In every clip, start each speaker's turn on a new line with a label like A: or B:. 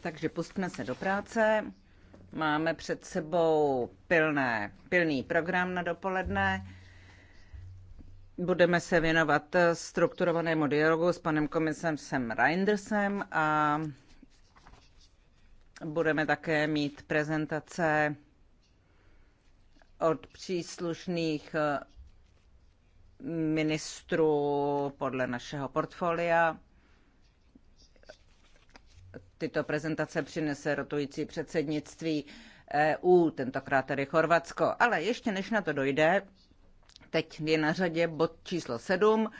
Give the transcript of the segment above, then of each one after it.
A: Takže pustme se do práce. Máme před sebou pilné, pilný program na dopoledne. Budeme se věnovat strukturovanému dialogu s panem komisem Reindersem a budeme také mít prezentace od příslušných ministrů podle našeho portfolia tyto prezentace přinese rotující předsednictví EU, tentokrát tedy Chorvatsko. Ale ještě než na to dojde, teď je na řadě bod číslo 7,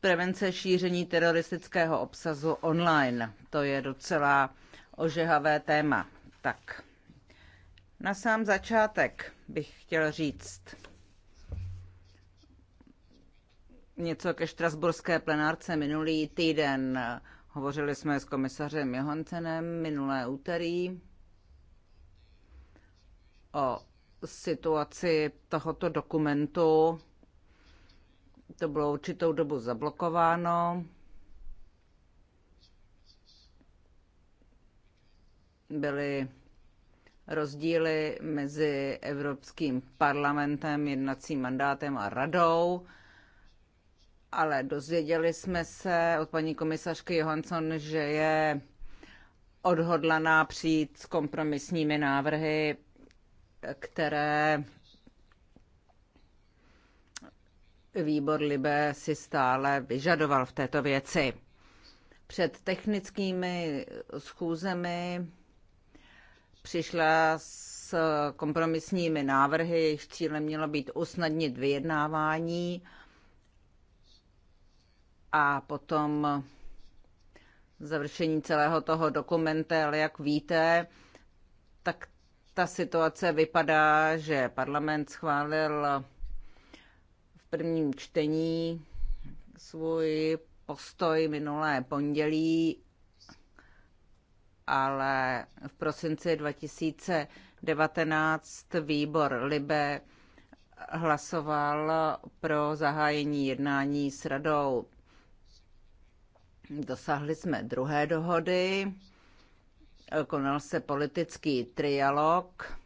A: prevence šíření teroristického obsazu online. To je docela ožehavé téma. Tak, na sám začátek bych chtěl říct něco ke štrasburské plenárce minulý týden. Hovořili jsme s komisařem Johansenem minulé úterý o situaci tohoto dokumentu. To bylo určitou dobu zablokováno. Byly rozdíly mezi Evropským parlamentem, jednacím mandátem a radou ale dozvěděli jsme se od paní komisařky Johansson, že je odhodlaná přijít s kompromisními návrhy, které výbor Libe si stále vyžadoval v této věci. Před technickými schůzemi přišla s kompromisními návrhy, jejich cílem mělo být usnadnit vyjednávání a potom završení celého toho dokumentu, ale jak víte, tak ta situace vypadá, že parlament schválil v prvním čtení svůj postoj minulé pondělí, ale v prosinci 2019 výbor Libe hlasoval pro zahájení jednání s radou. Dosáhli jsme druhé dohody, konal se politický trialog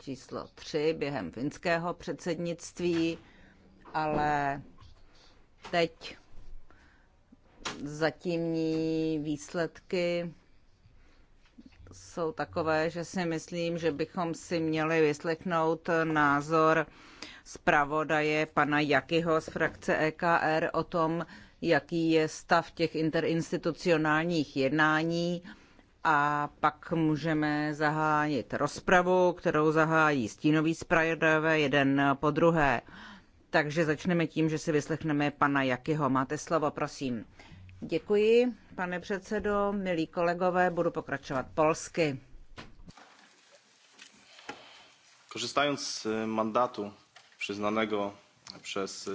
A: číslo tři během finského předsednictví, ale teď zatímní výsledky jsou takové, že si myslím, že bychom si měli vyslechnout názor zpravodaje pana Jakyho z frakce EKR o tom, jaký je stav těch interinstitucionálních jednání a pak můžeme zahájit rozpravu, kterou zahájí stínový zpravodajové jeden po druhé. Takže začneme tím, že si vyslechneme pana Jakyho. Máte slovo, prosím. Děkuji, pane předsedo, milí kolegové, budu pokračovat polsky.
B: Korzystając z e, mandatu przyznanego przez e,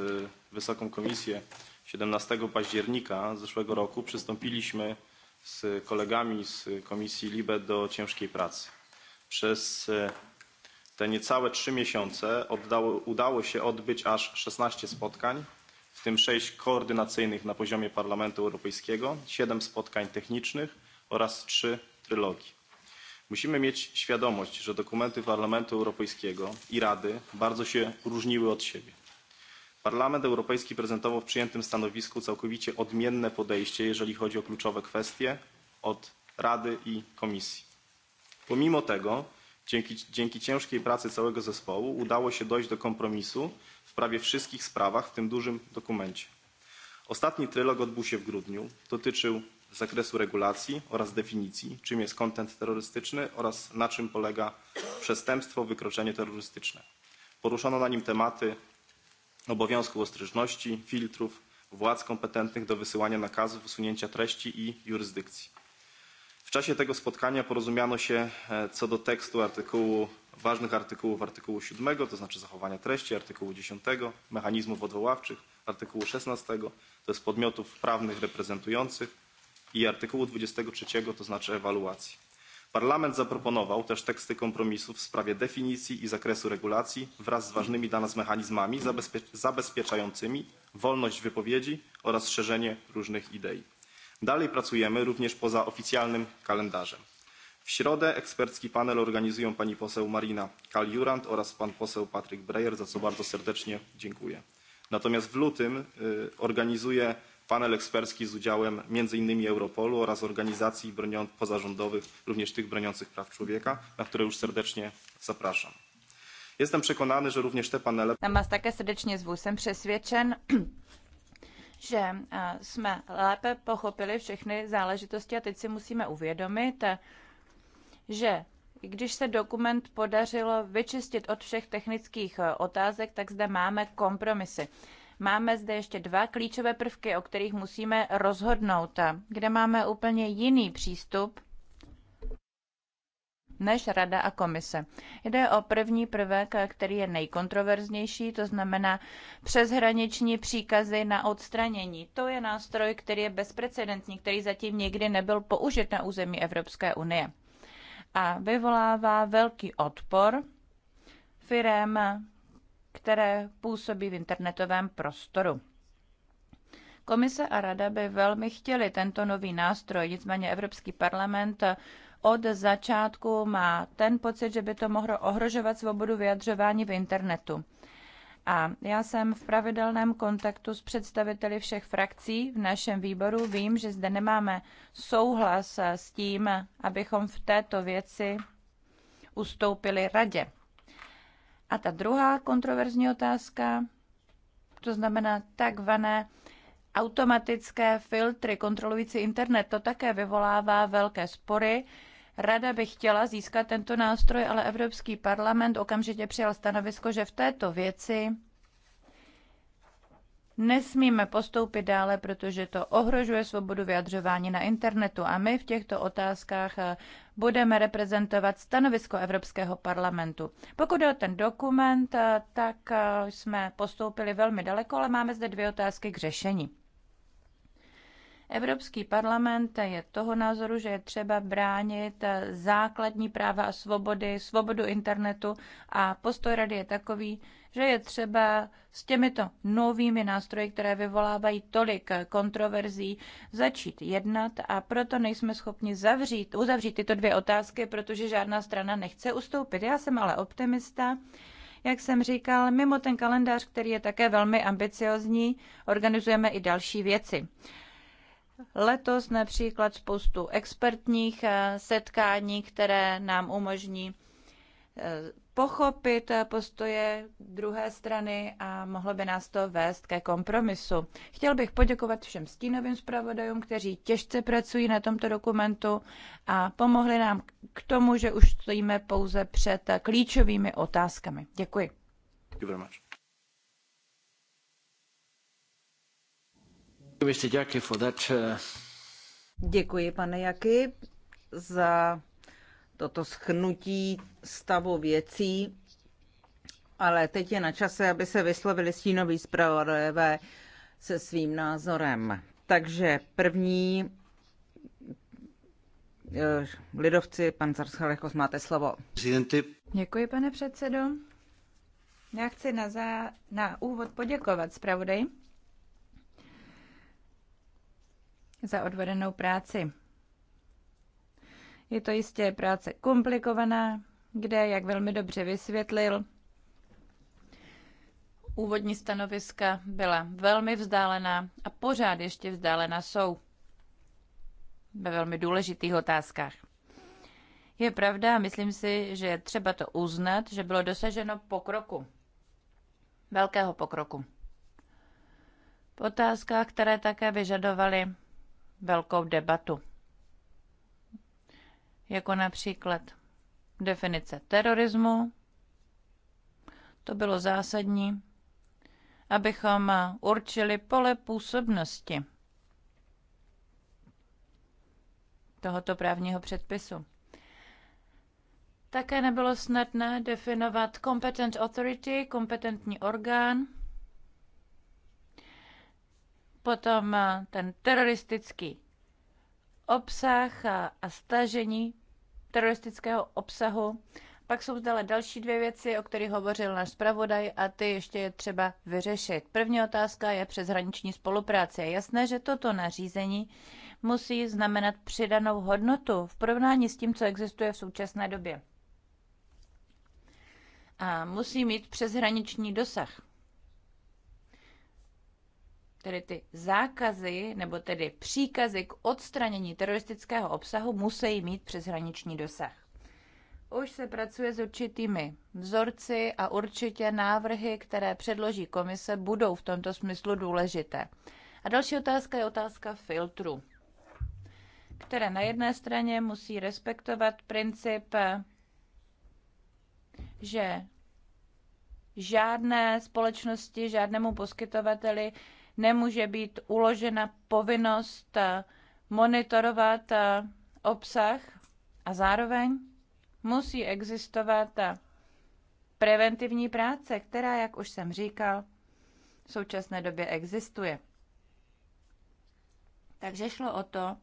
B: Wysoką Komisję 17 października zeszłego roku przystąpiliśmy z kolegami z Komisji LIBE do ciężkiej pracy. Przez e, te niecałe trzy miesiące oddało, udało się odbyć aż 16 spotkań, w tym sześć koordynacyjnych na poziomie Parlamentu Europejskiego, siedem spotkań technicznych oraz trzy trylogii. Musimy mieć świadomość, że dokumenty Parlamentu Europejskiego i Rady bardzo się różniły od siebie. Parlament Europejski prezentował w przyjętym stanowisku całkowicie odmienne podejście, jeżeli chodzi o kluczowe kwestie, od Rady i Komisji. Pomimo tego, dzięki, dzięki ciężkiej pracy całego zespołu, udało się dojść do kompromisu w prawie wszystkich sprawach w tym dużym dokumencie. Ostatni trylog odbył się w grudniu. Dotyczył zakresu regulacji oraz definicji, czym jest kontent terrorystyczny oraz na czym polega przestępstwo, wykroczenie terrorystyczne. Poruszono na nim tematy obowiązku ostrożności, filtrów, władz kompetentnych do wysyłania nakazów usunięcia treści i jurysdykcji. W czasie tego spotkania porozumiano się e, co do tekstu artykułu, ważnych artykułów artykułu 7, to znaczy zachowania treści, artykułu 10, mechanizmów odwoławczych, artykułu 16, to jest podmiotów prawnych reprezentujących i artykułu 23, to znaczy ewaluacji. Parlament zaproponował też teksty kompromisów w sprawie definicji i zakresu regulacji wraz z ważnymi dla nas mechanizmami zabezpieczającymi wolność wypowiedzi oraz szerzenie różnych idei. Dalej pracujemy również poza oficjalnym kalendarzem. W środę ekspercki panel organizują pani poseł Marina Kaliurant oraz pan poseł Patryk Breyer, za co bardzo serdecznie dziękuję. Natomiast w lutym organizuje panel ekspercki z udziałem między innymi Europolu oraz organizacji bronią, pozarządowych, również tych broniących praw człowieka, na które już serdecznie zapraszam. Jestem przekonany, że również te panele...
C: Tam vás také srdečně zvu. Jsem přesvědčen, že eh, jsme lépe pochopili všechny záležitosti a teď si musíme uvědomit, že když se dokument podařilo vyčistit od všech technických eh, otázek, tak zde máme kompromisy. Máme zde ještě dva klíčové prvky, o kterých musíme rozhodnout, kde máme úplně jiný přístup než Rada a komise. Jde o první prvek, který je nejkontroverznější, to znamená přeshraniční příkazy na odstranění. To je nástroj, který je bezprecedentní, který zatím nikdy nebyl použit na území Evropské unie. A vyvolává velký odpor firem které působí v internetovém prostoru. Komise a rada by velmi chtěli tento nový nástroj, nicméně Evropský parlament od začátku má ten pocit, že by to mohlo ohrožovat svobodu vyjadřování v internetu. A já jsem v pravidelném kontaktu s představiteli všech frakcí v našem výboru. Vím, že zde nemáme souhlas s tím, abychom v této věci ustoupili radě. A ta druhá kontroverzní otázka, to znamená takzvané automatické filtry kontrolující internet, to také vyvolává velké spory. Rada by chtěla získat tento nástroj, ale Evropský parlament okamžitě přijal stanovisko, že v této věci Nesmíme postoupit dále, protože to ohrožuje svobodu vyjadřování na internetu a my v těchto otázkách eh, budeme reprezentovat stanovisko Evropského parlamentu. Pokud je o ten dokument, eh, tak eh, jsme postoupili velmi daleko, ale máme zde dvě otázky k řešení. Evropský parlament je toho názoru, že je třeba bránit základní práva a svobody, svobodu internetu a postoj rady je takový, že je třeba s těmito novými nástroji, které vyvolávají tolik kontroverzí, začít jednat a proto nejsme schopni zavřít, uzavřít tyto dvě otázky, protože žádná strana nechce ustoupit. Já jsem ale optimista. Jak jsem říkal, mimo ten kalendář, který je také velmi ambiciozní, organizujeme i další věci. Letos například spoustu expertních eh, setkání, které nám umožní eh, pochopit eh, postoje druhé strany a mohlo by nás to vést ke kompromisu. Chtěl bych poděkovat všem stínovým zpravodajům, kteří těžce pracují na tomto dokumentu a pomohli nám k tomu, že už stojíme pouze před klíčovými otázkami. Děkuji.
B: Uh,
A: Děkuji, pane Jaky, za toto schnutí stavu věcí, ale teď je na čase, aby se vyslovili stínoví zpravodajové se svým názorem. Takže první eh, lidovci, pan Zarschalekos, máte slovo.
C: Děkuji, pane předsedo. Já chci na, za, na úvod poděkovat zpravodaj za odvedenou práci. Je to jistě práce komplikovaná, kde, jak velmi dobře vysvětlil, úvodní stanoviska byla velmi vzdálená a pořád ještě vzdálená jsou ve velmi důležitých otázkách. Je pravda myslím si, že je třeba to uznat, že bylo dosaženo pokroku. Velkého pokroku. V otázkách, které také vyžadovaly velkou debatu jako například definice terorismu. To bylo zásadní, abychom určili pole působnosti tohoto právního předpisu. Také nebylo snadné definovat competent authority, kompetentní orgán, potom ten teroristický obsah a, a stažení teroristického obsahu. Pak jsou zde další dvě věci, o kterých hovořil náš zpravodaj a ty ještě je třeba vyřešit. První otázka je přeshraniční spolupráce. Je jasné, že toto nařízení musí znamenat přidanou hodnotu v porovnání s tím, co existuje v současné době. A musí mít přeshraniční dosah tedy ty zákazy nebo tedy příkazy k odstranění teroristického obsahu musí mít přeshraniční dosah. Už se pracuje s určitými vzorci a určitě návrhy, které předloží komise, budou v tomto smyslu důležité. A další otázka je otázka filtru, které na jedné straně musí respektovat princip, že žádné společnosti, žádnému poskytovateli nemůže být uložena povinnost eh, monitorovat eh, obsah a zároveň musí existovat eh, preventivní práce, která, jak už jsem říkal, v současné době existuje. Takže šlo o to,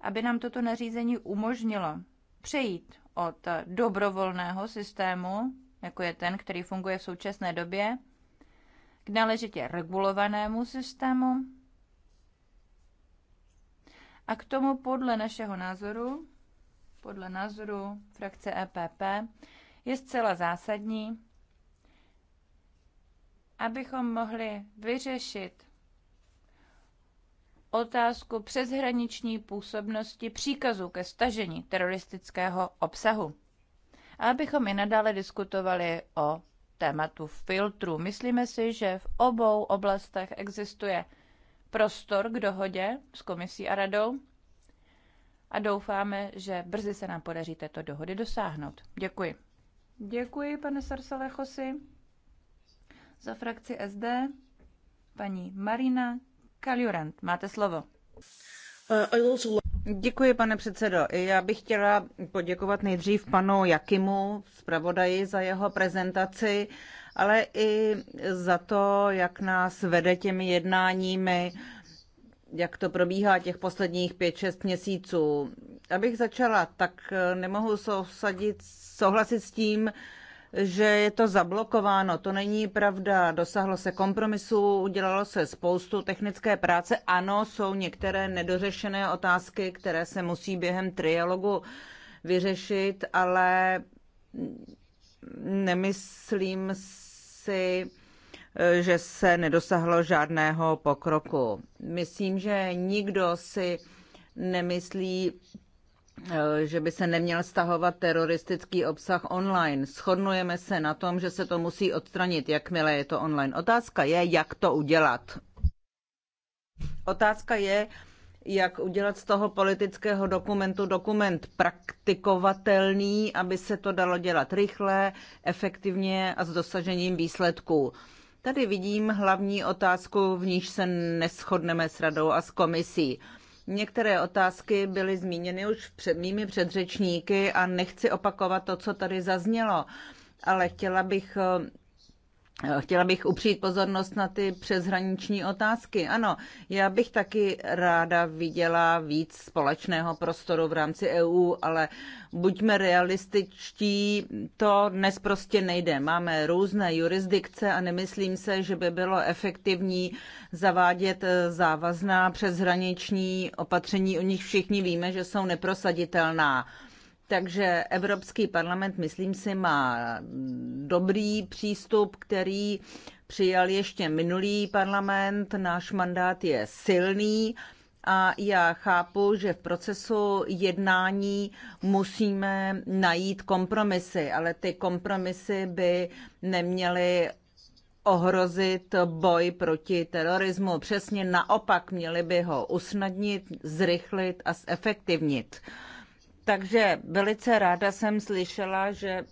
C: aby nám toto nařízení umožnilo přejít od dobrovolného systému, jako je ten, který funguje v současné době, k náležitě regulovanému systému a k tomu podle našeho názoru, podle názoru frakce EPP, je zcela zásadní, abychom mohli vyřešit otázku přeshraniční působnosti příkazu ke stažení teroristického obsahu. A abychom i nadále diskutovali o tématu filtru. Myslíme si, že v obou oblastech existuje prostor k dohodě s komisí a radou a doufáme, že brzy se nám podaří této dohody dosáhnout. Děkuji. Děkuji, pane Sarsalechosi. Za frakci SD paní Marina
A: Kaliurant. Máte slovo. Uh, Děkuji, pane předsedo. Já bych chtěla poděkovat nejdřív panu Jakimu, zpravodaji, za jeho prezentaci, ale i za to, jak nás vede těmi jednáními, jak to probíhá těch posledních pět šest měsíců. Abych začala, tak nemohu souhlasit s tím, že je to zablokováno. To není pravda. Dosáhlo se kompromisu, udělalo se spoustu technické práce. Ano, jsou některé nedořešené otázky, které se musí během trialogu vyřešit, ale nemyslím si, že se nedosahlo žádného pokroku. Myslím, že nikdo si nemyslí, Eh, že by se neměl stahovat teroristický obsah online. Shodnujeme se na tom, že se to musí odstranit, jakmile je to online. Otázka je, jak to udělat. Otázka je, jak udělat z toho politického dokumentu dokument praktikovatelný, aby se to dalo dělat rychle, efektivně a s dosažením výsledků. Tady vidím hlavní otázku, v níž se neschodneme s radou a s komisí. Některé otázky byly zmíněny už před mými předřečníky a nechci opakovat to, co tady zaznělo, ale chtěla bych Chtěla bych upřít pozornost na ty přeshraniční otázky. Ano, já bych taky ráda viděla víc společného prostoru v rámci EU, ale buďme realističtí, to dnes prostě nejde. Máme různé jurisdikce a nemyslím se, že by bylo efektivní zavádět eh, závazná přeshraniční opatření, o nich všichni víme, že jsou neprosaditelná takže Evropský parlament, myslím si, má dobrý přístup, který přijal ještě minulý parlament. Náš mandát je silný a já chápu, že v procesu jednání musíme najít kompromisy, ale ty kompromisy by neměly ohrozit boj proti terorismu. Přesně naopak měli by ho usnadnit, zrychlit a zefektivnit. Takže velice ráda jsem slyšela, že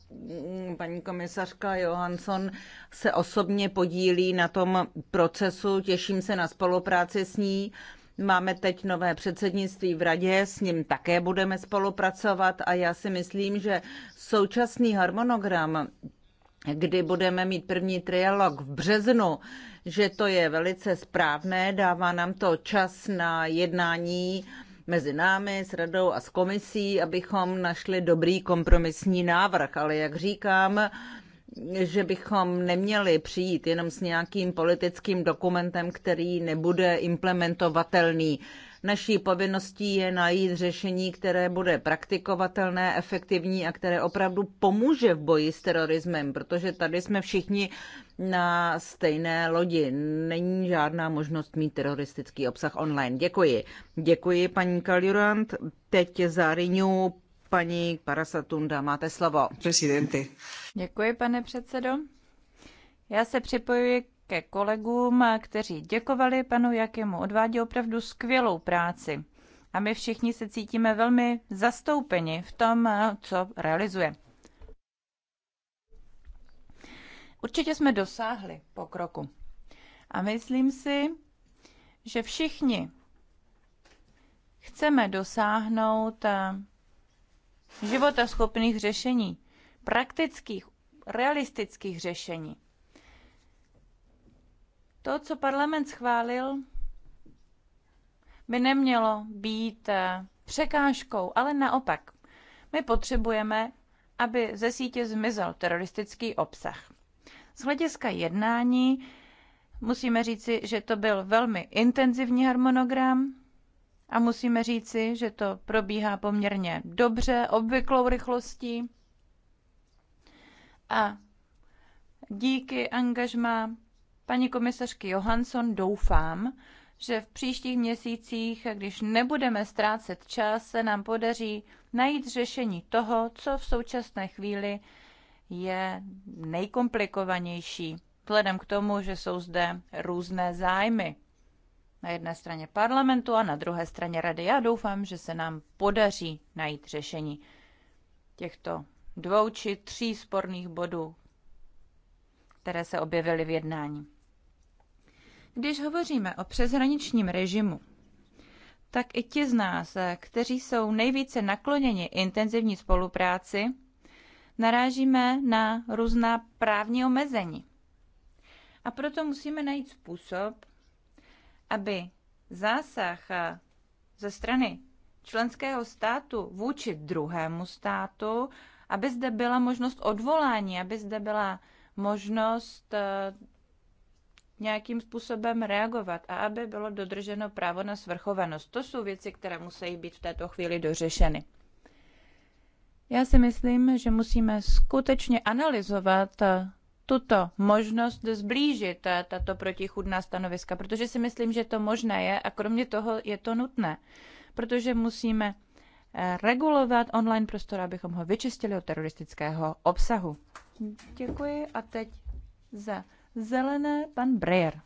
A: mm, paní komisařka Johansson se osobně podílí na tom procesu. Těším se na spolupráci s ní. Máme teď nové předsednictví v radě, s ním také budeme spolupracovat a já si myslím, že současný harmonogram, kdy budeme mít první trialog v březnu, že to je velice správné, dává nám to čas na jednání mezi námi, s radou a s komisí, abychom našli dobrý kompromisní návrh. Ale jak říkám, že bychom neměli přijít jenom s nějakým politickým dokumentem, který nebude implementovatelný. Naší povinností je najít řešení, které bude praktikovatelné, efektivní a které opravdu pomůže v boji s terorismem, protože tady jsme všichni na stejné lodi. Není žádná možnost mít teroristický obsah online. Děkuji. Děkuji, paní Kalurant. Teď za Renew paní Parasatunda. Máte slovo. Presidente.
C: Děkuji, pane předsedo. Já se připojuji ke kolegům, kteří děkovali panu Jakému. Odvádí opravdu skvělou práci. A my všichni se cítíme velmi zastoupeni v tom, co realizuje. Určitě jsme dosáhli pokroku. A myslím si, že všichni chceme dosáhnout eh, schopných řešení, praktických, realistických řešení. To, co parlament schválil, by nemělo být eh, překážkou, ale naopak. My potřebujeme, aby ze sítě zmizel teroristický obsah. Z hlediska jednání musíme říci, že to byl velmi intenzivní harmonogram a musíme říci, že to probíhá poměrně dobře, obvyklou rychlostí. A díky angažmá paní komisařky Johansson, doufám, že v příštích měsících, když nebudeme ztrácet čas, se nám podaří najít řešení toho, co v současné chvíli je nejkomplikovanější, vzhledem k tomu, že jsou zde různé zájmy. Na jedné straně parlamentu a na druhé straně rady. Já doufám, že se nám podaří najít řešení těchto dvou či tří sporných bodů, které se objevily v jednání. Když hovoříme o přeshraničním režimu, tak i ti z nás, eh, kteří jsou nejvíce nakloněni intenzivní spolupráci, narážíme na různá právní omezení. A proto musíme najít způsob, aby zásah eh, ze strany členského státu vůči druhému státu, aby zde byla možnost odvolání, aby zde byla možnost eh, nějakým způsobem reagovat a aby bylo dodrženo právo na svrchovanost. To jsou věci, které musí být v této chvíli dořešeny. Já si myslím, že musíme skutečně analyzovat tuto možnost zblížit tato protichudná stanoviska, protože si myslím, že to možné je a kromě toho je to nutné, protože musíme eh, regulovat online prostor, abychom ho vyčistili od teroristického obsahu. Děkuji a teď za Zelené, pan Breyer.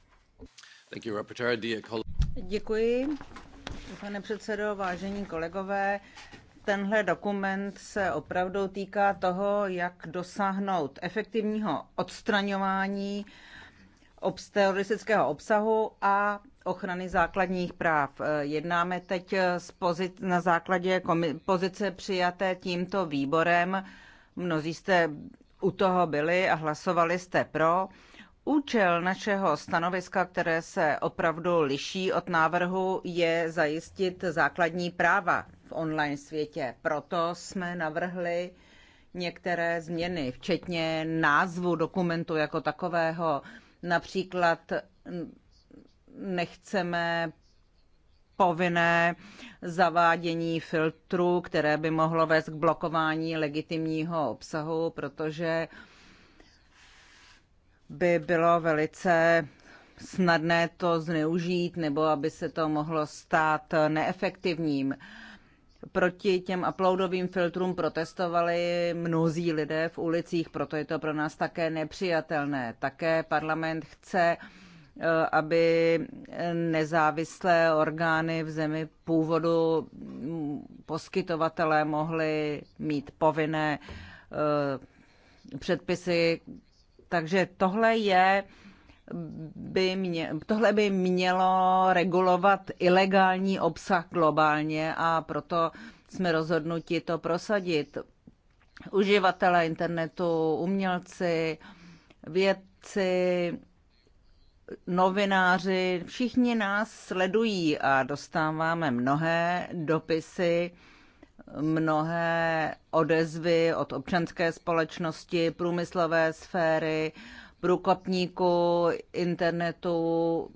A: Děkuji, pane předsedo, vážení kolegové. Tenhle dokument se opravdu týká toho, jak dosáhnout efektivního odstraňování teroristického obsahu a ochrany základních práv. Jednáme teď na základě pozice přijaté tímto výborem. Mnozí jste u toho byli a hlasovali jste pro. Účel našeho stanoviska, které se opravdu liší od návrhu, je zajistit základní práva v online světě. Proto jsme navrhli některé změny, včetně názvu dokumentu jako takového. Například nechceme povinné zavádění filtru, které by mohlo vést k blokování legitimního obsahu, protože uh, by bylo velice snadné to zneužít nebo aby se to mohlo stát neefektivním. Proti těm uploadovým filtrům protestovali mnozí lidé v ulicích, proto je to pro nás také nepřijatelné. Také parlament chce, eh, aby nezávislé orgány v zemi původu poskytovatelé mohli mít povinné eh, předpisy, takže tohle je by mě, tohle by mělo regulovat ilegální obsah globálně a proto jsme rozhodnuti to prosadit. Uživatelé internetu, umělci, vědci, novináři, všichni nás sledují a dostáváme mnohé dopisy, mnohé odezvy od občanské společnosti, průmyslové sféry, průkopníků, internetu,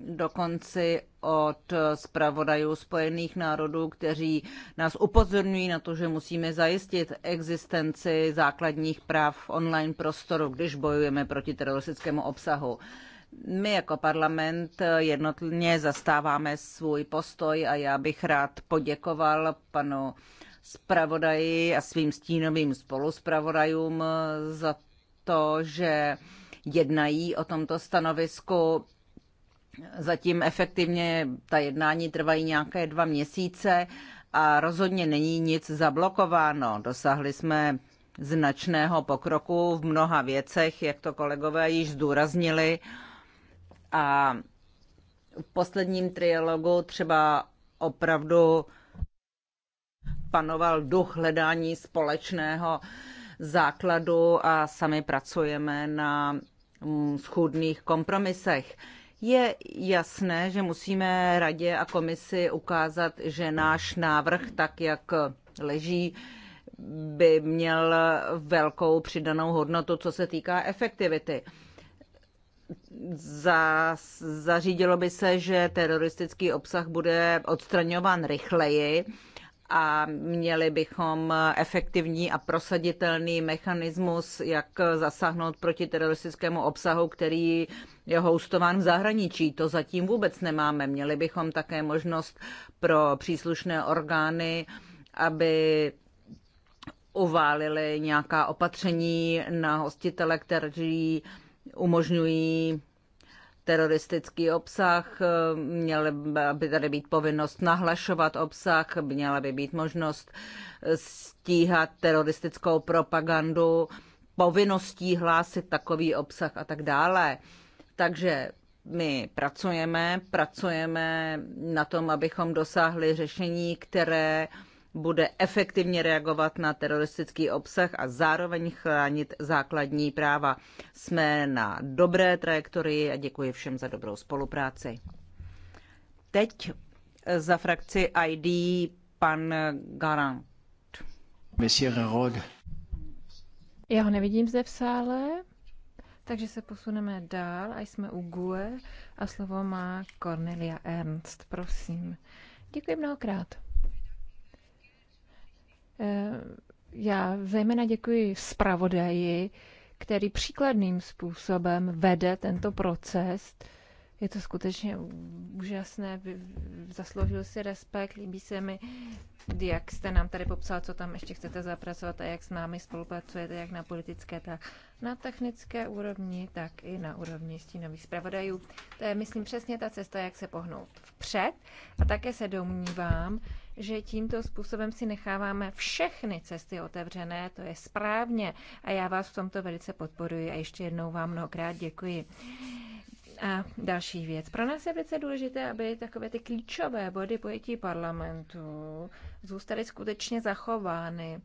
A: dokonce od zpravodajů Spojených národů, kteří nás upozorňují na to, že musíme zajistit existenci základních práv v online prostoru, když bojujeme proti teroristickému obsahu. My jako parlament jednotně zastáváme svůj postoj a já bych rád poděkoval panu zpravodaji a svým stínovým spoluzpravodajům za to, že jednají o tomto stanovisku. Zatím efektivně ta jednání trvají nějaké dva měsíce a rozhodně není nic zablokováno. Dosáhli jsme značného pokroku v mnoha věcech, jak to kolegové již zdůraznili. A v posledním trialogu třeba opravdu panoval duch hledání společného základu a sami pracujeme na mm, schůdných kompromisech. Je jasné, že musíme radě a komisi ukázat, že náš návrh, tak jak leží, by měl velkou přidanou hodnotu, co se týká efektivity za, zařídilo by se, že teroristický obsah bude odstraňován rychleji a měli bychom efektivní a prosaditelný mechanismus, jak zasáhnout proti teroristickému obsahu, který je hostován v zahraničí. To zatím vůbec nemáme. Měli bychom také možnost pro příslušné orgány, aby uválili nějaká opatření na hostitele, kteří uh, umožňují teroristický obsah, eh, měla by tady být povinnost nahlašovat obsah, měla by být možnost eh, stíhat teroristickou propagandu, povinností hlásit takový obsah a tak dále. Takže my pracujeme, pracujeme na tom, abychom dosáhli řešení, které uh, bude efektivně reagovat na teroristický obsah a zároveň chránit základní práva. Jsme na dobré trajektorii a děkuji všem za dobrou spolupráci. Teď eh, za frakci ID pan Garant.
D: Já ho nevidím zde v sále, takže se posuneme dál a jsme u GUE a slovo má Cornelia Ernst, prosím. Děkuji mnohokrát. Eh, já zejména děkuji zpravodaji, který příkladným způsobem vede tento proces. Je to skutečně úžasné, zasloužil si respekt, líbí se mi, jak jste nám tady popsal, co tam ještě chcete zapracovat a jak s námi spolupracujete, jak na politické, tak na technické úrovni, tak i na úrovni stínových zpravodajů. To je, myslím, přesně ta cesta, jak se pohnout vpřed. A také se domnívám, že tímto způsobem si necháváme všechny cesty otevřené, to je správně a já vás v tomto velice podporuji a ještě jednou vám mnohokrát děkuji. A další věc. Pro nás je velice důležité, aby takové ty klíčové body pojetí parlamentu zůstaly skutečně zachovány.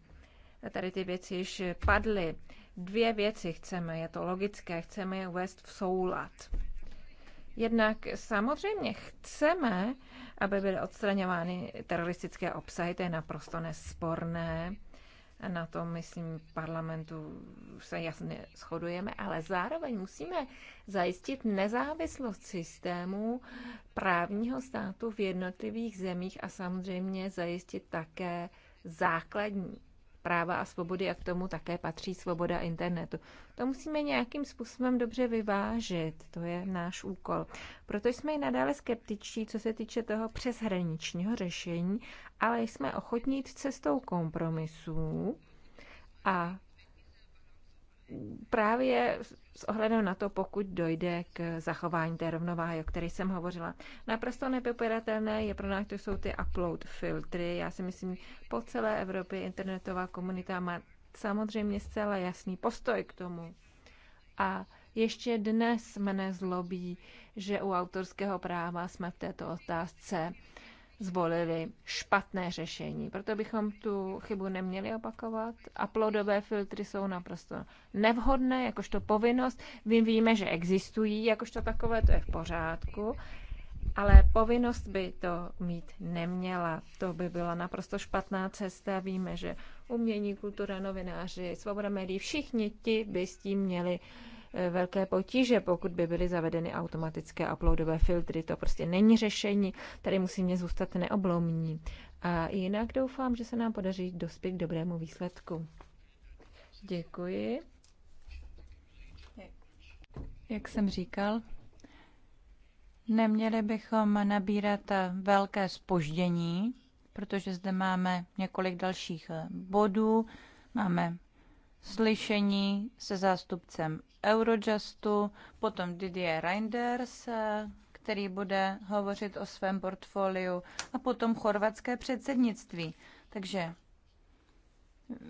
D: A tady ty věci již padly. Dvě věci chceme, je to logické, chceme je uvést v soulad. Jednak samozřejmě chceme, aby byly odstraňovány teroristické obsahy, to je naprosto nesporné. Na tom, myslím, parlamentu se jasně shodujeme, ale zároveň musíme zajistit nezávislost systému právního státu v jednotlivých zemích a samozřejmě zajistit také základní práva a svobody a k tomu také patří svoboda internetu. To musíme nějakým způsobem dobře vyvážit, to je náš úkol. Proto jsme i nadále skeptičtí, co se týče toho přeshraničního řešení, ale jsme ochotní jít cestou kompromisů a právě s ohledem na to, pokud dojde k zachování té rovnováhy, o které jsem hovořila. Naprosto nepopiratelné je pro nás, to jsou ty upload filtry. Já si myslím, po celé Evropě internetová komunita má samozřejmě zcela jasný postoj k tomu. A ještě dnes mne zlobí, že u autorského práva jsme v této otázce zvolili špatné řešení. Proto bychom tu chybu neměli opakovat. Uploadové filtry jsou naprosto nevhodné, jakožto povinnost. My víme, že existují, jakožto takové, to je v pořádku. Ale povinnost by to mít neměla. To by byla naprosto špatná cesta. Víme, že umění, kultura, novináři, svoboda médií, všichni ti by s tím měli uh, velké potíže, pokud by byly zavedeny automatické uploadové filtry. To prostě není řešení, tady musíme zůstat neoblomní. A jinak doufám, že se nám podaří dospět k dobrému výsledku. Děkuji.
C: Jak jsem říkal, neměli bychom nabírat velké spoždění, protože zde máme několik dalších bodů. Máme slyšení se zástupcem Eurojustu, potom Didier Reinders, který bude hovořit o svém portfoliu, a potom chorvatské předsednictví. Takže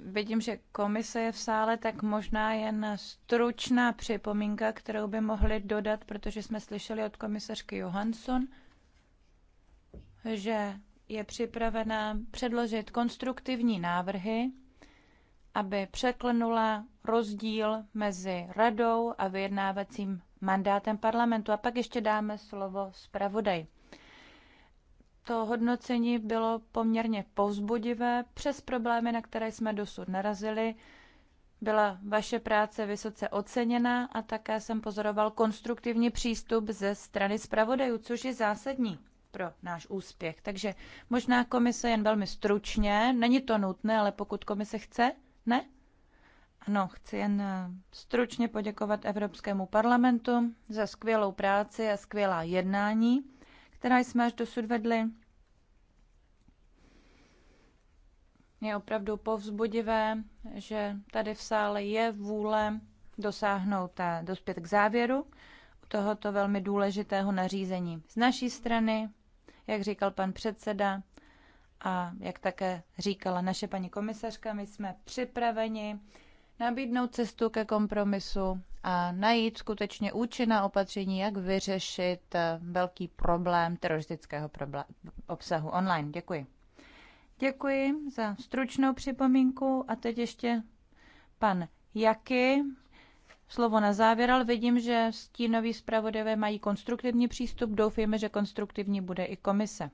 C: vidím, že komise je v sále, tak možná jen stručná připomínka, kterou by mohli dodat, protože jsme slyšeli od komisařky Johansson, že je připravena předložit konstruktivní návrhy aby překlenula rozdíl mezi radou a vyjednávacím mandátem parlamentu. A pak ještě dáme slovo zpravodaj. To hodnocení bylo poměrně povzbudivé přes problémy, na které jsme dosud narazili. Byla vaše práce vysoce oceněna a také jsem pozoroval konstruktivní přístup ze strany zpravodajů, což je zásadní pro náš úspěch. Takže možná komise jen velmi stručně, není to nutné, ale pokud komise chce, ne? Ano, chci jen eh, stručně poděkovat Evropskému parlamentu za skvělou práci a skvělá jednání, která jsme až dosud vedli. Je opravdu povzbudivé, že tady v sále je vůle dosáhnout a dospět k závěru tohoto velmi důležitého nařízení. Z naší strany, jak říkal pan předseda, a jak také říkala naše paní komisařka, my jsme připraveni nabídnout cestu ke kompromisu a najít skutečně účinná opatření, jak vyřešit eh, velký problém teroristického problém, obsahu online. Děkuji. Děkuji za stručnou připomínku a teď ještě pan Jaky. Slovo na závěr, ale vidím, že stínoví zpravodajové mají konstruktivní přístup. Doufejme, že konstruktivní bude i komise.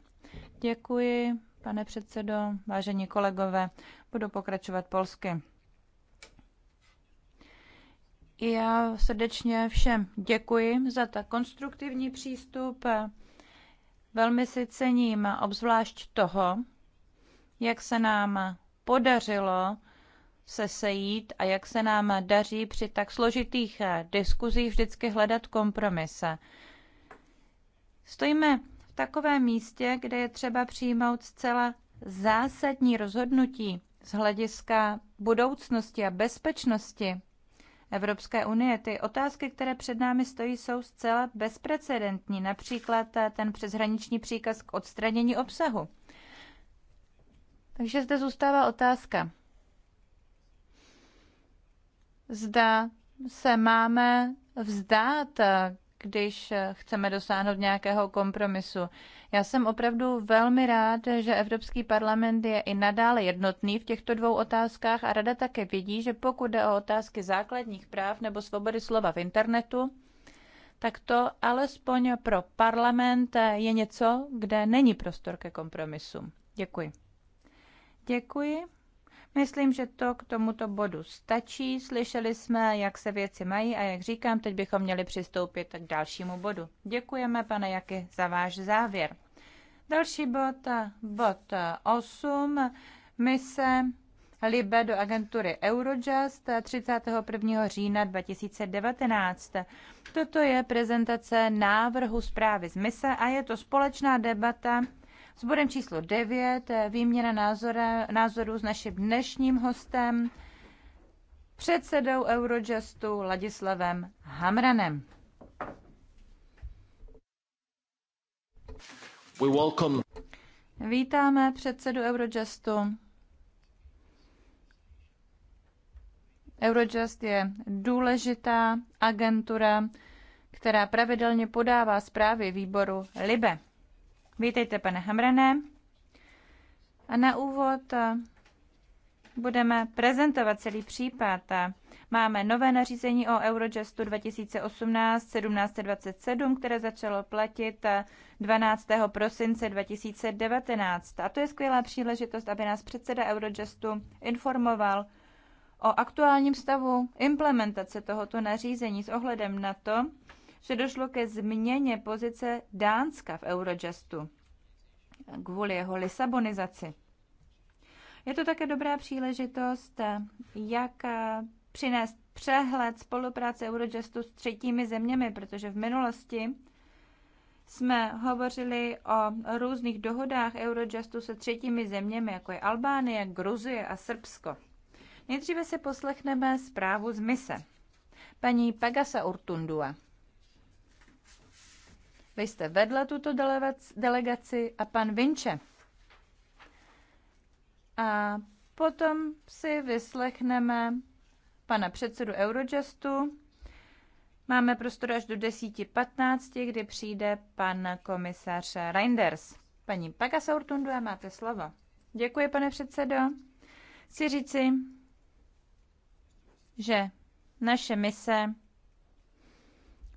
C: Děkuji pane předsedo, vážení kolegové, budu pokračovat polsky. Já srdečně všem děkuji za ta konstruktivní přístup. Velmi si cením obzvlášť toho, jak se nám podařilo se sejít a jak se nám daří při tak složitých diskuzích vždycky hledat kompromise. Stojíme takovém místě, kde je třeba přijmout zcela zásadní rozhodnutí z hlediska budoucnosti a bezpečnosti Evropské unie. Ty otázky, které před námi stojí, jsou zcela bezprecedentní, například ten přeshraniční příkaz k odstranění obsahu. Takže zde zůstává otázka. Zda se máme vzdát když eh, chceme dosáhnout nějakého kompromisu. Já jsem opravdu velmi rád, že Evropský parlament je i nadále jednotný v těchto dvou otázkách a rada také vidí, že pokud jde o otázky základních práv nebo svobody slova v internetu, tak to alespoň pro parlament eh, je něco, kde není prostor ke kompromisu. Děkuji. Děkuji. Myslím, že to k tomuto bodu stačí. Slyšeli jsme, jak se věci mají a jak říkám, teď bychom měli přistoupit k dalšímu bodu. Děkujeme, pane Jaky, za váš závěr. Další bod, bod 8, mise Libe do agentury Eurojust 31. října 2019. Toto je prezentace návrhu zprávy z mise a je to společná debata s bodem číslo 9, eh, výměna názora, názorů s naším dnešním hostem, předsedou Eurojustu Ladislavem Hamranem.
B: We welcome.
C: Vítáme předsedu Eurojustu. Eurojust je důležitá agentura, která pravidelně podává zprávy výboru LIBE. Vítejte, pane Hamrané. A na úvod eh, budeme prezentovat celý případ. Máme nové nařízení o Eurojustu 2018-1727, které začalo platit 12. Eh, prosince 2019. A to je skvělá příležitost, aby nás předseda Eurojustu informoval o aktuálním stavu implementace tohoto nařízení s ohledem na to, že došlo ke změně pozice Dánska v Eurojustu kvůli jeho lisabonizaci. Je to také dobrá příležitost, jak přinést přehled spolupráce Eurojustu s třetími zeměmi, protože v minulosti jsme hovořili o různých dohodách Eurojustu se třetími zeměmi, jako je Albánie, Gruzie a Srbsko. Nejdříve si poslechneme zprávu z mise. Paní Pegasa Urtundua. Vy jste vedla tuto delegaci a pan Vinče. A potom si vyslechneme pana předsedu Eurojustu. Máme prostor až do 10.15, kdy přijde pan komisař Reinders. Paní Pagasaurtundua, máte slovo. Děkuji, pane předsedo. Chci říci, že naše mise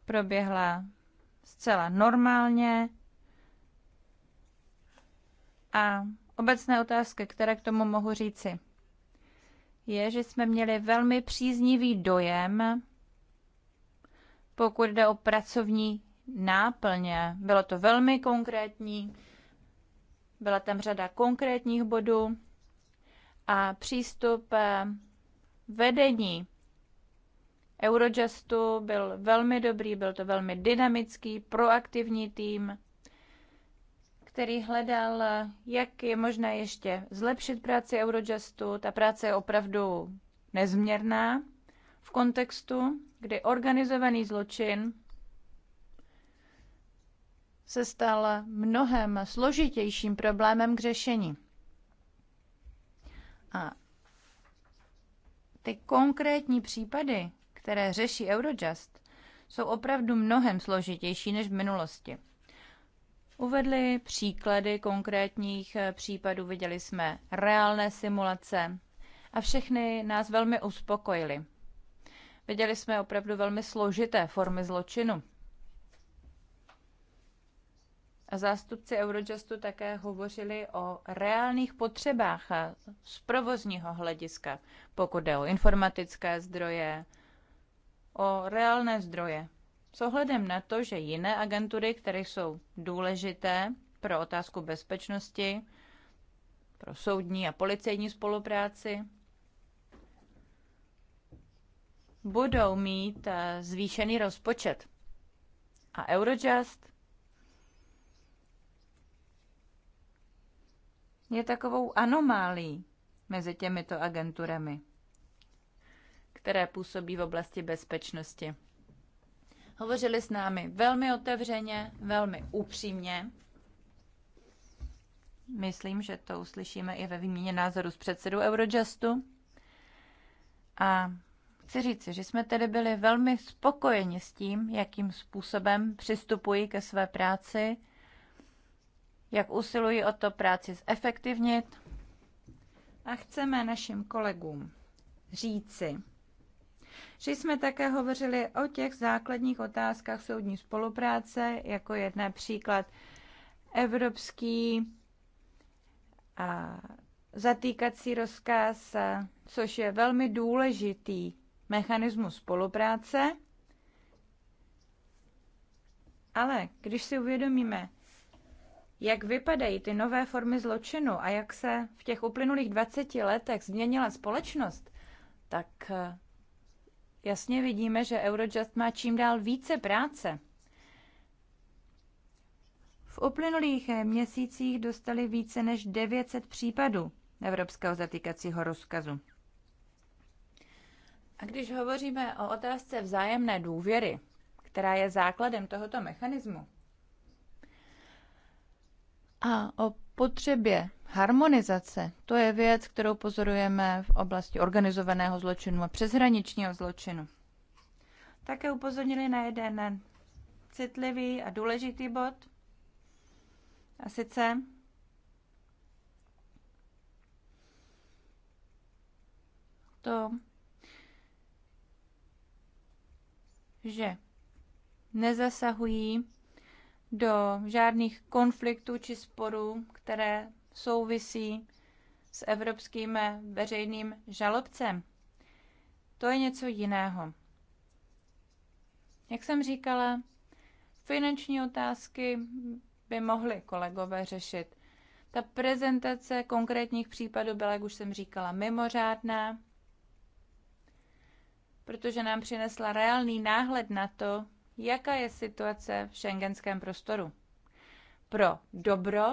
C: proběhla zcela normálně. A obecné otázky, které k tomu mohu říci, je, že jsme měli velmi příznivý dojem, pokud jde o pracovní náplně. Bylo to velmi konkrétní, byla tam řada konkrétních bodů a přístup eh, vedení Eurojustu, byl velmi dobrý, byl to velmi dynamický, proaktivní tým, který hledal, jak je možné ještě zlepšit práci Eurojustu. Ta práce je opravdu nezměrná v kontextu, kdy organizovaný zločin se stal mnohem složitějším problémem k řešení. A ty konkrétní případy které řeší Eurojust, jsou opravdu mnohem složitější než v minulosti. Uvedli příklady konkrétních eh, případů, viděli jsme reálné simulace a všechny nás velmi uspokojili. Viděli jsme opravdu velmi složité formy zločinu. A zástupci Eurojustu také hovořili o reálných potřebách eh, z provozního hlediska, pokud jde o informatické zdroje, o reálné zdroje. S ohledem na to, že jiné agentury, které jsou důležité pro otázku bezpečnosti, pro soudní a policejní spolupráci, budou mít eh, zvýšený rozpočet. A Eurojust je takovou anomálí mezi těmito agenturami které působí v oblasti bezpečnosti. Hovořili s námi velmi otevřeně, velmi upřímně. Myslím, že to uslyšíme i ve výměně názoru s předsedou Eurojustu. A chci říci, že jsme tedy byli velmi spokojeni s tím, jakým způsobem přistupují ke své práci, jak usilují o to práci zefektivnit. A chceme našim kolegům říci, že jsme také hovořili o těch základních otázkách soudní spolupráce, jako je například evropský a zatýkací rozkaz, což je velmi důležitý mechanismus spolupráce. Ale když si uvědomíme, jak vypadají ty nové formy zločinu a jak se v těch uplynulých 20 letech změnila společnost, tak jasně vidíme, že Eurojust má čím dál více práce. V uplynulých měsících dostali více než 900 případů evropského zatýkacího rozkazu. A když hovoříme o otázce vzájemné důvěry, která je základem tohoto mechanismu, a o potřebě harmonizace, to je věc, kterou pozorujeme v oblasti organizovaného zločinu a přeshraničního zločinu. Také upozornili na jeden citlivý a důležitý bod, a sice to, že nezasahují do žádných konfliktů či sporů, které souvisí s evropským veřejným žalobcem. To je něco jiného. Jak jsem říkala, finanční otázky by mohli kolegové řešit. Ta prezentace konkrétních případů byla, jak už jsem říkala, mimořádná, protože nám přinesla reálný náhled na to, jaká je situace v šengenském prostoru. Pro dobro,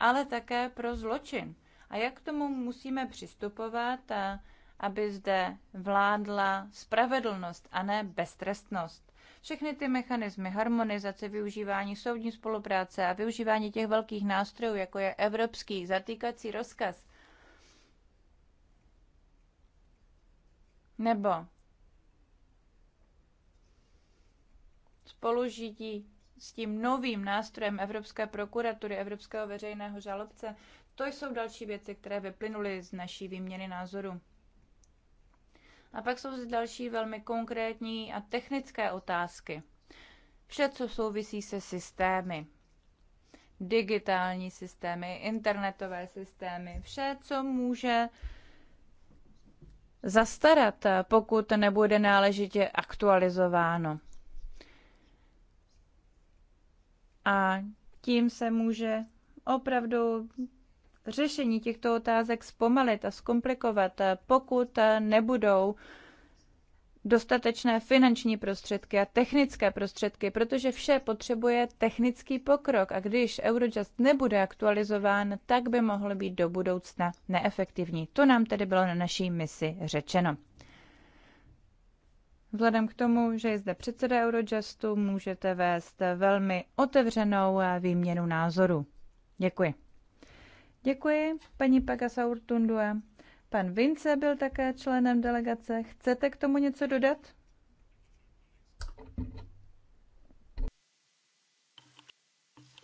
C: ale také pro zločin. A jak k tomu musíme přistupovat, a eh, aby zde vládla spravedlnost a ne beztrestnost. Všechny ty mechanismy harmonizace, využívání soudní spolupráce a využívání těch velkých nástrojů, jako je evropský zatýkací rozkaz, nebo spolužití s tím novým nástrojem Evropské prokuratury, Evropského veřejného žalobce, to jsou další věci, které vyplynuly z naší výměny názoru. A pak jsou zde další velmi konkrétní a technické otázky. Vše, co souvisí se systémy. Digitální systémy, internetové systémy, vše, co může zastarat, pokud nebude náležitě aktualizováno. a tím se může opravdu řešení těchto otázek zpomalit a zkomplikovat, pokud nebudou dostatečné finanční prostředky a technické prostředky, protože vše potřebuje technický pokrok a když Eurojust nebude aktualizován, tak by mohl být do budoucna neefektivní. To nám tedy bylo na naší misi řečeno. Vzhledem k tomu, že je zde předseda Eurojustu, můžete vést velmi otevřenou výměnu názoru. Děkuji. Děkuji, paní Urtundue. Pan Vince byl také členem delegace. Chcete k tomu něco dodat?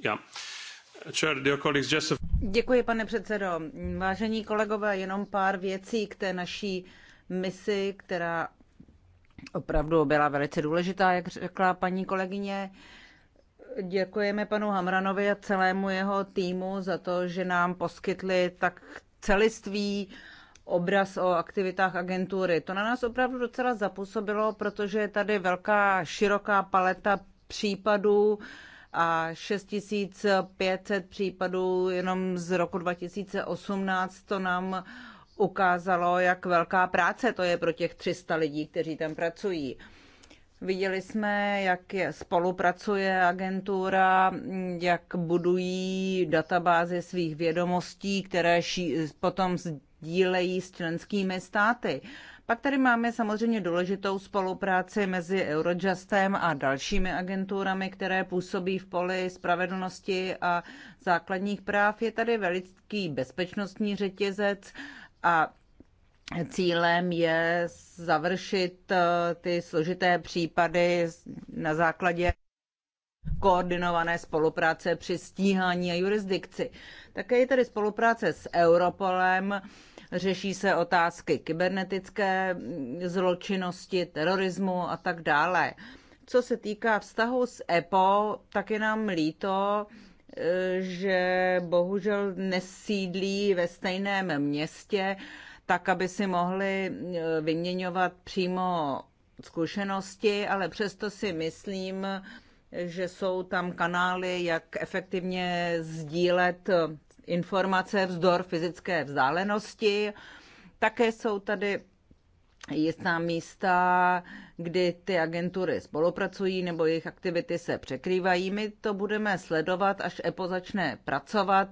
C: Já.
A: Děkuji, pane předsedo. Vážení kolegové, jenom pár věcí k té naší misi, která opravdu byla velice důležitá, jak řekla paní kolegyně. Děkujeme panu Hamranovi a celému jeho týmu za to, že nám poskytli tak celistvý obraz o aktivitách agentury. To na nás opravdu docela zapůsobilo, protože je tady velká, široká paleta případů a 6500 případů jenom z roku 2018 to nám ukázalo, jak velká práce to je pro těch 300 lidí, kteří tam pracují. Viděli jsme, jak je, spolupracuje agentura, jak budují databázy svých vědomostí, které ší, potom sdílejí s členskými státy. Pak tady máme samozřejmě důležitou spolupráci mezi Eurojustem a dalšími agenturami, které působí v poli spravedlnosti a základních práv. Je tady veliký bezpečnostní řetězec, a cílem je završit eh, ty složité případy na základě koordinované spolupráce při stíhání a jurisdikci. Také je tady spolupráce s Europolem, řeší se otázky kybernetické zločinnosti, terorismu a tak dále. Co se týká vztahu s EPO, tak je nám líto, že bohužel nesídlí ve stejném městě, tak aby si mohli eh, vyměňovat přímo zkušenosti, ale přesto si myslím, že jsou tam kanály, jak efektivně sdílet eh, informace vzdor fyzické vzdálenosti. Také jsou tady jistá místa, kdy ty agentury spolupracují nebo jejich aktivity se překrývají. My to budeme sledovat, až EPO začne pracovat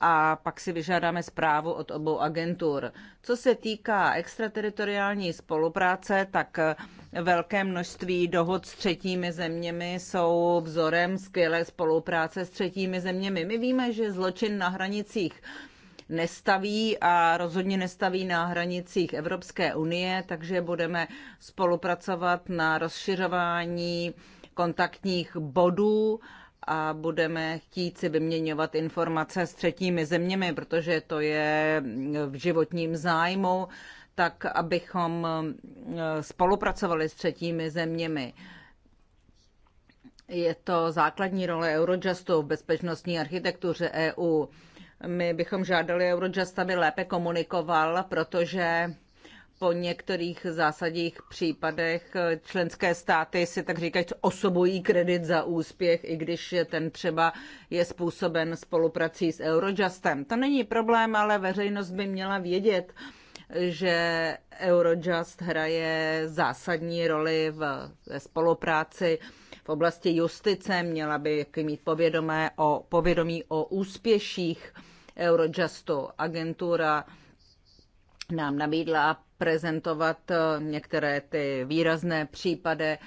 A: a pak si vyžádáme zprávu od obou agentur. Co se týká extrateritoriální spolupráce, tak velké množství dohod s třetími zeměmi jsou vzorem skvělé spolupráce s třetími zeměmi. My víme, že zločin na hranicích nestaví a rozhodně nestaví na hranicích Evropské unie, takže budeme spolupracovat na rozšiřování kontaktních bodů a budeme chtít si vyměňovat informace s třetími zeměmi, protože to je v životním zájmu, tak abychom eh, spolupracovali s třetími zeměmi. Je to základní role Eurojustu v bezpečnostní architektuře EU. My bychom žádali Eurojust, aby lépe komunikoval, protože po některých zásadních případech členské státy si tak říkají osobují kredit za úspěch, i když ten třeba je způsoben spoluprací s Eurojustem. To není problém, ale veřejnost by měla vědět, že Eurojust hraje zásadní roli v, ve spolupráci v oblasti justice, měla by mít povědomé o, povědomí o úspěších Eurojustu. Agentura nám nabídla prezentovat eh, některé ty výrazné případy,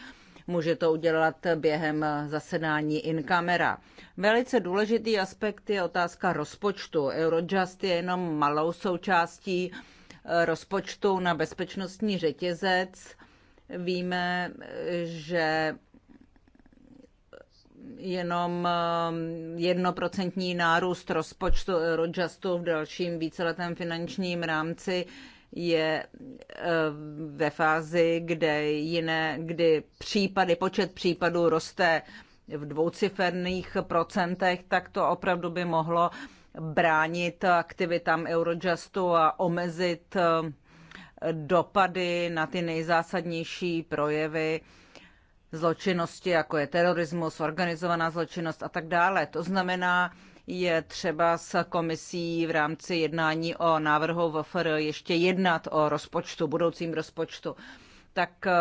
A: může to udělat během zasedání in camera. Velice důležitý aspekt je otázka rozpočtu. Eurojust je jenom malou součástí eh, rozpočtu na bezpečnostní řetězec. Víme, eh, že jenom eh, jednoprocentní nárůst rozpočtu Eurojustu v dalším víceletém finančním rámci je eh, ve fázi, kde jiné, kdy případy, počet případů roste v dvouciferných procentech, tak to opravdu by mohlo bránit aktivitám Eurojustu a omezit eh, dopady na ty nejzásadnější projevy zločinnosti, jako je terorismus, organizovaná zločinnost a tak dále. To znamená, je třeba s komisí v rámci jednání o návrhu VFR ještě jednat o rozpočtu, budoucím rozpočtu. Tak eh,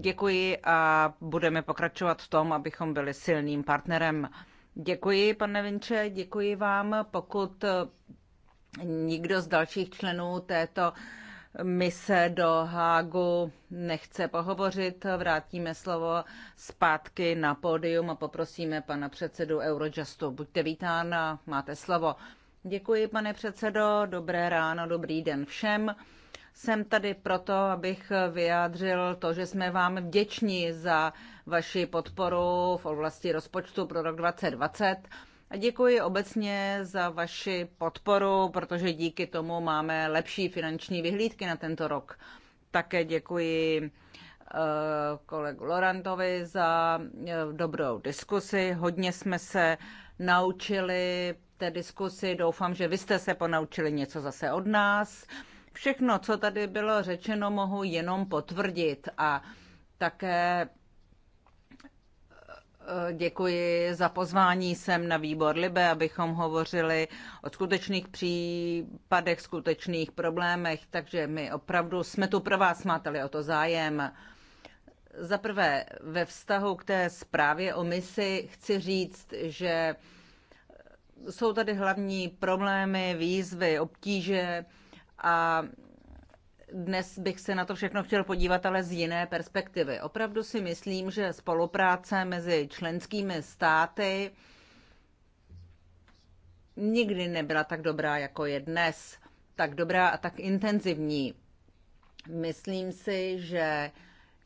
A: děkuji a budeme pokračovat v tom, abychom byli silným partnerem. Děkuji, pane Vinče, děkuji vám. Pokud eh, nikdo z dalších členů této mise do Hágu nechce pohovořit. Vrátíme slovo zpátky na pódium a poprosíme pana předsedu Eurojustu. Buďte vítán a máte slovo. Děkuji, pane předsedo. Dobré ráno, dobrý den všem. Jsem tady proto, abych vyjádřil to, že jsme vám vděční za vaši podporu v oblasti rozpočtu pro rok 2020 a děkuji obecně za vaši podporu, protože díky tomu máme lepší finanční vyhlídky na tento rok. Také děkuji eh, kolegu Lorantovi za eh, dobrou diskusi. Hodně jsme se naučili té diskusi. Doufám, že vy jste se ponaučili něco zase od nás. Všechno, co tady bylo řečeno, mohu jenom potvrdit a také Děkuji za pozvání sem na výbor Libe, abychom hovořili o skutečných případech, skutečných problémech, takže my opravdu jsme tu pro vás, máte o to zájem. Za prvé, ve vztahu k té zprávě o misi chci říct, že jsou tady hlavní problémy, výzvy, obtíže a dnes bych se na to všechno chtěl podívat, ale z jiné perspektivy. Opravdu si myslím, že spolupráce mezi členskými státy nikdy nebyla tak dobrá, jako je dnes. Tak dobrá a tak intenzivní. Myslím si, že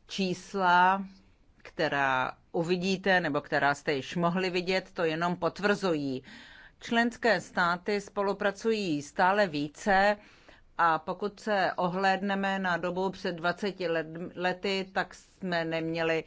A: čísla, která uvidíte nebo která jste již mohli vidět, to jenom potvrzují. Členské státy spolupracují stále více a pokud se ohlédneme na dobu před 20 lety, tak jsme neměli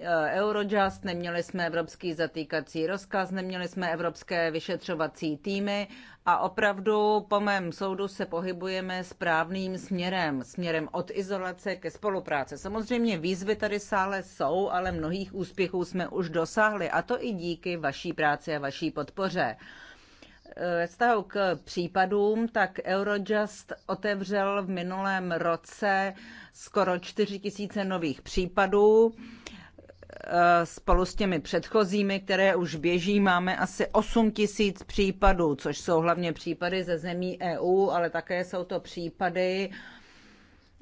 A: eh, Eurojust, neměli jsme evropský zatýkací rozkaz, neměli jsme evropské vyšetřovací týmy a opravdu po mém soudu se pohybujeme správným směrem, směrem od izolace ke spolupráce. Samozřejmě výzvy tady sále jsou, ale mnohých úspěchů jsme už dosáhli a to i díky vaší práci a vaší podpoře vztahu k případům, tak Eurojust otevřel v minulém roce skoro 4 tisíce nových případů. Eh, spolu s těmi předchozími, které už běží, máme asi 8 tisíc případů, což jsou hlavně případy ze zemí EU, ale také jsou to případy,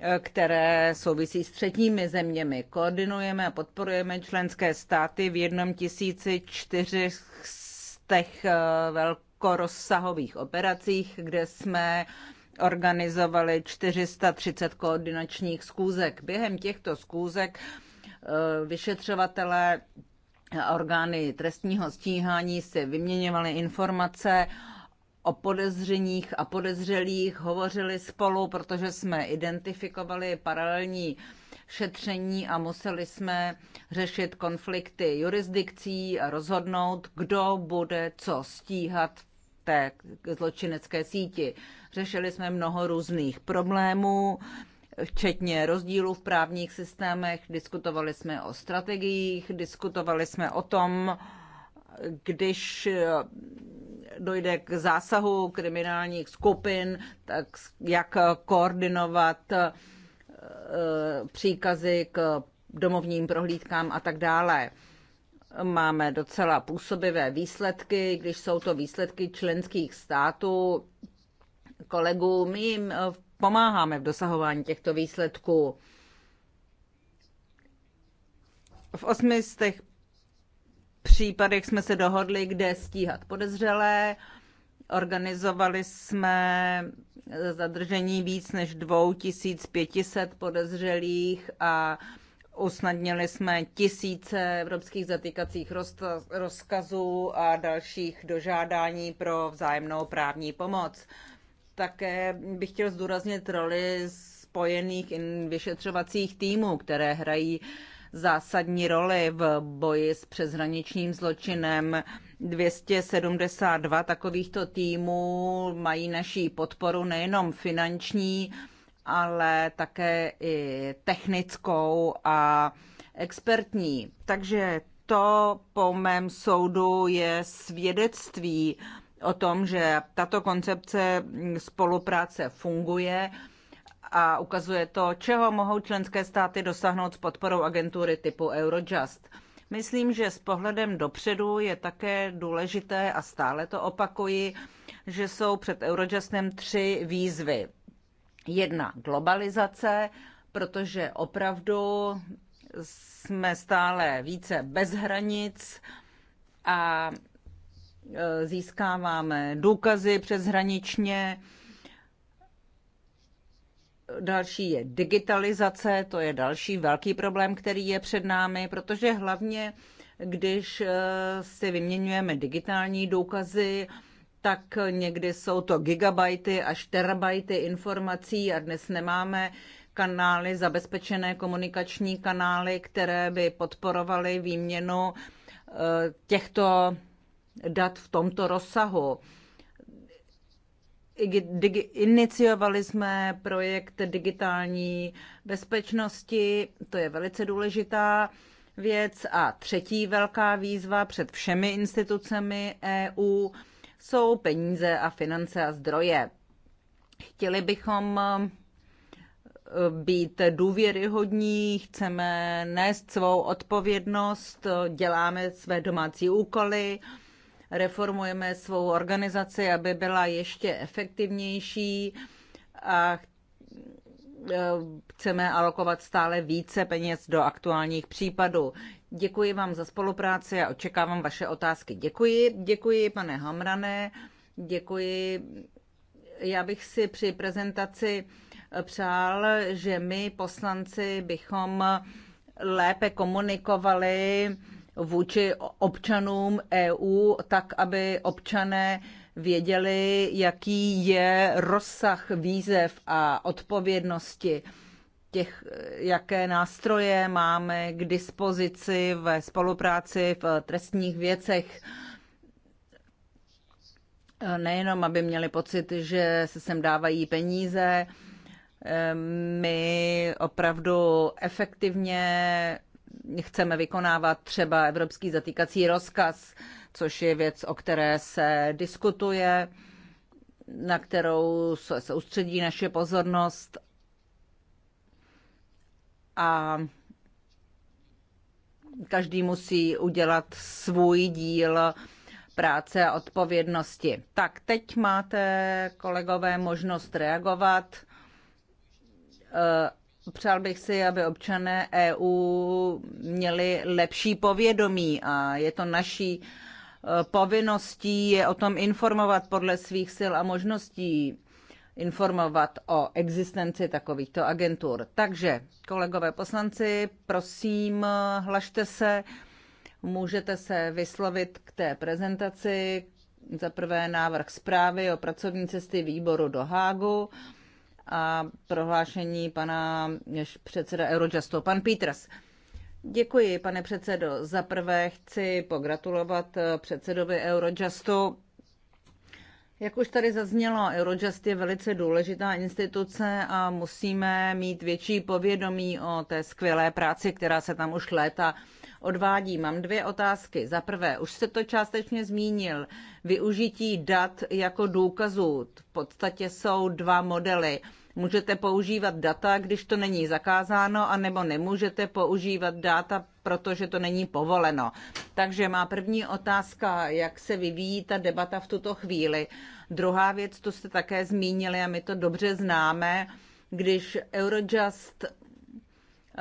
A: eh, které souvisí s třetími zeměmi. Koordinujeme a podporujeme členské státy v 1400 eh, velkých velkorozsahových operacích, kde jsme organizovali 430 koordinačních schůzek. Během těchto schůzek eh, vyšetřovatelé orgány trestního stíhání se vyměňovaly informace o podezřeních a podezřelých, hovořili spolu, protože jsme identifikovali paralelní šetření a museli jsme řešit konflikty jurisdikcí a rozhodnout, kdo bude co stíhat v té zločinecké síti. Řešili jsme mnoho různých problémů, včetně rozdílů v právních systémech, diskutovali jsme o strategiích, diskutovali jsme o tom, když eh, dojde k zásahu kriminálních skupin, tak jak koordinovat eh, Eh, příkazy k domovním prohlídkám a tak dále. Máme docela působivé výsledky, když jsou to výsledky členských států. Kolegů, my jim eh, pomáháme v dosahování těchto výsledků. V osmi z těch případech jsme se dohodli, kde stíhat podezřelé. Organizovali jsme zadržení víc než 2500 podezřelých a usnadnili jsme tisíce evropských zatýkacích rozkazů a dalších dožádání pro vzájemnou právní pomoc. Také bych chtěl zdůraznit roli spojených vyšetřovacích týmů, které hrají zásadní roli v boji s přeshraničním zločinem 272 takovýchto týmů mají naší podporu nejenom finanční, ale také i technickou a expertní. Takže to po mém soudu je svědectví o tom, že tato koncepce spolupráce funguje a ukazuje to, čeho mohou členské státy dosáhnout s podporou agentury typu Eurojust. Myslím, že s pohledem dopředu je také důležité, a stále to opakuji, že jsou před Eurojustem tři výzvy. Jedna globalizace, protože opravdu jsme stále více bez hranic a e, získáváme důkazy přeshraničně, Další je digitalizace, to je další velký problém, který je před námi, protože hlavně, když eh, si vyměňujeme digitální důkazy, tak někdy jsou to gigabajty až terabajty informací a dnes nemáme kanály, zabezpečené komunikační kanály, které by podporovaly výměnu eh, těchto dat v tomto rozsahu digi, iniciovali jsme projekt digitální bezpečnosti, to je velice důležitá věc. A třetí velká výzva před všemi institucemi EU jsou peníze a finance a zdroje. Chtěli bychom eh, být důvěryhodní, chceme nést svou odpovědnost, děláme své domácí úkoly, reformujeme svou organizaci, aby byla ještě efektivnější a e, chceme alokovat stále více peněz do aktuálních případů. Děkuji vám za spolupráci a očekávám vaše otázky. Děkuji, děkuji pane Hamrané, děkuji. Já bych si při prezentaci přál, že my poslanci bychom lépe komunikovali vůči občanům EU, tak aby občané věděli, jaký je rozsah výzev a odpovědnosti těch, jaké nástroje máme k dispozici ve spolupráci v trestních věcech. Nejenom, aby měli pocit, že se sem dávají peníze, my opravdu efektivně chceme vykonávat třeba evropský zatýkací rozkaz, což je věc, o které se diskutuje, na kterou se soustředí naše pozornost. A každý musí udělat svůj díl práce a odpovědnosti. Tak teď máte, kolegové, možnost reagovat Přál bych si, aby občané EU měli lepší povědomí a je to naší eh, povinností je o tom informovat podle svých sil a možností informovat o existenci takovýchto agentur. Takže, kolegové poslanci, prosím, hlašte se, můžete se vyslovit k té prezentaci. Za prvé návrh zprávy o pracovní cesty výboru do Hágu a prohlášení pana předseda Eurojustu. Pan Peters. Děkuji, pane předsedo. Za prvé chci pogratulovat eh, předsedovi Eurojustu. Jak už tady zaznělo, Eurojust je velice důležitá instituce a musíme mít větší povědomí o té skvělé práci, která se tam už léta odvádí. Mám dvě otázky. Za prvé, už se to částečně zmínil, využití dat jako důkazů. V podstatě jsou dva modely. Můžete používat data, když to není zakázáno, anebo nemůžete používat data, protože to není povoleno. Takže má první otázka, jak se vyvíjí ta debata v tuto chvíli. Druhá věc, to jste také zmínili a my to dobře známe, když Eurojust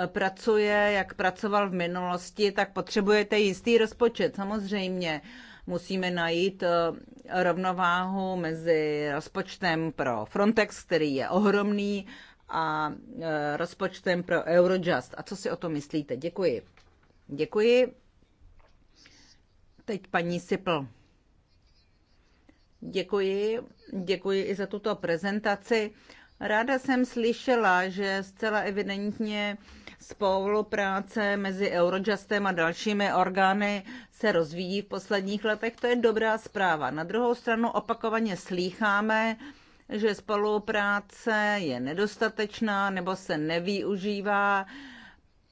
A: pracuje, jak pracoval v minulosti, tak potřebujete jistý rozpočet. Samozřejmě musíme najít eh, rovnováhu mezi rozpočtem pro Frontex, který je ohromný, a eh, rozpočtem pro Eurojust. A co si o to myslíte? Děkuji. Děkuji. Teď paní Sipl. Děkuji. Děkuji i za tuto prezentaci. Ráda jsem slyšela, že zcela evidentně uh, spolupráce mezi Eurojustem a dalšími orgány se rozvíjí v posledních letech. To je dobrá zpráva. Na druhou stranu opakovaně slýcháme, že spolupráce je nedostatečná nebo se nevyužívá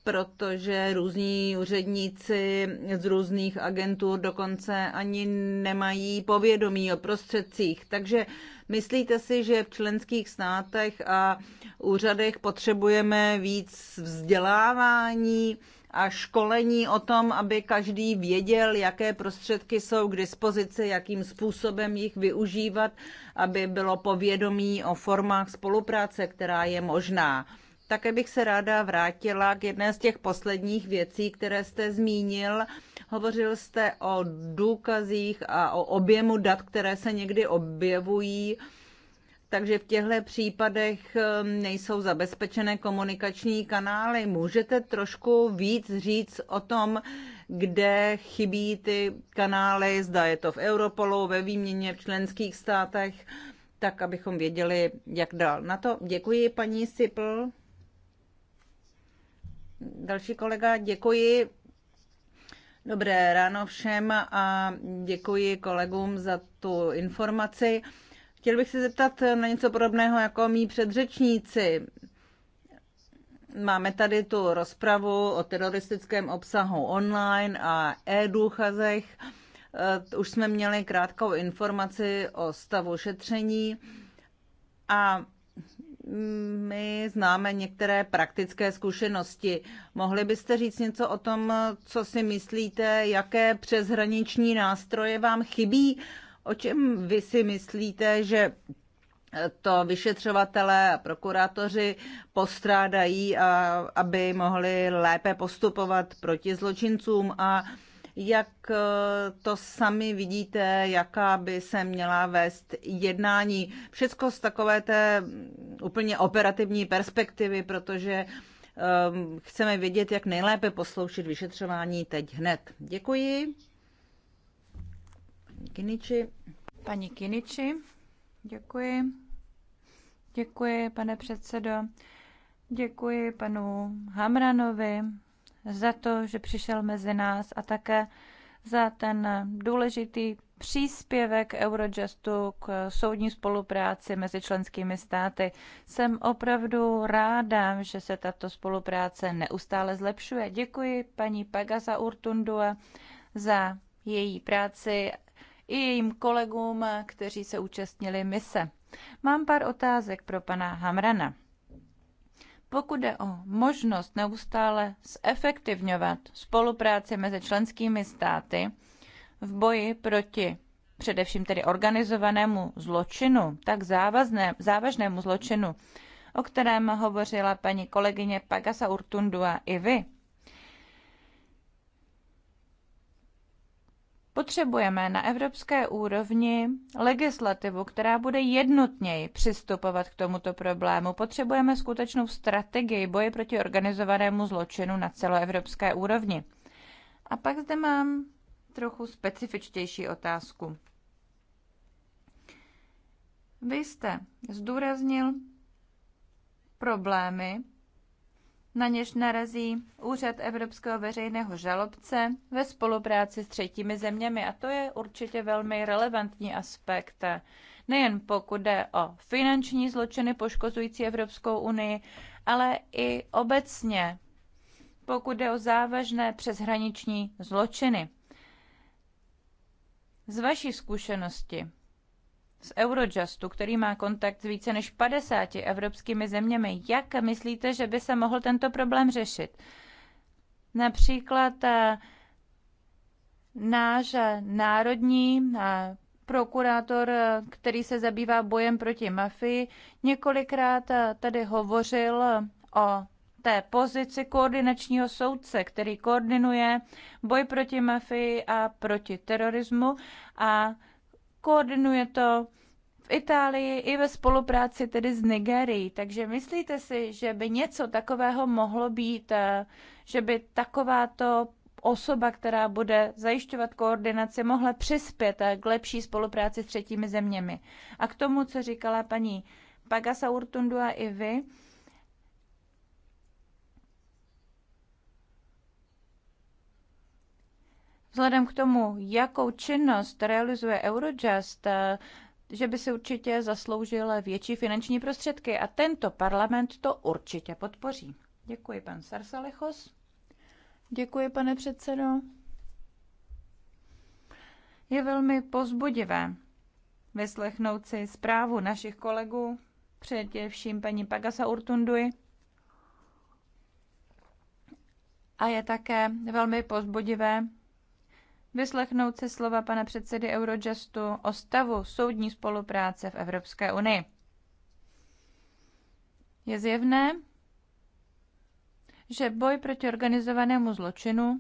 A: protože různí úředníci z různých agentur dokonce ani nemají povědomí o prostředcích. Takže myslíte si, že v členských státech a úřadech potřebujeme víc vzdělávání a školení o tom, aby každý věděl, jaké prostředky jsou k dispozici, jakým způsobem jich využívat, aby bylo povědomí o formách spolupráce, která je možná. Také bych se ráda vrátila k jedné z těch posledních věcí, které jste zmínil. Hovořil jste o důkazích a o objemu dat, které se někdy objevují. Takže v těchto případech um, nejsou zabezpečené komunikační kanály. Můžete trošku víc říct o tom, kde chybí ty kanály, zda je to v Europolu, ve výměně v členských státech, tak abychom věděli, jak dál. Na to děkuji, paní Sipl. Další kolega, děkuji. Dobré ráno všem a děkuji kolegům za tu informaci. Chtěl bych se zeptat na něco podobného jako mý předřečníci. Máme tady tu rozpravu o teroristickém obsahu online a e-důchazech. Eh, už jsme měli krátkou informaci o stavu šetření a my známe některé praktické zkušenosti. Mohli byste říct něco o tom, co si myslíte, jaké přeshraniční nástroje vám chybí? O čem vy si myslíte, že to vyšetřovatelé a prokurátoři postrádají, aby mohli lépe postupovat proti zločincům a jak eh, to sami vidíte, jaká by se měla vést jednání? Všechno z takové té mm, úplně operativní perspektivy, protože um, chceme vědět, jak nejlépe posloužit vyšetřování teď hned. Děkuji. Kiniči. Paní Kiniči, děkuji.
C: Děkuji, pane předsedo. Děkuji panu Hamranovi za to, že přišel mezi nás a také za ten důležitý příspěvek Eurojustu k soudní spolupráci mezi členskými státy. Jsem opravdu ráda, že se tato spolupráce neustále zlepšuje. Děkuji paní Pegasa Urtundua za její práci i jejím kolegům, kteří se účastnili mise. Mám pár otázek pro pana Hamrana. Pokud jde o možnost neustále zefektivňovat spolupráci mezi členskými státy v boji proti především tedy organizovanému zločinu, tak závazné, závažnému zločinu, o kterém hovořila paní kolegyně Pagasa Urtundua i vy, Potřebujeme na evropské úrovni legislativu, která bude jednotněji přistupovat k tomuto problému. Potřebujeme skutečnou strategii boje proti organizovanému zločinu na celoevropské úrovni. A pak zde mám trochu specifičtější otázku. Vy jste zdůraznil problémy, na něž narazí Úřad Evropského veřejného žalobce ve spolupráci s třetími zeměmi. A to je určitě velmi relevantní aspekt, nejen pokud jde o finanční zločiny poškozující Evropskou unii, ale i obecně, pokud jde o závažné přeshraniční zločiny. Z vaší zkušenosti, z Eurojustu, který má kontakt s více než 50 evropskými zeměmi. Jak myslíte, že by se mohl tento problém řešit? Například eh, náš národní eh, prokurátor, eh, který se zabývá bojem proti mafii, několikrát tady hovořil o té pozici koordinačního soudce, který koordinuje boj proti mafii a proti terorismu a koordinuje to v Itálii i ve spolupráci tedy s Nigerií. Takže myslíte si, že by něco takového mohlo být, eh, že by takováto osoba, která bude zajišťovat koordinaci, mohla přispět eh, k lepší spolupráci s třetími zeměmi. A k tomu, co říkala paní Pagasa Urtundua i vy, vzhledem k tomu, jakou činnost realizuje Eurojust, eh, že by si určitě zasloužil větší finanční prostředky a tento parlament to určitě podpoří. Děkuji, pan Sarsalechos. Děkuji, pane předsedo. Je velmi pozbudivé vyslechnout si zprávu našich kolegů, především paní Pagasa urtundui A je také velmi pozbudivé vyslechnout si slova pana předsedy Eurojustu o stavu soudní spolupráce v Evropské unii. Je zjevné, že boj proti organizovanému zločinu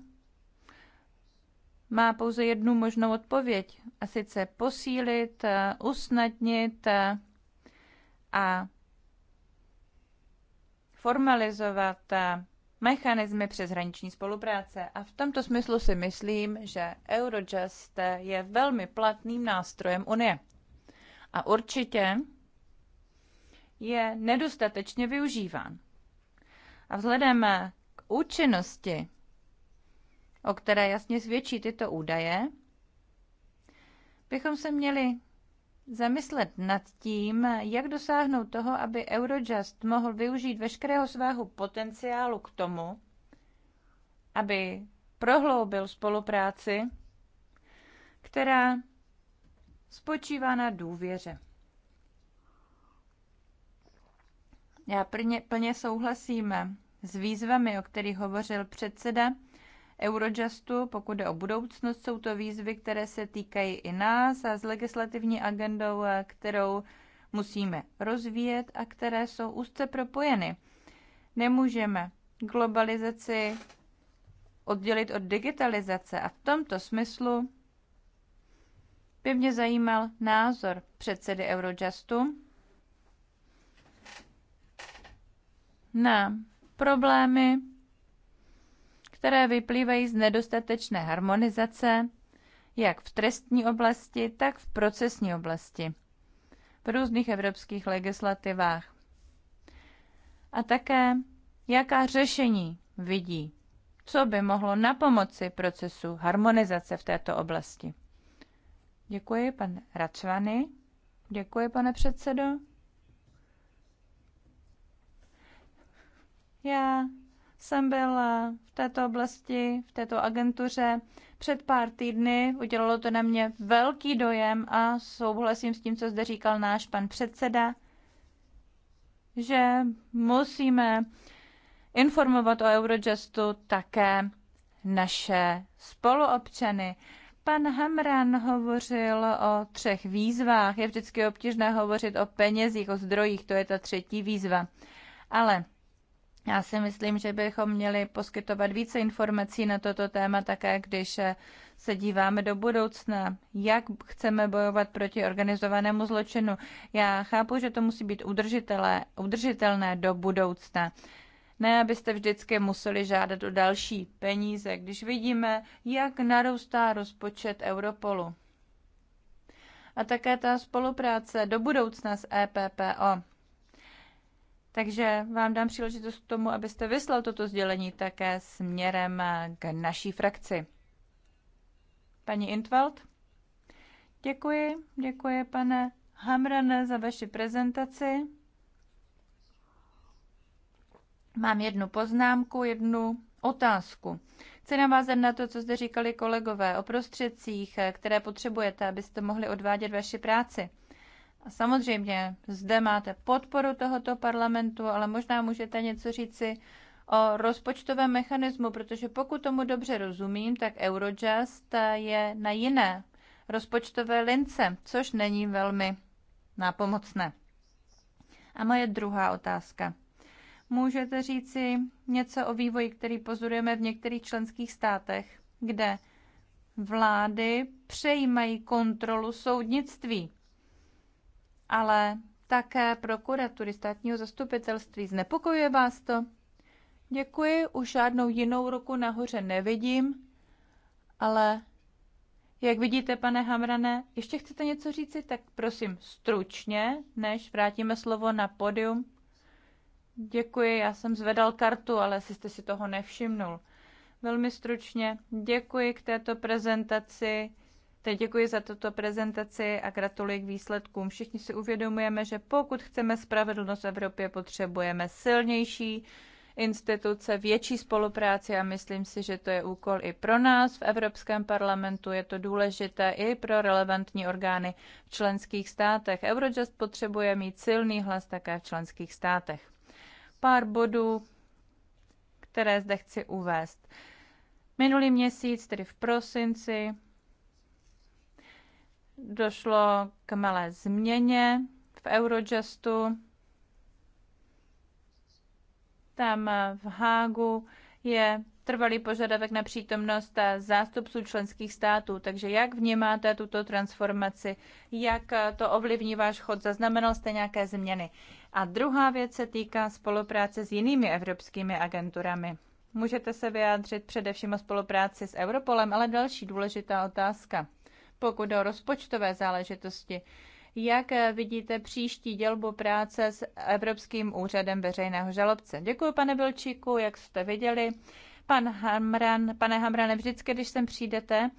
C: má pouze jednu možnou odpověď, a sice posílit, usnadnit a formalizovat mechanismy přeshraniční spolupráce. A v tomto smyslu si myslím, že Eurojust je velmi platným nástrojem Unie. A určitě je nedostatečně využíván. A vzhledem k účinnosti, o které jasně svědčí tyto údaje, bychom se měli zamyslet nad tím, jak dosáhnout toho, aby Eurojust mohl využít veškerého svého potenciálu k tomu, aby prohloubil spolupráci, která spočívá na důvěře. Já plně, souhlasím s výzvami, o kterých hovořil předseda Eurojustu, pokud jde o budoucnost, jsou to výzvy, které se týkají i nás a s legislativní agendou, eh, kterou musíme rozvíjet a které jsou úzce propojeny. Nemůžeme globalizaci oddělit od digitalizace a v tomto smyslu by mě zajímal názor předsedy Eurojustu na problémy které vyplývají z nedostatečné harmonizace, jak v trestní oblasti, tak v procesní oblasti, v různých evropských legislativách. A také, jaká řešení vidí, co by mohlo na pomoci procesu harmonizace v této oblasti. Děkuji, pan Račvany. Děkuji, pane předsedo. Já jsem byl eh, v této oblasti, v této agentuře před pár týdny. Udělalo to na mě velký dojem a souhlasím s tím, co zde říkal náš pan předseda, že musíme informovat o Eurojustu také naše spoluobčany. Pan Hamran hovořil o třech výzvách. Je vždycky obtížné hovořit o penězích, o zdrojích, to je ta třetí výzva. Ale já si myslím, že bychom měli poskytovat více informací na toto téma také, když se díváme do budoucna, jak chceme bojovat proti organizovanému zločinu. Já chápu, že to musí být udržitelné do budoucna. Ne, abyste vždycky museli žádat o další peníze, když vidíme, jak narůstá rozpočet Europolu. A také ta spolupráce do budoucna s EPPO. Takže vám dám příležitost k tomu, abyste vyslal toto sdělení také směrem k naší frakci. Paní Intveld? Děkuji, děkuji pane Hamrane za vaši prezentaci. Mám jednu poznámku, jednu otázku. Chci navázat na to, co zde říkali kolegové o prostředcích, které potřebujete, abyste mohli odvádět vaši práci. A samozřejmě zde máte podporu tohoto parlamentu, ale možná můžete něco říci o rozpočtovém mechanismu, protože pokud tomu dobře rozumím, tak Eurojust je na jiné rozpočtové lince, což není velmi nápomocné. A moje druhá otázka. Můžete říci něco o vývoji, který pozorujeme v některých členských státech, kde vlády přejímají kontrolu soudnictví ale také prokuratury státního zastupitelství. Znepokojuje vás to? Děkuji, už žádnou jinou ruku nahoře nevidím, ale jak vidíte, pane Hamrane, ještě chcete něco říci, tak prosím stručně, než vrátíme slovo na podium. Děkuji, já jsem zvedal kartu, ale asi jste si toho nevšimnul. Velmi stručně děkuji k této prezentaci. Teď děkuji za tuto prezentaci a gratuluji k výsledkům. Všichni si uvědomujeme, že pokud chceme spravedlnost v Evropě, potřebujeme silnější instituce, větší spolupráci a myslím si, že to je úkol i pro nás v Evropském parlamentu. Je to důležité i pro relevantní orgány v členských státech. Eurojust potřebuje mít silný hlas také v členských státech. Pár bodů, které zde chci uvést. Minulý měsíc, tedy v prosinci, Došlo k malé změně v Eurojustu. Tam v Hágu je trvalý požadavek na přítomnost zástupců členských států. Takže jak vnímáte tuto transformaci? Jak to ovlivní váš chod? Zaznamenal jste nějaké změny? A druhá věc se týká spolupráce s jinými evropskými agenturami. Můžete se vyjádřit především o spolupráci s Europolem, ale další důležitá otázka pokud o rozpočtové záležitosti, jak vidíte příští dělbu práce s Evropským úřadem veřejného žalobce? Děkuji, pane Bilčíku, jak jste viděli. Pan Hamran, pane Hamrane, vždycky, když sem přijdete,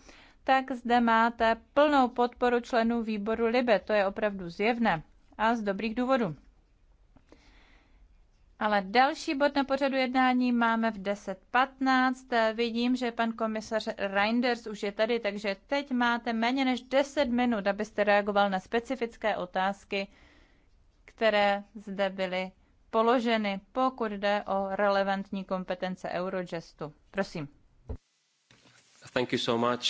C: tak zde máte plnou podporu členů výboru LIBE. To je opravdu zjevné a z dobrých důvodů. Ale další bod na pořadu jednání máme v 10.15. Vidím, že pan komisař Reinders už je tady, takže teď máte méně než 10 minut, abyste reagoval na specifické otázky, které zde byly položeny, pokud jde o relevantní kompetence Eurojustu.
A: Prosím.
B: Thank you so much.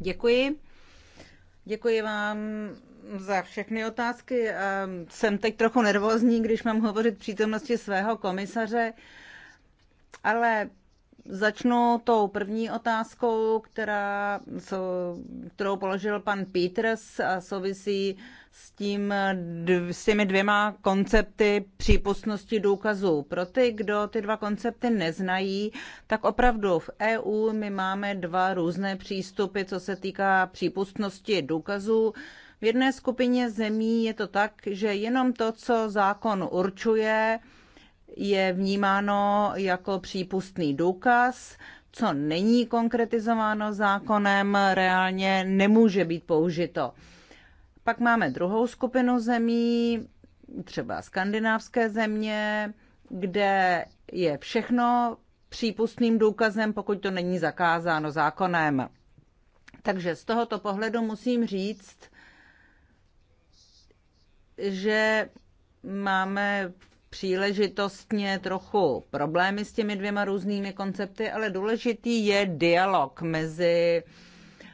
A: Děkuji. Děkuji vám za všechny otázky. Ehm, jsem teď trochu nervózní, když mám hovořit přítomnosti svého komisaře, ale začnu tou první otázkou, která, kterou položil pan Peters a souvisí s, tím, s těmi dvěma koncepty přípustnosti důkazů. Pro ty, kdo ty dva koncepty neznají, tak opravdu v EU my máme dva různé přístupy, co se týká přípustnosti důkazů. V jedné skupině zemí je to tak, že jenom to, co zákon určuje, je vnímáno jako přípustný důkaz, co není konkretizováno zákonem, reálně nemůže být použito. Pak máme druhou skupinu zemí, třeba skandinávské země, kde je všechno přípustným důkazem, pokud to není zakázáno zákonem. Takže z tohoto pohledu musím říct, že máme příležitostně trochu problémy s těmi dvěma různými koncepty, ale důležitý je dialog mezi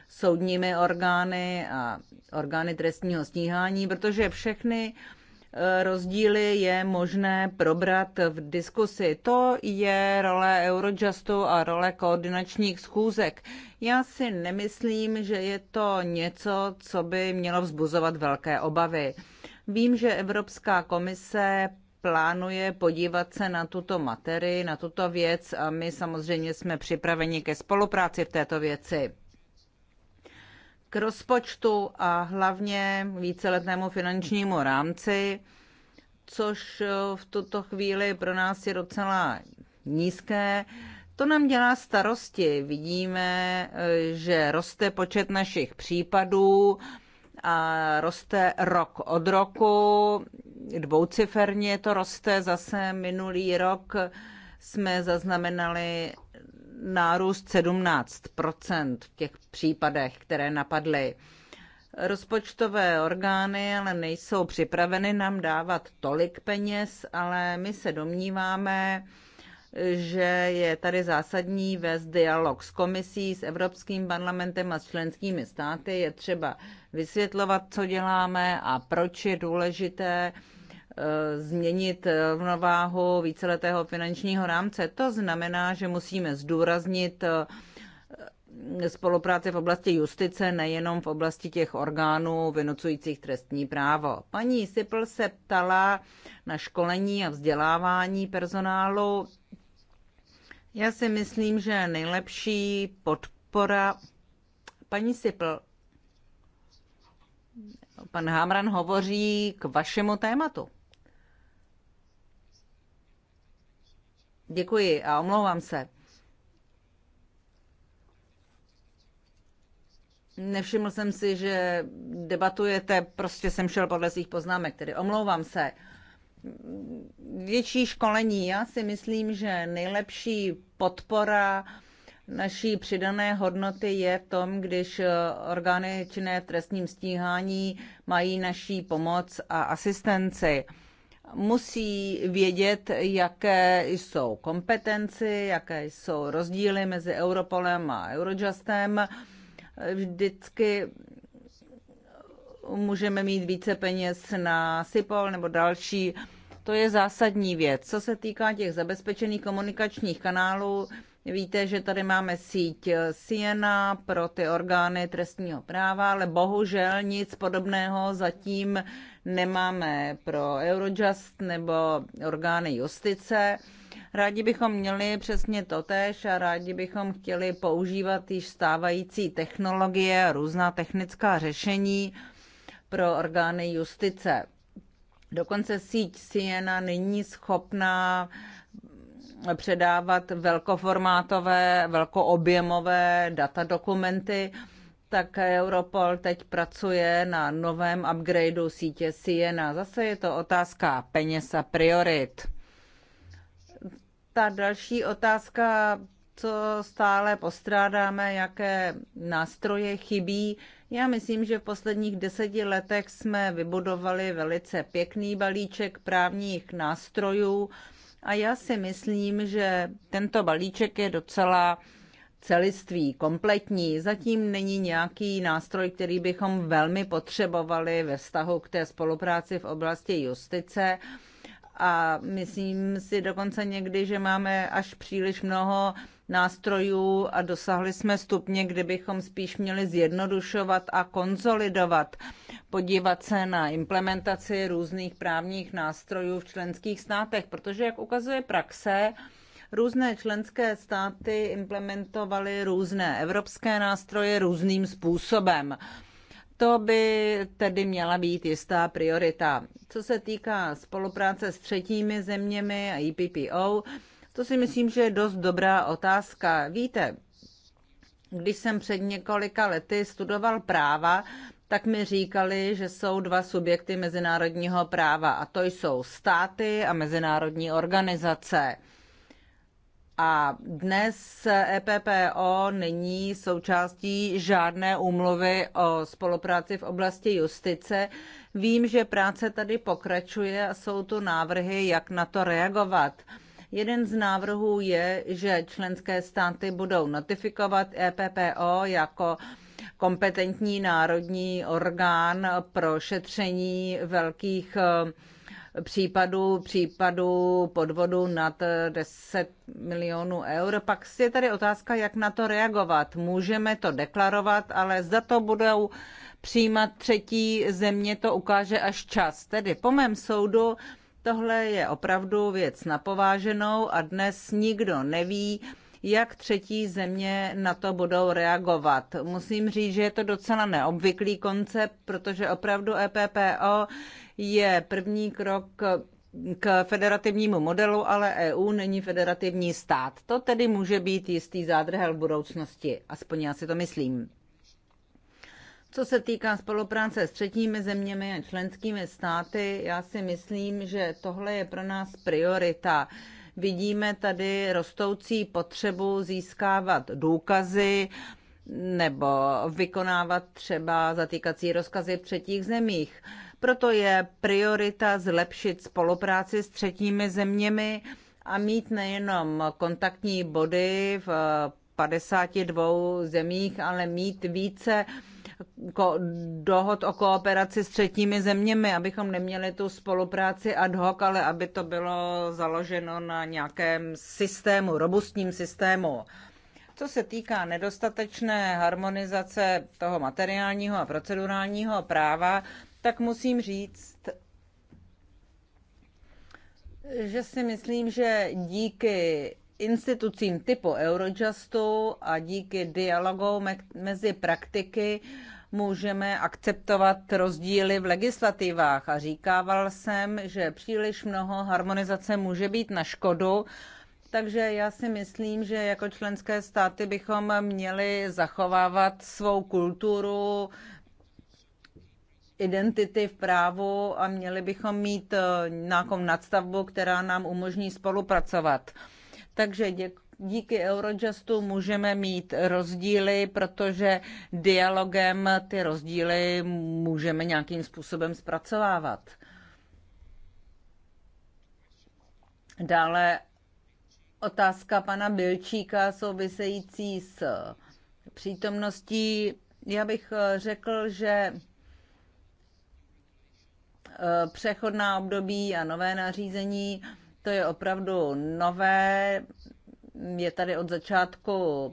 A: soudními orgány a orgány trestního stíhání, protože všechny eh, rozdíly je možné probrat v diskusi. To je role Eurojustu a role koordinačních schůzek. Já si nemyslím, že je to něco, co by mělo vzbuzovat velké obavy. Vím, že Evropská komise plánuje podívat se na tuto materii, na tuto věc a my samozřejmě jsme připraveni ke spolupráci v této věci. K rozpočtu a hlavně víceletnému finančnímu rámci, což v tuto chvíli pro nás je docela nízké, to nám dělá starosti. Vidíme, že roste počet našich případů, a roste rok od roku, dvouciferně to roste, zase minulý rok jsme zaznamenali nárůst 17 v těch případech, které napadly. Rozpočtové orgány ale nejsou připraveny nám dávat tolik peněz, ale my se domníváme, že je tady zásadní vést dialog s komisí, s Evropským parlamentem a s členskými státy. Je třeba vysvětlovat, co děláme a proč je důležité eh, změnit rovnováhu víceletého finančního rámce. To znamená, že musíme zdůraznit eh, spolupráci v oblasti justice, nejenom v oblasti těch orgánů vynucujících trestní právo. Paní Sipl se ptala na školení a vzdělávání personálu. Já si myslím, že nejlepší podpora... Paní Sipl, pan Hamran hovoří k vašemu tématu. Děkuji a omlouvám se. Nevšiml jsem si, že debatujete, prostě jsem šel podle svých poznámek, tedy omlouvám se. Uh, větší školení. Já si myslím, že nejlepší podpora naší přidané hodnoty je v tom, když eh, orgány činné v trestním stíhání mají naší pomoc a asistenci. Musí vědět, jaké jsou kompetence, jaké jsou rozdíly mezi Europolem a Eurojustem. Vždycky můžeme mít více peněz na SIPOL nebo další. To je zásadní věc. Co se týká těch zabezpečených komunikačních kanálů, víte, že tady máme síť Siena pro ty orgány trestního práva, ale bohužel nic podobného zatím nemáme pro Eurojust nebo orgány justice. Rádi bychom měli přesně to tež a rádi bychom chtěli používat již stávající technologie, různá technická řešení, pro orgány justice. Dokonce síť Siena není schopná předávat velkoformátové, velkoobjemové data dokumenty, tak Europol teď pracuje na novém upgradeu sítě Siena. Zase je to otázka peněz a priorit. Ta další otázka co stále postrádáme, jaké nástroje chybí. Já myslím, že v posledních deseti letech jsme vybudovali velice pěkný balíček právních nástrojů a já si myslím, že tento balíček je docela celiství, kompletní. Zatím není nějaký nástroj, který bychom velmi potřebovali ve vztahu k té spolupráci v oblasti justice. A myslím si dokonce někdy, že máme až příliš mnoho nástrojů a dosáhli jsme stupně, kde bychom spíš měli zjednodušovat a konsolidovat, podívat se na implementaci různých právních nástrojů v členských státech, protože, jak ukazuje praxe, Různé členské státy implementovaly různé evropské nástroje různým způsobem. To by tedy měla být jistá priorita. Co se týká spolupráce s třetími zeměmi a IPPO, e to si myslím, že je dost dobrá otázka. Víte, když jsem před několika lety studoval práva, tak mi říkali, že jsou dva subjekty mezinárodního práva a to jsou státy a mezinárodní organizace. A dnes EPPO není součástí žádné úmluvy o spolupráci v oblasti justice. Vím, že práce tady pokračuje a jsou tu návrhy, jak na to reagovat. Jeden z návrhů je, že členské státy budou notifikovat EPPO jako kompetentní národní orgán pro šetření velkých eh, případů, případů podvodu nad 10 eh, milionů eur. Pak je tady otázka, jak na to reagovat. Můžeme to deklarovat, ale za to budou přijímat třetí země, to ukáže až čas. Tedy po mém soudu Tohle je opravdu věc napováženou a dnes nikdo neví, jak třetí země na to budou reagovat. Musím říct, že je to docela neobvyklý koncept, protože opravdu EPPO je první krok k federativnímu modelu, ale EU není federativní stát. To tedy může být jistý zádrhel budoucnosti, aspoň já si to myslím. Co se týká spolupráce s třetími zeměmi a členskými státy, já si myslím, že tohle je pro nás priorita. Vidíme tady rostoucí potřebu získávat důkazy nebo vykonávat třeba zatýkací rozkazy v třetích zemích. Proto je priorita zlepšit spolupráci s třetími zeměmi a mít nejenom kontaktní body v 52 zemích, ale mít více dohod o kooperaci s třetími zeměmi, abychom neměli tu spolupráci ad hoc, ale aby to bylo založeno na nějakém systému, robustním systému. Co se týká nedostatečné harmonizace toho materiálního a procedurálního práva, tak musím říct, že si myslím, že díky institucím typu Eurojustu a díky dialogu mezi praktiky můžeme akceptovat rozdíly v legislativách. A říkával jsem, že příliš mnoho harmonizace může být na škodu, takže já si myslím, že jako členské státy bychom měli zachovávat svou kulturu, identity v právu a měli bychom mít eh, nějakou nadstavbu, která nám umožní spolupracovat. Takže díky Eurojustu můžeme mít rozdíly, protože dialogem ty rozdíly můžeme nějakým způsobem zpracovávat. Dále otázka pana Bilčíka související s přítomností. Já bych eh, řekl, že eh, přechodná období a nové nařízení to je opravdu nové, je tady od začátku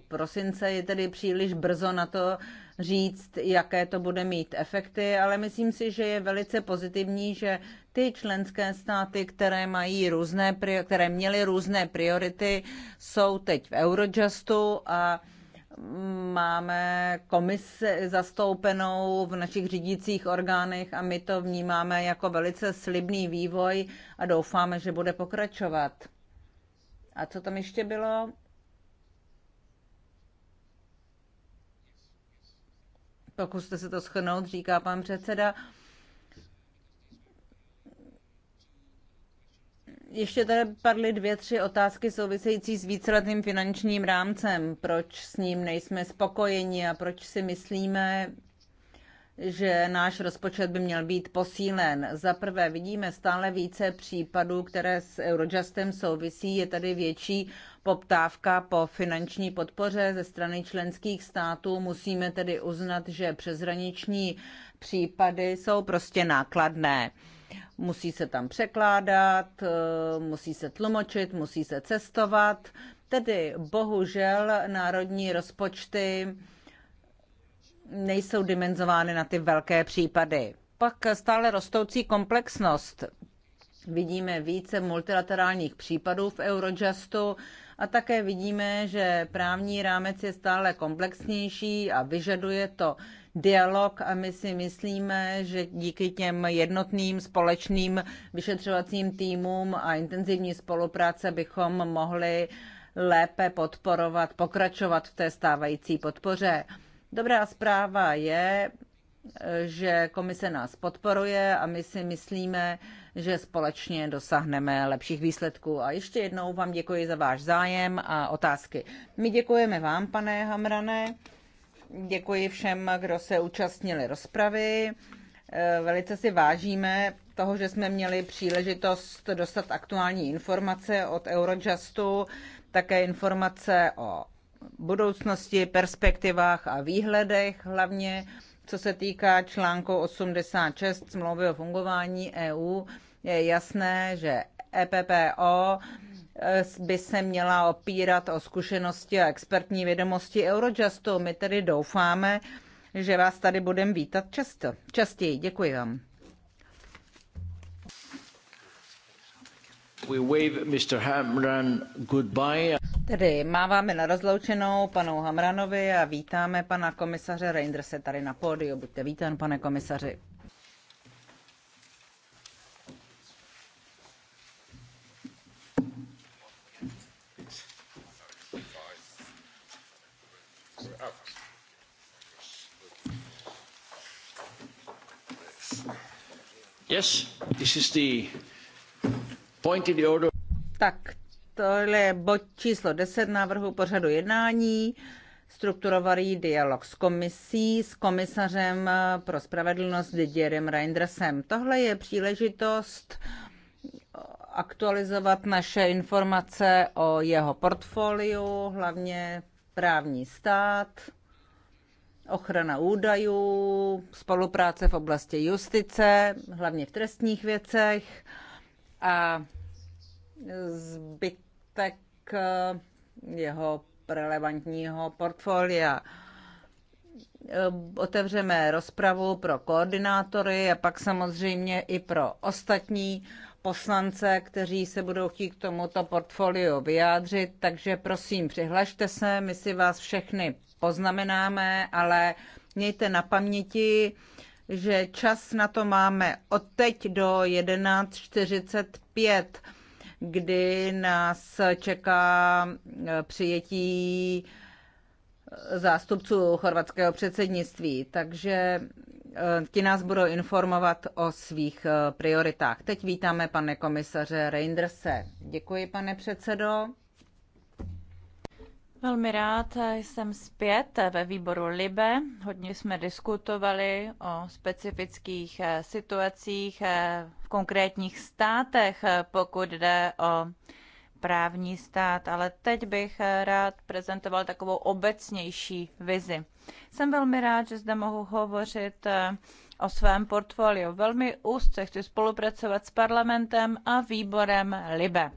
A: prosince, je tedy příliš brzo na to říct, jaké to bude mít efekty, ale myslím si, že je velice pozitivní, že ty členské státy, které mají různé, které měly různé priority, jsou teď v Eurojustu a máme komise zastoupenou v našich řídících orgánech a my to vnímáme jako velice slibný vývoj a doufáme, že bude pokračovat. A co tam ještě bylo? Pokuste se to schrnout, říká pan předseda. Uh, Ještě tady padly dvě, tři otázky související s víceletým finančním rámcem. Proč s ním nejsme spokojeni a proč si myslíme, že náš rozpočet by měl být posílen. Za prvé vidíme stále více případů, které s Eurojustem souvisí. Je tady větší poptávka po finanční podpoře ze strany členských států. Musíme tedy uznat, že přeshraniční případy jsou prostě nákladné. Musí se tam překládat, eh, musí se tlumočit, musí se cestovat. Tedy bohužel národní rozpočty nejsou dimenzovány na ty velké případy. Pak stále rostoucí komplexnost. Vidíme více multilaterálních případů v Eurojustu a také vidíme, že právní rámec je stále komplexnější a vyžaduje to dialog a my si myslíme, že díky těm jednotným společným vyšetřovacím týmům a intenzivní spolupráce bychom mohli lépe podporovat, pokračovat v té stávající podpoře. Dobrá zpráva je, že komise nás podporuje a my si myslíme, že společně dosáhneme lepších výsledků. A ještě jednou vám děkuji za váš zájem a otázky. My děkujeme vám, pane Hamrané. Děkuji všem, kdo se účastnili rozpravy. Eh, velice si vážíme toho, že jsme měli příležitost dostat aktuální informace od Eurojustu, také informace o budoucnosti, perspektivách a výhledech, hlavně co se týká článku 86 smlouvy o fungování EU. Je jasné, že EPPO Eh, by se měla opírat o zkušenosti a expertní vědomosti Eurojustu. My tedy doufáme, že vás tady budeme vítat často. Častěji. Děkuji vám.
D: We wave Mr. Hamran goodbye.
A: Tedy máváme na rozloučenou panu Hamranovi a vítáme pana komisaře Reindrse tady na pódiu. Buďte vítán, pane komisaři. Tak, tohle je bod číslo 10 návrhu pořadu jednání. Strukturovaný dialog s komisí, s komisařem pro spravedlnost Didierem Reindersem. Tohle je příležitost aktualizovat naše informace o jeho portfoliu, hlavně právní stát, ochrana údajů, spolupráce v oblasti justice, hlavně v trestních věcech a zbytek eh, jeho relevantního portfolia. Eh, otevřeme rozpravu pro koordinátory a pak samozřejmě i pro ostatní poslance, kteří se budou chtít k tomuto portfoliu vyjádřit, takže prosím, přihlašte se, my si vás všechny poznamenáme, ale mějte na paměti, že čas na to máme od teď do 11.45, kdy nás čeká e, přijetí e, zástupců chorvatského předsednictví. Takže Eh, ti nás budou informovat o svých eh, prioritách. Teď vítáme pane komisaře Reindrse. Děkuji, pane předsedo. Velmi rád
C: eh, jsem zpět ve výboru Libe. Hodně jsme diskutovali o specifických situacích v konkrétních státech, pokud jde o právní stát, ale teď bych rád prezentoval takovou obecnější vizi. Jsem velmi rád, že zde mohu hovořit eh, o svém portfoliu. Velmi úzce chci spolupracovat s parlamentem a výborem LIBE.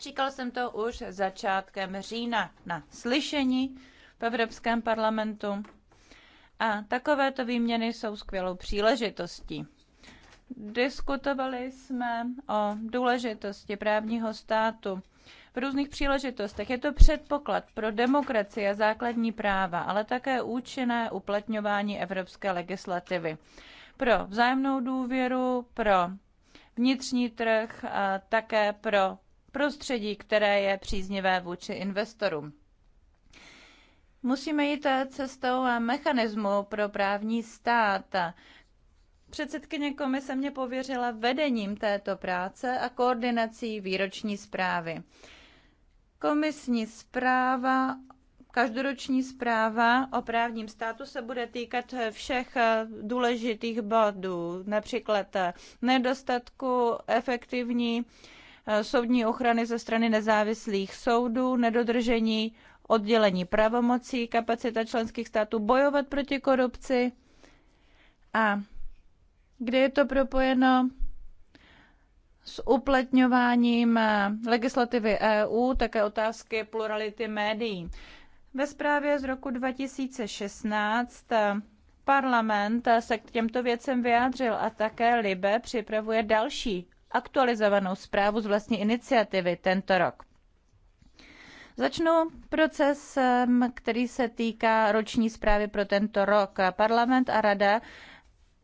C: Říkal jsem to už začátkem října na slyšení v Evropském parlamentu. A takovéto výměny jsou skvělou příležitostí. Diskutovali jsme o důležitosti právního státu v různých příležitostech. Je to předpoklad pro demokracii a základní práva, ale také účinné uplatňování evropské legislativy. Pro vzájemnou důvěru, pro vnitřní trh a také pro prostředí, které je příznivé vůči investorům. Musíme jít cestou mechanismu pro právní stát Předsedkyně komise mě pověřila vedením této práce a koordinací výroční zprávy. Komisní zpráva, každoroční zpráva o právním státu se bude týkat všech důležitých bodů, například nedostatku efektivní eh, soudní ochrany ze strany nezávislých soudů, nedodržení oddělení pravomocí, kapacita členských států bojovat proti korupci a kdy je to propojeno s uplatňováním eh, legislativy EU, také otázky plurality médií. Ve zprávě z roku 2016 eh, parlament eh, se k těmto věcem vyjádřil a také Libe připravuje další aktualizovanou zprávu z vlastní iniciativy tento rok. Začnu procesem, který se týká roční zprávy pro tento rok. Parlament a rada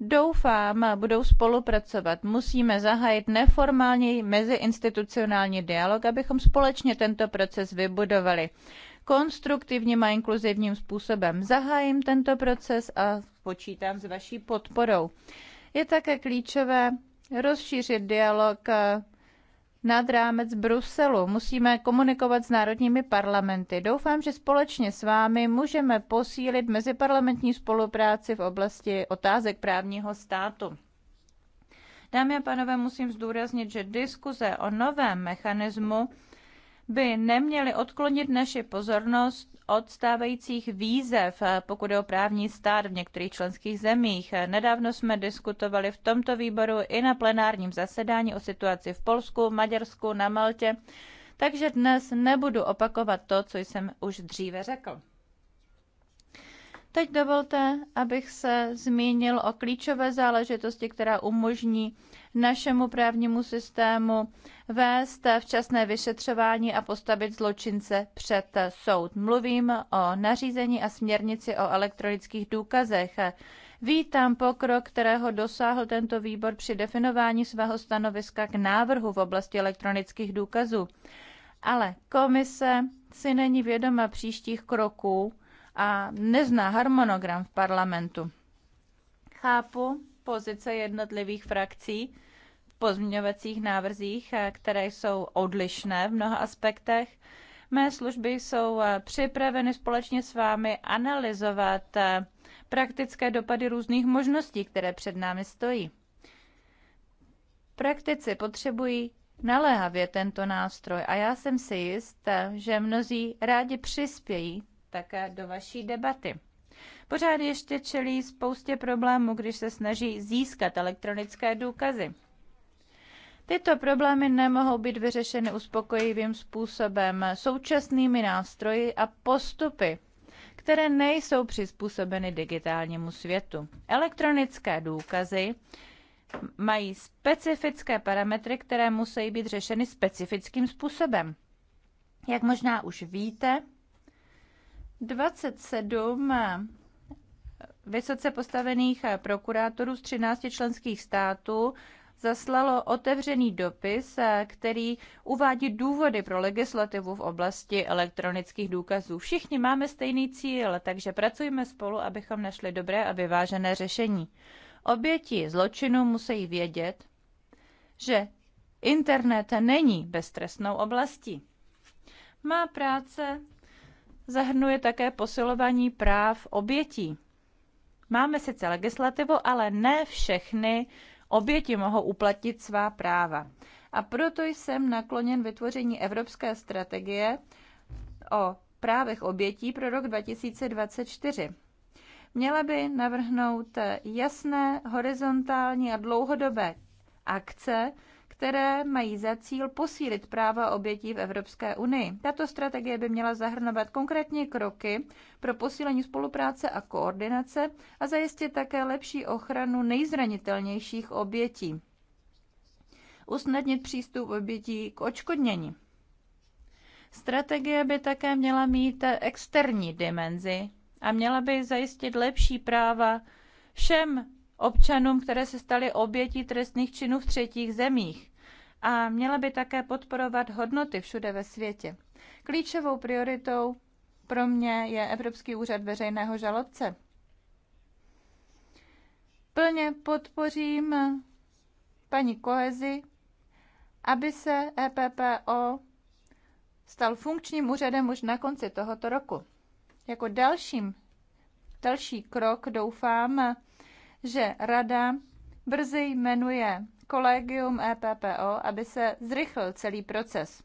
C: doufám, budou spolupracovat. Musíme zahájit neformální meziinstitucionální dialog, abychom společně tento proces vybudovali konstruktivním a inkluzivním způsobem. Zahájím tento proces a počítám s vaší podporou. Je také klíčové rozšířit dialog nad rámec Bruselu. Musíme komunikovat s národními parlamenty. Doufám, že společně s vámi můžeme posílit meziparlamentní spolupráci v oblasti otázek právního státu. Dámy a pánové, musím zdůraznit, že diskuze o novém mechanismu by neměly odklonit naši pozornost od stávajících výzev, eh, pokud je o právní stát v některých členských zemích. Nedávno jsme diskutovali v tomto výboru i na plenárním zasedání o situaci v Polsku, Maďarsku, na Maltě, takže dnes nebudu opakovat to, co jsem už dříve řekl. Teď dovolte, abych se zmínil o klíčové záležitosti, která umožní našemu právnímu systému, vést včasné vyšetřování a postavit zločince před soud. Mluvím o nařízení a směrnici o elektronických důkazech. Vítám pokrok, kterého dosáhl tento výbor při definování svého stanoviska k návrhu v oblasti elektronických důkazů. Ale komise si není vědoma příštích kroků a nezná harmonogram v parlamentu. Chápu pozice jednotlivých frakcí, pozměňovacích návrzích, eh, které jsou odlišné v mnoha aspektech. Mé služby jsou eh, připraveny společně s vámi analyzovat eh, praktické dopady různých možností, které před námi stojí. Praktici potřebují naléhavě tento nástroj a já jsem si jist, že mnozí rádi přispějí také do vaší debaty. Pořád ještě čelí spoustě problémů, když se snaží získat elektronické důkazy. Tyto problémy nemohou být vyřešeny uspokojivým způsobem současnými nástroji a postupy, které nejsou přizpůsobeny digitálnímu světu. Elektronické důkazy mají specifické parametry, které musí být řešeny specifickým způsobem. Jak možná už víte, 27 vysoce postavených prokurátorů z 13 členských států zaslalo otevřený dopis, eh, který uvádí důvody pro legislativu v oblasti elektronických důkazů. Všichni máme stejný cíl, takže pracujeme spolu, abychom našli dobré a vyvážené řešení. Oběti zločinu musí vědět, že internet není beztrestnou oblastí. Má práce zahrnuje také posilování práv obětí. Máme sice legislativu, ale ne všechny oběti mohou uplatnit svá práva. A proto jsem nakloněn vytvoření evropské strategie o právech obětí pro rok 2024. Měla by navrhnout jasné, horizontální a dlouhodobé akce, které mají za cíl posílit práva obětí v Evropské unii. Tato strategie by měla zahrnovat konkrétní kroky pro posílení spolupráce a koordinace a zajistit také lepší ochranu nejzranitelnějších obětí. Usnadnit přístup obětí k očkodnění. Strategie by také měla mít externí dimenzi a měla by zajistit lepší práva všem občanům, které se staly obětí trestných činů v třetích zemích a měla by také podporovat hodnoty všude ve světě. Klíčovou prioritou pro mě je Evropský úřad veřejného žalobce. Plně podpořím paní Kohezi, aby se EPPO stal funkčním úřadem už na konci tohoto roku. Jako dalším, další krok doufám, že Rada brzy jmenuje kolegium EPPO, aby se zrychlil celý proces.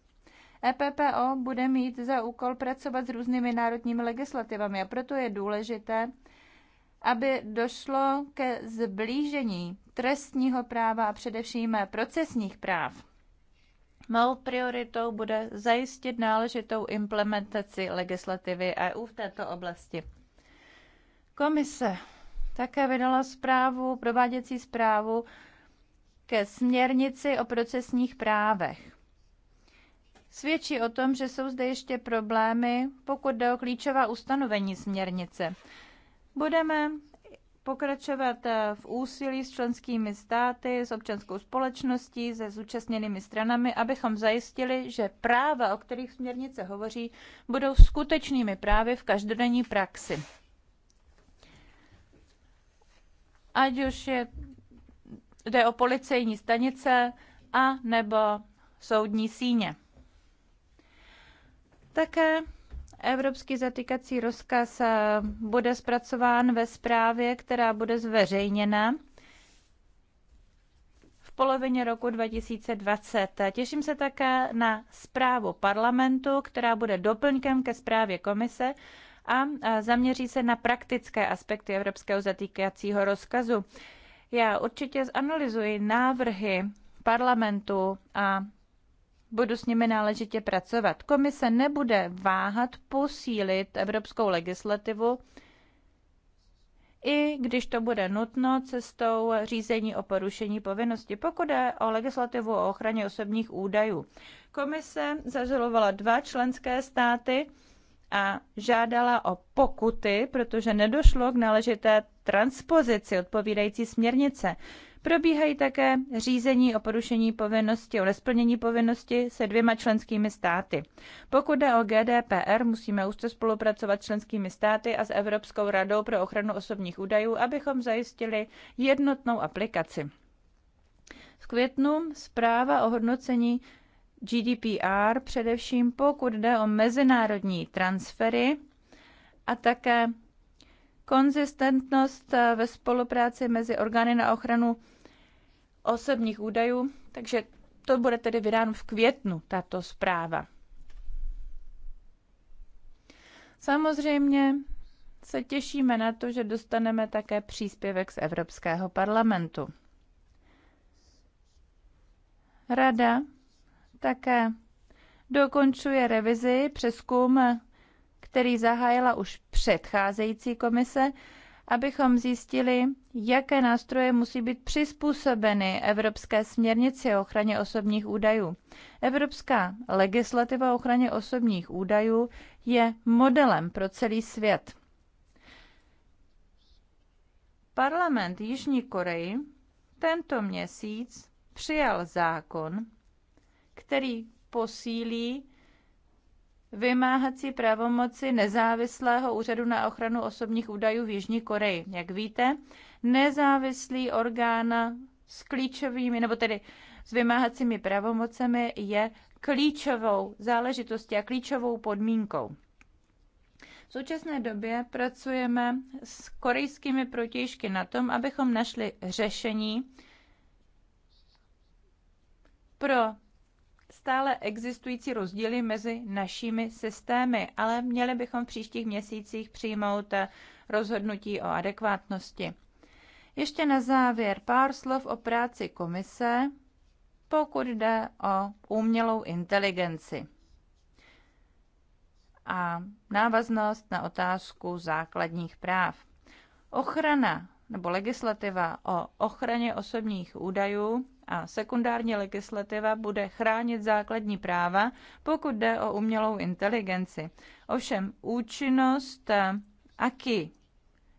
C: EPPO bude mít za úkol pracovat s různými národními legislativami a proto je důležité, aby došlo ke zblížení trestního práva a především procesních práv. Mou prioritou bude zajistit náležitou implementaci legislativy EU v této oblasti. Komise také vydala zprávu, prováděcí zprávu ke směrnici o procesních právech. Svědčí o tom, že jsou zde ještě problémy, pokud jde o klíčová ustanovení směrnice. Budeme pokračovat v úsilí s členskými státy, s občanskou společností, se zúčastněnými stranami, abychom zajistili, že práva, o kterých směrnice hovoří, budou skutečnými právy v každodenní praxi. Ať už je jde o policejní stanice a nebo soudní síně. Také evropský zatýkací rozkaz eh, bude zpracován ve zprávě, která bude zveřejněna v polovině roku 2020. Těším se také na zprávu parlamentu, která bude doplňkem ke zprávě komise a eh, zaměří se na praktické aspekty evropského zatýkacího rozkazu. Já určitě zanalizuji návrhy parlamentu a budu s nimi náležitě pracovat. Komise nebude váhat posílit evropskou legislativu, i když to bude nutno cestou řízení o porušení povinnosti, pokud je o legislativu o ochraně osobních údajů. Komise zažalovala dva členské státy, a žádala o pokuty, protože nedošlo k náležité transpozici odpovídající směrnice. Probíhají také řízení o porušení povinnosti, o nesplnění povinnosti se dvěma členskými státy. Pokud jde o GDPR, musíme úzce spolupracovat s členskými státy a s Evropskou radou pro ochranu osobních údajů, abychom zajistili jednotnou aplikaci. V květnu zpráva o hodnocení GDPR, především pokud jde o mezinárodní transfery a také konzistentnost eh, ve spolupráci mezi orgány na ochranu osobních údajů. Takže to bude tedy vydáno v květnu, tato zpráva. Samozřejmě se těšíme na to, že dostaneme také příspěvek z Evropského parlamentu. Rada také dokončuje revizi přeskum, který zahájila už předcházející komise, abychom zjistili, jaké nástroje musí být přizpůsobeny Evropské směrnici o ochraně osobních údajů. Evropská legislativa o ochraně osobních údajů je modelem pro celý svět. Parlament Jižní Koreji tento měsíc přijal zákon, který posílí vymáhací pravomoci nezávislého úřadu na ochranu osobních údajů v Jižní Koreji. Jak víte, nezávislý orgán s klíčovými, nebo tedy s vymáhacími pravomocemi je klíčovou záležitostí a klíčovou podmínkou. V současné době pracujeme s korejskými protějšky na tom, abychom našli řešení pro stále existující rozdíly mezi našimi systémy, ale měli bychom v příštích měsících přijmout rozhodnutí o adekvátnosti. Ještě na závěr pár slov o práci komise, pokud jde o umělou inteligenci a návaznost na otázku základních práv. Ochrana nebo legislativa o ochraně osobních údajů a sekundární legislativa bude chránit základní práva, pokud jde o umělou inteligenci. Ovšem účinnost eh, AKI,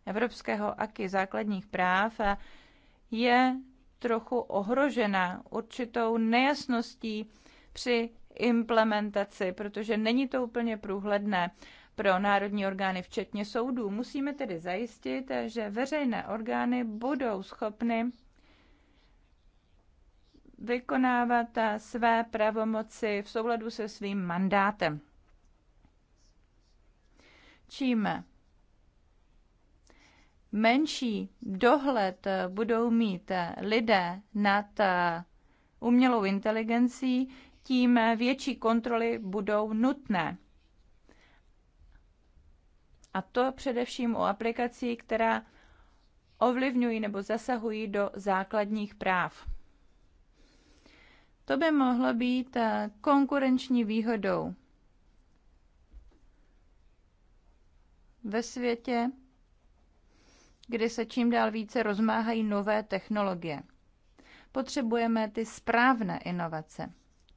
C: Evropského AKI základních práv, eh, je trochu ohrožena určitou nejasností při implementaci, protože není to úplně průhledné pro národní orgány, včetně soudů. Musíme tedy zajistit, eh, že veřejné orgány budou schopny vykonávat své pravomoci v souladu se svým mandátem. Čím menší dohled budou mít lidé nad umělou inteligencí, tím větší kontroly budou nutné. A to především u aplikací, která ovlivňují nebo zasahují do základních práv. To by mohlo být eh, konkurenční výhodou ve světě, kdy se čím dál více rozmáhají nové technologie. Potřebujeme ty správné inovace.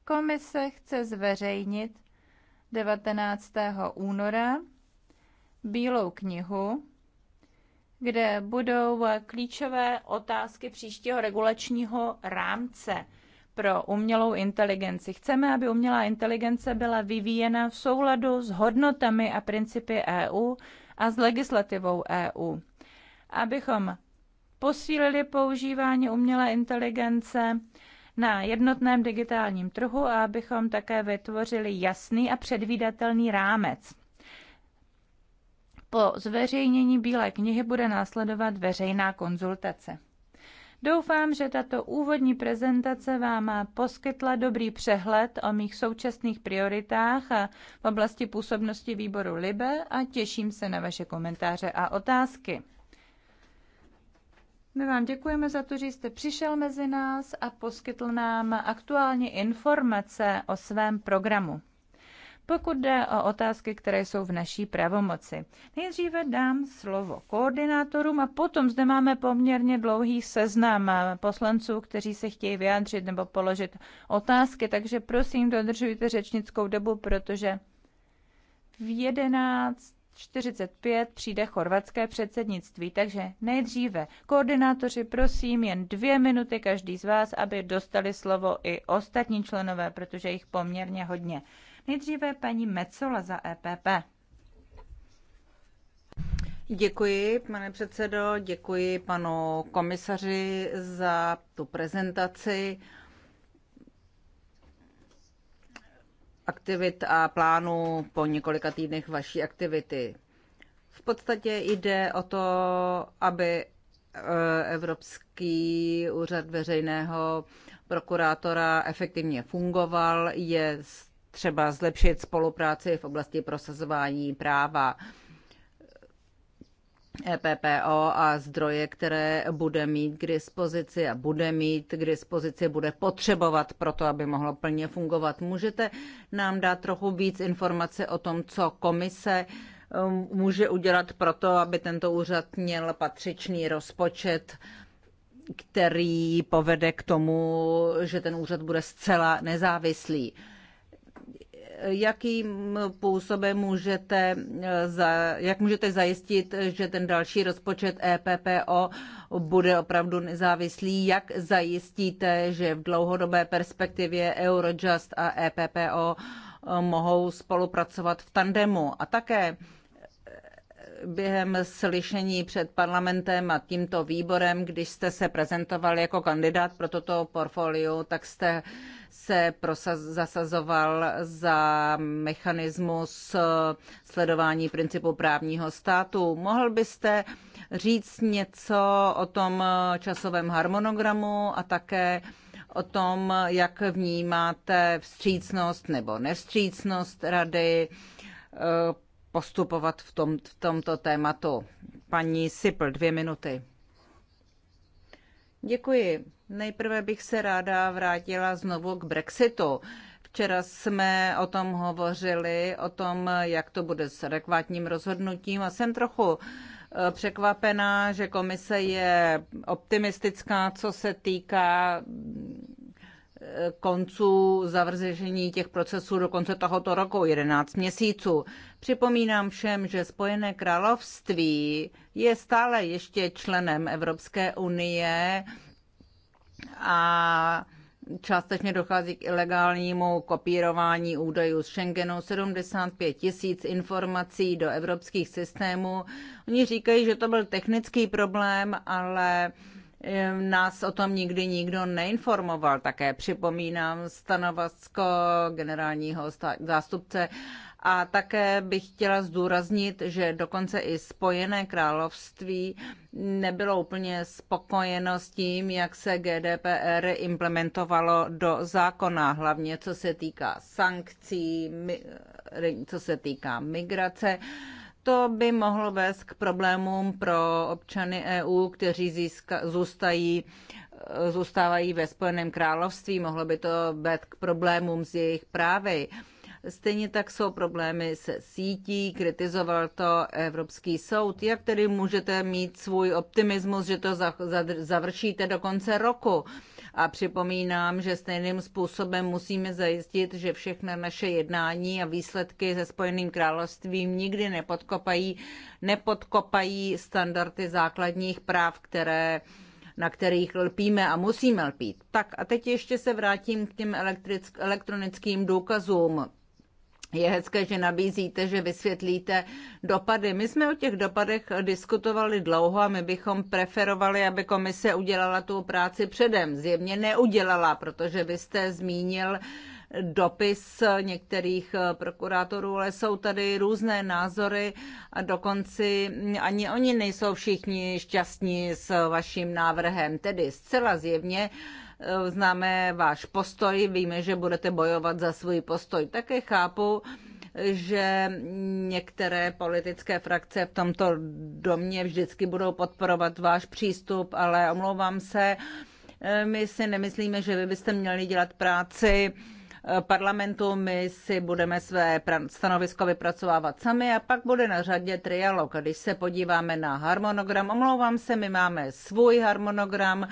C: Komise chce zveřejnit 19. února Bílou knihu, kde budou eh, klíčové otázky příštího regulačního rámce pro umělou inteligenci. Chceme, aby umělá inteligence byla vyvíjena v souladu s hodnotami a principy EU a s legislativou EU. Abychom posílili používání umělé inteligence na jednotném digitálním trhu a abychom také vytvořili jasný a předvídatelný rámec. Po zveřejnění Bílé knihy bude následovat veřejná konzultace. Doufám, že tato úvodní prezentace vám poskytla dobrý přehled o mých současných prioritách v oblasti působnosti výboru LIBE a těším se na vaše komentáře a otázky. My vám děkujeme za to, že jste přišel mezi nás a poskytl nám aktuální informace o svém programu pokud jde o otázky, které jsou v naší pravomoci. Nejdříve dám slovo koordinátorům a potom zde máme poměrně dlouhý seznam poslanců, kteří se chtějí vyjádřit nebo položit otázky, takže prosím dodržujte řečnickou dobu, protože v 11.45 přijde chorvatské předsednictví, takže nejdříve koordinátoři prosím jen dvě minuty každý z vás, aby dostali slovo i ostatní členové, protože jich poměrně hodně. Nejdříve paní Mecola za EPP.
A: Děkuji, pane předsedo, děkuji panu komisaři za tu prezentaci aktivit a plánu po několika týdnech vaší aktivity. V podstatě jde o to, aby eh, Evropský úřad veřejného prokurátora efektivně fungoval. Je třeba zlepšit spolupráci v oblasti prosazování práva. EPPO a zdroje, které bude mít k dispozici a bude mít k dispozici, bude potřebovat pro to, aby mohlo plně fungovat. Můžete nám dát trochu víc informace o tom, co komise um, může udělat pro to, aby tento úřad měl patřičný rozpočet, který povede k tomu, že ten úřad bude zcela nezávislý jakým působem můžete, eh, za, jak můžete zajistit, že ten další rozpočet EPPO bude opravdu nezávislý, jak zajistíte, že v dlouhodobé perspektivě Eurojust a EPPO eh, mohou spolupracovat v tandemu a také během slyšení před parlamentem a tímto výborem, když jste se prezentoval jako kandidát pro toto portfolio, tak jste se prosaz, zasazoval za mechanismus sledování principu právního státu. Mohl byste říct něco o tom časovém harmonogramu a také o tom, jak vnímáte vstřícnost nebo nevstřícnost rady, eh, postupovat v, tom, v tomto tématu. Paní Sipl, dvě minuty. Děkuji. Nejprve bych se ráda vrátila znovu k Brexitu. Včera jsme o tom hovořili, o tom, jak to bude s adekvátním rozhodnutím a jsem trochu eh, překvapená, že komise je optimistická, co se týká konců zavrzežení těch procesů do konce tohoto roku, 11 měsíců. Připomínám všem, že Spojené království je stále ještě členem Evropské unie a částečně dochází k ilegálnímu kopírování údajů z Schengenu. 75 tisíc informací do evropských systémů. Oni říkají, že to byl technický problém, ale nás o tom nikdy nikdo neinformoval. Také připomínám stanovisko generálního zástupce a také bych chtěla zdůraznit, že dokonce i Spojené království nebylo úplně spokojeno s tím, jak se GDPR implementovalo do zákona, hlavně co se týká sankcí, co se týká migrace to by mohlo vést k problémům pro občany EU, kteří získa, zůstají, eh, zůstávají ve Spojeném království. Mohlo by to vést k problémům s jejich právy. Stejně tak jsou problémy se sítí, kritizoval to Evropský soud. Jak tedy můžete mít svůj optimismus, že to završíte do konce roku? A připomínám, že stejným způsobem musíme zajistit, že všechna naše jednání a výsledky se Spojeným královstvím nikdy nepodkopají, nepodkopají standardy základních práv, které na kterých lpíme a musíme lpít. Tak a teď ještě se vrátím k těm elektronickým důkazům. Je hezké, že nabízíte, že vysvětlíte dopady. My jsme o těch dopadech diskutovali dlouho a my bychom preferovali, aby komise udělala tu práci předem. Zjevně neudělala, protože vy jste zmínil dopis některých prokurátorů, ale jsou tady různé názory a dokonce ani oni nejsou všichni šťastní s vaším návrhem. Tedy zcela zjevně Eh, známe váš postoj, víme, že budete bojovat za svůj postoj. Také chápu, že některé politické frakce v tomto domě vždycky budou podporovat váš přístup, ale omlouvám se, eh, my si nemyslíme, že vy byste měli dělat práci eh, parlamentu, my si budeme své stanovisko vypracovávat sami a pak bude na řadě trialog. Když se podíváme na harmonogram, omlouvám se, my máme svůj harmonogram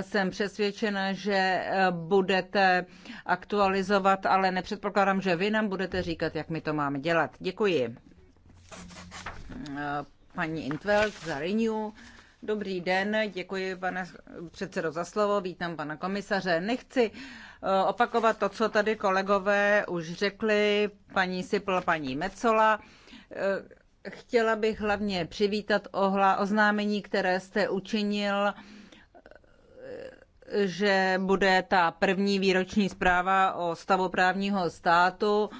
A: jsem přesvědčena, že eh, budete aktualizovat, ale nepředpokládám, že vy nám budete říkat, jak my to máme dělat. Děkuji. Eh, paní Intveld za Renew. Dobrý den, děkuji pane předsedo za slovo, vítám pana komisaře. Nechci eh, opakovat to, co tady kolegové už řekli, paní Sipl, paní Mecola. Chtěla bych hlavně přivítat ohla oznámení, které jste učinil že bude ta první výroční zpráva o stavu právního státu,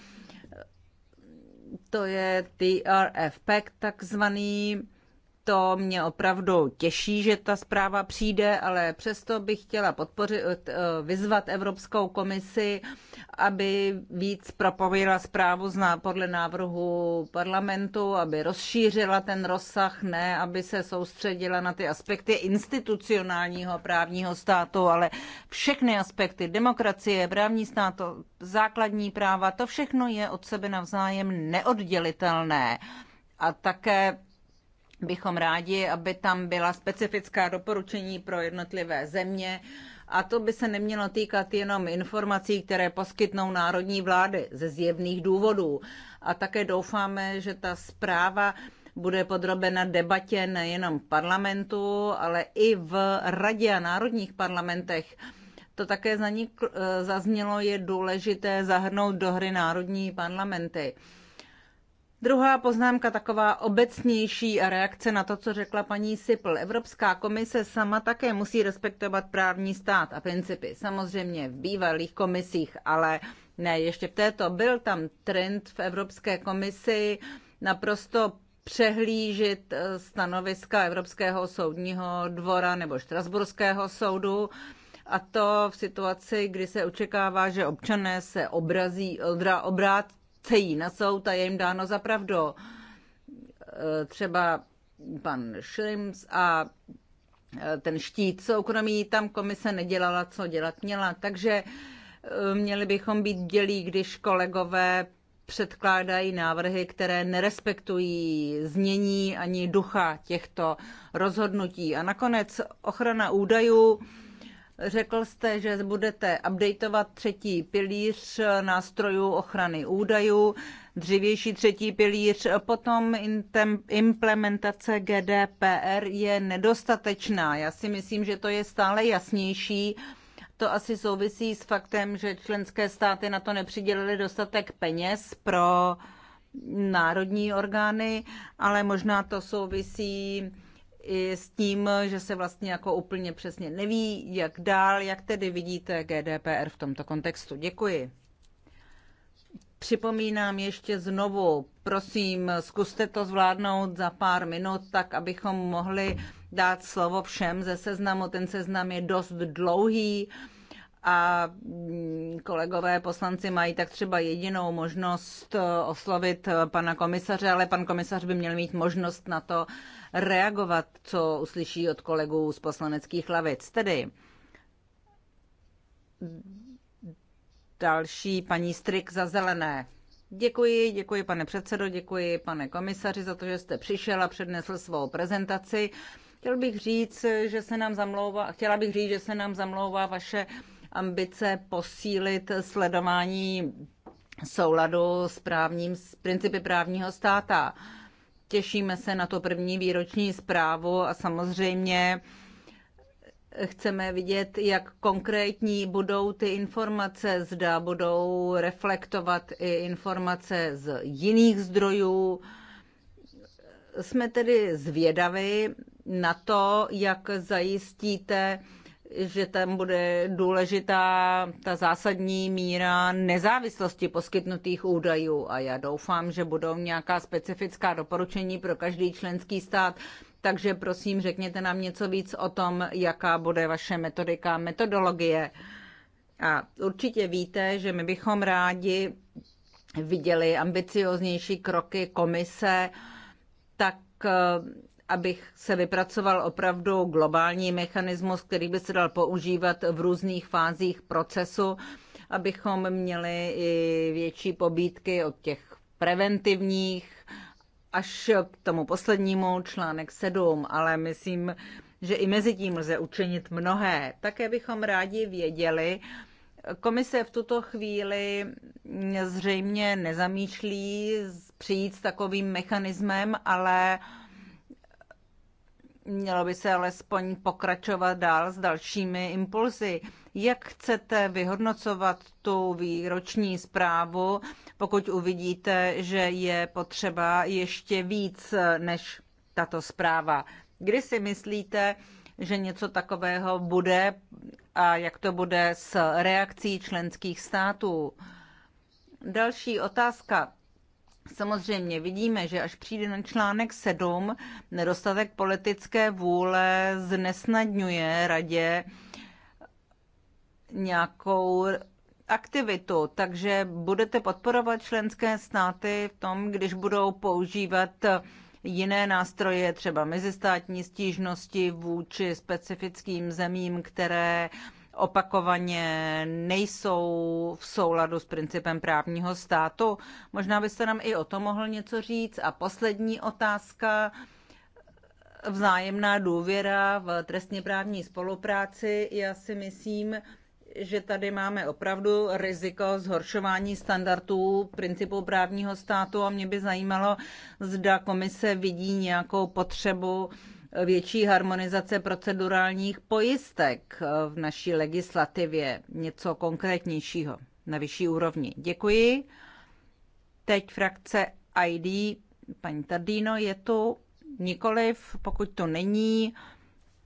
A: to je TRF Pack e takzvaný to mě opravdu těší, že ta zpráva přijde, ale přesto bych chtěla podpořit, vyzvat Evropskou komisi, aby víc propověla zprávu zná podle návrhu parlamentu, aby rozšířila ten rozsah, ne aby se soustředila na ty aspekty institucionálního právního státu, ale všechny aspekty demokracie, právní stát, základní práva, to všechno je od sebe navzájem neoddělitelné. A také bychom rádi, aby tam byla specifická doporučení pro jednotlivé země. A to by se nemělo týkat jenom informací, které poskytnou národní vlády ze zjevných důvodů. A také doufáme, že ta zpráva bude podrobena debatě nejenom parlamentu, ale i v radě a národních parlamentech. To také zaznělo, je důležité zahrnout do hry národní parlamenty. Druhá poznámka taková obecnější reakce na to, co řekla paní Sipl. Evropská komise sama také musí respektovat právní stát a principy. Samozřejmě v bývalých komisích, ale ne ještě v této. Byl tam trend v Evropské komisi naprosto přehlížit eh, stanoviska Evropského soudního dvora nebo Štrasburského soudu a to v situaci, kdy se očekává, že občané se obrazí, odra, obrát, se jí na soud a je jim dáno za pravdu. E, třeba pan Šlims a e, ten štít soukromí, tam komise nedělala, co dělat měla. Takže e, měli bychom být dělí, když kolegové předkládají návrhy, které nerespektují znění ani ducha těchto rozhodnutí. A nakonec ochrana údajů Řekl jste, že budete updateovat třetí pilíř nástrojů ochrany údajů, dřívější třetí pilíř, potom implementace GDPR je nedostatečná. Já si myslím, že to je stále jasnější. To asi souvisí s faktem, že členské státy na to nepřidělili dostatek peněz pro národní orgány, ale možná to souvisí i s tím, že se vlastně jako úplně přesně neví, jak dál, jak tedy vidíte GDPR v tomto kontextu. Děkuji. Připomínám ještě znovu, prosím, zkuste to zvládnout za pár minut, tak abychom mohli dát slovo všem ze seznamu. Ten seznam je dost dlouhý a mm, kolegové poslanci mají tak třeba jedinou možnost eh, oslovit eh, pana komisaře, ale pan komisař by měl mít možnost na to, reagovat, co uslyší od kolegů z poslaneckých lavic. Tedy další paní Strik za zelené. Děkuji, děkuji pane předsedo, děkuji pane komisaři za to, že jste přišel a přednesl svou prezentaci. Chtěl bych říct, že se nám zamlouvá, chtěla bych říct, že se nám zamlouvá vaše ambice posílit sledování souladu s, právním, s principy právního státa. Těšíme se na to první výroční zprávu a samozřejmě chceme vidět, jak konkrétní budou ty informace, zda budou reflektovat i informace z jiných zdrojů. Jsme tedy zvědavi na to, jak zajistíte že tam bude důležitá ta zásadní míra nezávislosti poskytnutých údajů a já doufám, že budou nějaká specifická doporučení pro každý členský stát, takže prosím, řekněte nám něco víc o tom, jaká bude vaše metodika, metodologie. A určitě víte, že my bychom rádi viděli ambicioznější kroky komise, tak abych se vypracoval opravdu globální mechanismus, který by se dal používat v různých fázích procesu, abychom měli i větší pobídky od těch preventivních až k tomu poslednímu, článek 7, ale myslím, že i mezi tím lze učinit mnohé. Také bychom rádi věděli, Komise v tuto chvíli zřejmě nezamýšlí přijít s takovým mechanismem, ale uh, Mělo by se alespoň pokračovat dál s dalšími impulzy. Jak chcete vyhodnocovat tu výroční zprávu, pokud uvidíte, že je potřeba ještě víc než tato zpráva? Kdy si myslíte, že něco takového bude a jak to bude s reakcí členských států? Další otázka. Samozřejmě vidíme, že až přijde na článek 7, nedostatek politické vůle znesnadňuje radě nějakou aktivitu, takže budete podporovat členské státy v tom, když budou používat jiné nástroje, třeba mezistátní stížnosti vůči specifickým zemím, které opakovaně nejsou v souladu s principem právního státu. Možná byste nám i o tom mohl něco říct. A poslední otázka. Vzájemná důvěra v trestně právní spolupráci. Já si myslím, že tady máme opravdu riziko zhoršování standardů principu právního státu a mě by zajímalo, zda komise vidí nějakou potřebu větší harmonizace procedurálních pojistek v naší legislativě, něco konkrétnějšího na vyšší úrovni. Děkuji. Teď frakce ID, paní Tardino je tu, nikoliv, pokud to není,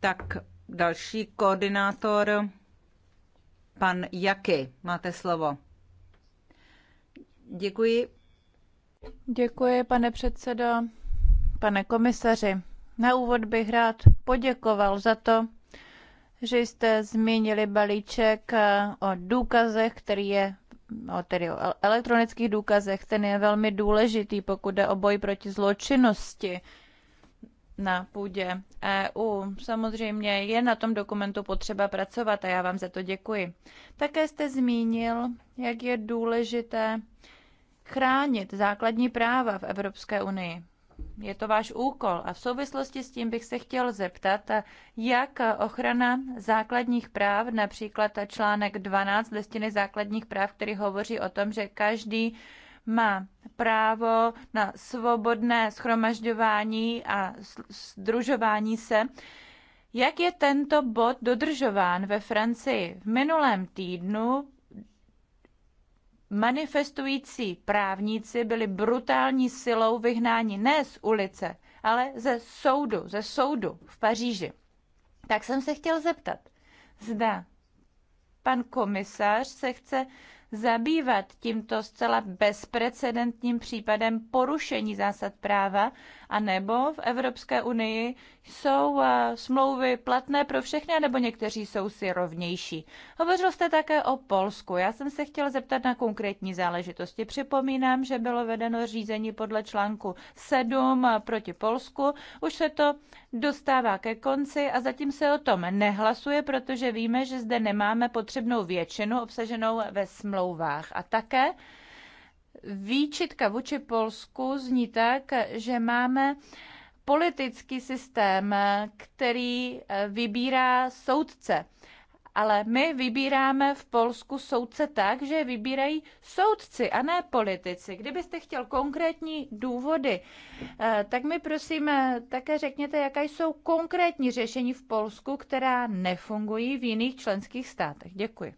A: tak další koordinátor, pan Jaky, máte slovo. Děkuji.
C: Děkuji, pane předsedo, pane komisaři. Na úvod bych rád poděkoval za to, že jste zmínili balíček eh, o důkazech, který je o, tedy o elektronických důkazech, ten je velmi důležitý, pokud jde o boj proti zločinnosti na půdě EU. Samozřejmě je na tom dokumentu potřeba pracovat a já vám za to děkuji. Také jste zmínil, jak je důležité chránit základní práva v Evropské unii. Je to váš úkol. A v souvislosti s tím bych se chtěl zeptat, jak ochrana základních práv, například článek 12 listiny základních práv, který hovoří o tom, že každý má právo na svobodné schromažďování a združování se, jak je tento bod dodržován ve Francii? V minulém týdnu manifestující právníci byli brutální silou vyhnáni ne z ulice, ale ze soudu, ze soudu v Paříži. Tak jsem se chtěl zeptat, zda pan komisař se chce zabývat tímto zcela bezprecedentním případem porušení zásad práva a nebo v Evropské unii jsou eh, smlouvy platné pro všechny, nebo někteří jsou si rovnější. Hovořil jste také o Polsku. Já jsem se chtěla zeptat na konkrétní záležitosti. Připomínám, že bylo vedeno řízení podle článku 7 eh, proti Polsku. Už se to dostává ke konci a zatím se o tom nehlasuje, protože víme, že zde nemáme potřebnou většinu obsaženou ve smlouvách. A také výčitka vůči Polsku zní tak, že máme politický systém, který eh, vybírá soudce. Ale my vybíráme v Polsku soudce tak, že vybírají soudci a ne politici. Kdybyste chtěl konkrétní důvody, eh, tak mi prosím eh, také řekněte, jaká jsou konkrétní řešení v Polsku, která nefungují v jiných
A: členských státech. Děkuji.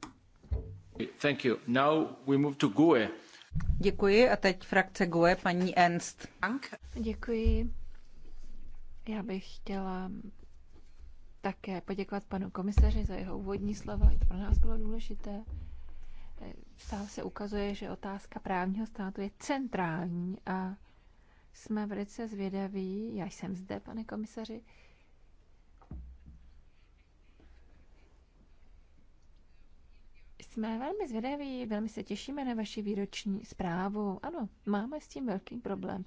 D: Thank you. Now we move to GUE.
A: Děkuji a teď frakce GUE, paní Ernst.
D: Děkuji. Já bych chtěla také poděkovat panu komisaři za jeho úvodní slova, to pro nás bylo důležité. Stále se ukazuje, že otázka právního státu je centrální a jsme velice zvědaví, já jsem zde, pane komisaři, jsme velmi zvědaví, velmi se těšíme na vaši výroční zprávu. Ano, máme s tím velký problém.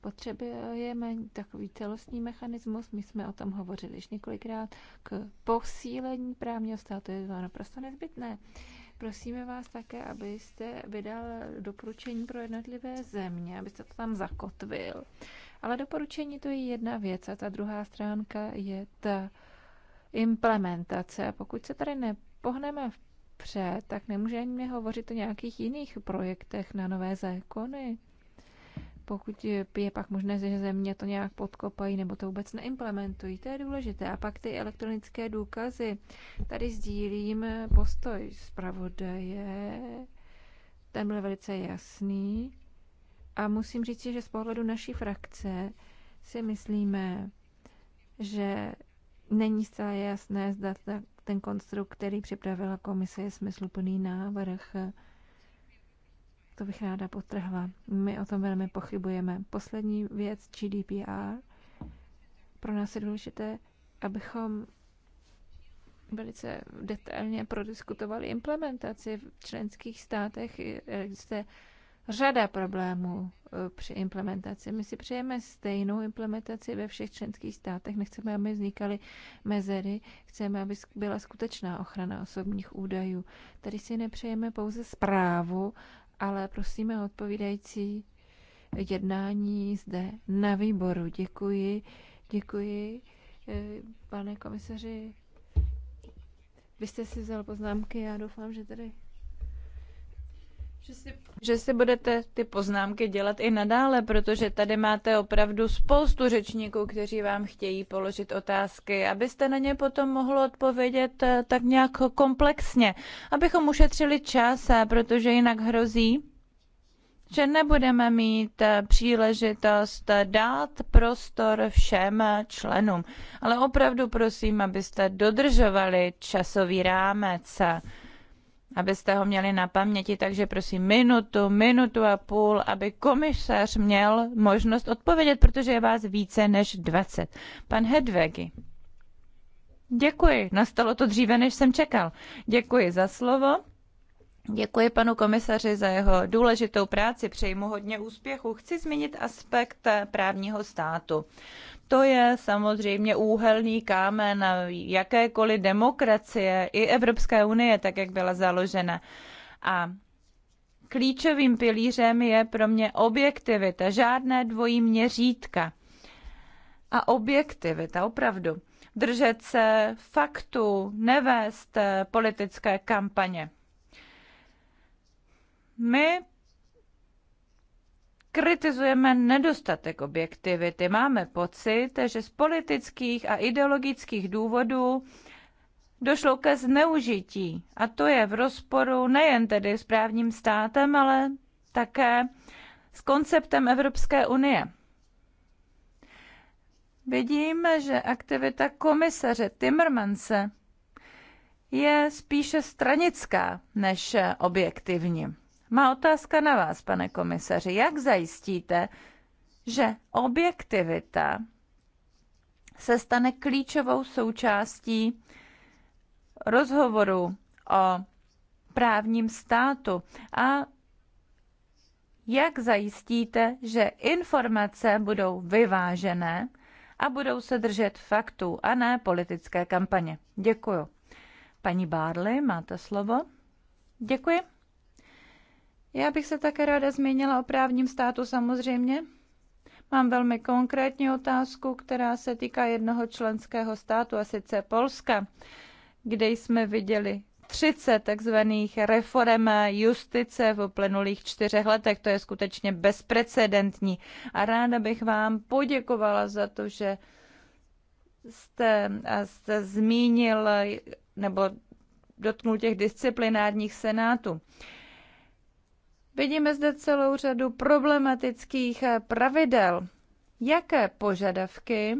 D: Potřebujeme takový celostní mechanismus, my jsme o tom hovořili již několikrát, k posílení právního státu je to naprosto nezbytné. Prosíme vás také, abyste vydal doporučení pro jednotlivé země, abyste to tam zakotvil. Ale doporučení to je jedna věc a ta druhá stránka je ta implementace. A pokud se tady nepohneme nepře, tak nemůžeme hovořit o nějakých jiných projektech na nové zákony. Pokud je pak možné, že země to nějak podkopají nebo to vůbec neimplementují, to je důležité. A pak ty elektronické důkazy. Tady sdílím postoj zpravodaje. Ten byl velice jasný. A musím říct, že z pohledu naší frakce si myslíme, že není zcela jasné, zda ten konstrukt, který připravila komise, je smysluplný návrh. To bych ráda potrhla. My o tom velmi pochybujeme. Poslední věc GDPR. Pro nás je důležité, abychom velice detailně prodiskutovali implementaci v členských státech. Existuje řada problémů eh, při implementaci. My si přejeme stejnou implementaci ve všech členských státech, nechceme, aby vznikaly mezery, chceme, aby byla skutečná ochrana osobních údajů. Tady si nepřejeme pouze zprávu, ale prosíme o odpovídající jednání zde na výboru. Děkuji, děkuji, eh, pane komisaři. Vy jste si vzal poznámky, já doufám, že tady že si, že si budete
C: ty poznámky dělat i nadále, protože tady máte opravdu spoustu řečníků, kteří vám chtějí položit otázky, abyste na ně potom mohlo odpovědět eh, tak nějak komplexně, abychom ušetřili čas, eh, protože jinak hrozí, že nebudeme mít eh, příležitost dát prostor všem členům. Ale opravdu prosím, abyste dodržovali časový rámec abyste ho měli na paměti, takže prosím minutu, minutu a půl, aby komisař měl možnost odpovědět, protože je vás více než 20. Pan Hedvegi. Děkuji, nastalo to dříve, než jsem čekal. Děkuji za slovo. Děkuji panu komisaři za jeho důležitou práci, přeji mu hodně úspěchu. Chci zmínit aspekt právního státu. To je samozřejmě úhelný kámen jakékoliv demokracie i Evropské unie, tak jak byla založena. A klíčovým pilířem je pro mě objektivita, žádné dvojí měřítka. A objektivita, opravdu. Držet se faktů, nevést politické kampaně. My kritizujeme nedostatek objektivity. Máme pocit, že z politických a ideologických důvodů došlo ke zneužití. A to je v rozporu nejen tedy s právním státem, ale také s konceptem Evropské unie. Vidíme, že aktivita komisaře Timmermanse je spíše stranická než objektivní. Má otázka na vás, pane komisaři. Jak zajistíte, že objektivita se stane klíčovou součástí rozhovoru o právním státu a jak zajistíte, že informace budou vyvážené a budou se držet faktů a ne politické kampaně. Děkuju. Paní Bárly, máte slovo. Děkuji. Já bych se také ráda zmínila o právním státu samozřejmě. Mám velmi konkrétní otázku, která se týká jednoho členského státu, a sice Polska, kde jsme viděli 30 takzvaných reform justice v uplynulých čtyřech letech. To je skutečně bezprecedentní. A ráda bych vám poděkovala za to, že jste, jste zmínil nebo dotknul těch disciplinárních senátů. Vidíme zde celou řadu problematických eh, pravidel. Jaké požadavky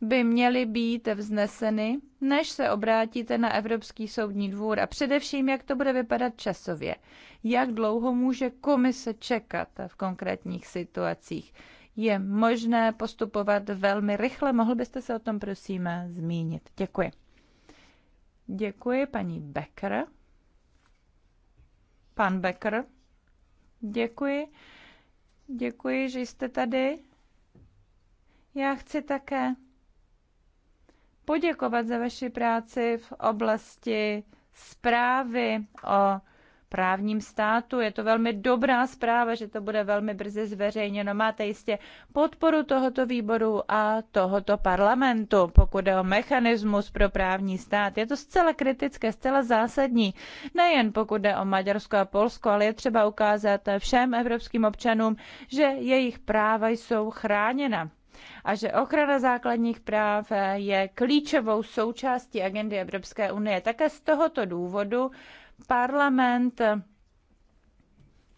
C: by měly být vzneseny, než se obrátíte na Evropský soudní dvůr a především, jak to bude vypadat časově. Jak dlouho může komise čekat v konkrétních situacích? Je možné postupovat velmi rychle. Mohl byste se o tom, prosím, zmínit. Děkuji. Děkuji, paní Becker. Pan Becker. Děkuji. Děkuji, že jste tady. Já chci také poděkovat za vaši práci v oblasti zprávy o právním státu. Je to velmi dobrá zpráva, že to bude velmi brzy zveřejněno. Máte jistě podporu tohoto výboru a tohoto parlamentu, pokud je o mechanismus pro právní stát. Je to zcela kritické, zcela zásadní, nejen pokud je o Maďarsko a Polsko, ale je třeba ukázat všem evropským občanům, že jejich práva jsou chráněna a že ochrana základních práv je klíčovou součástí agendy Evropské unie. Také z tohoto důvodu parlament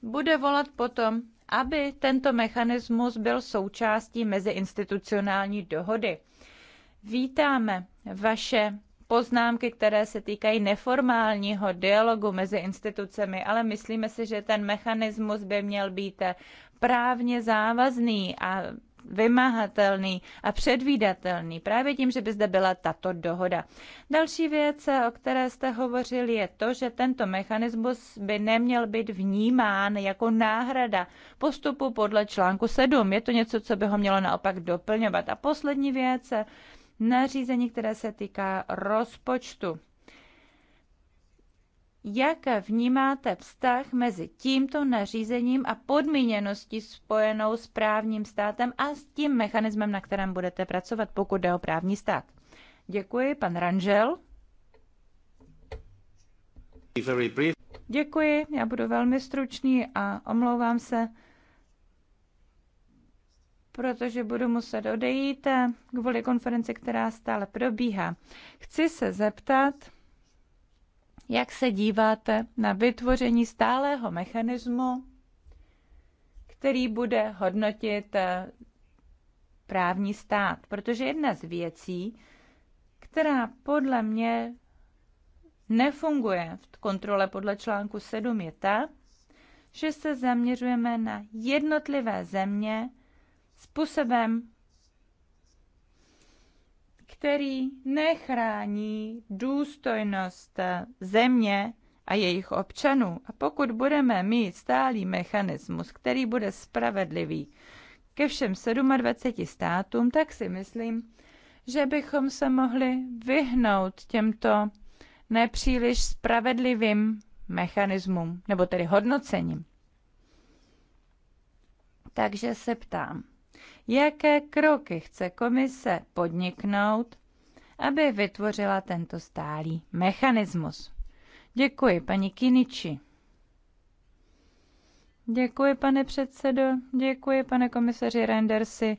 C: bude volat potom, aby tento mechanismus byl součástí meziinstitucionální dohody. Vítáme vaše poznámky, které se týkají neformálního dialogu mezi institucemi, ale myslíme si, že ten mechanismus by měl být právně závazný a vymahatelný a předvídatelný právě tím, že by zde byla tato dohoda. Další věc, o které jste hovořili, je to, že tento mechanismus by neměl být vnímán jako náhrada postupu podle článku 7. Je to něco, co by ho mělo naopak doplňovat. A poslední věc, nařízení, které se týká rozpočtu jak vnímáte vztah mezi tímto nařízením a podmíněností spojenou s právním státem a s tím mechanismem, na kterém budete pracovat, pokud jde o právní stát. Děkuji, pan Ranžel. Děkuji, já budu velmi stručný a omlouvám se, protože budu muset odejít kvůli konferenci, která stále probíhá. Chci se zeptat, jak se díváte na vytvoření stálého mechanismu, který bude hodnotit eh, právní stát. Protože jedna z věcí, která podle mě nefunguje v kontrole podle článku 7, je ta, že se zaměřujeme na jednotlivé země způsobem, který nechrání důstojnost země a jejich občanů. A pokud budeme mít stálý mechanismus, který bude spravedlivý ke všem 27 státům, tak si myslím, že bychom se mohli vyhnout těmto nepříliš spravedlivým mechanismům, nebo tedy hodnocením. Takže se ptám, jaké kroky chce komise podniknout, aby vytvořila tento stálý mechanismus. Děkuji, paní Kiniči. Děkuji, pane předsedo, děkuji, pane komisaři Rendersi,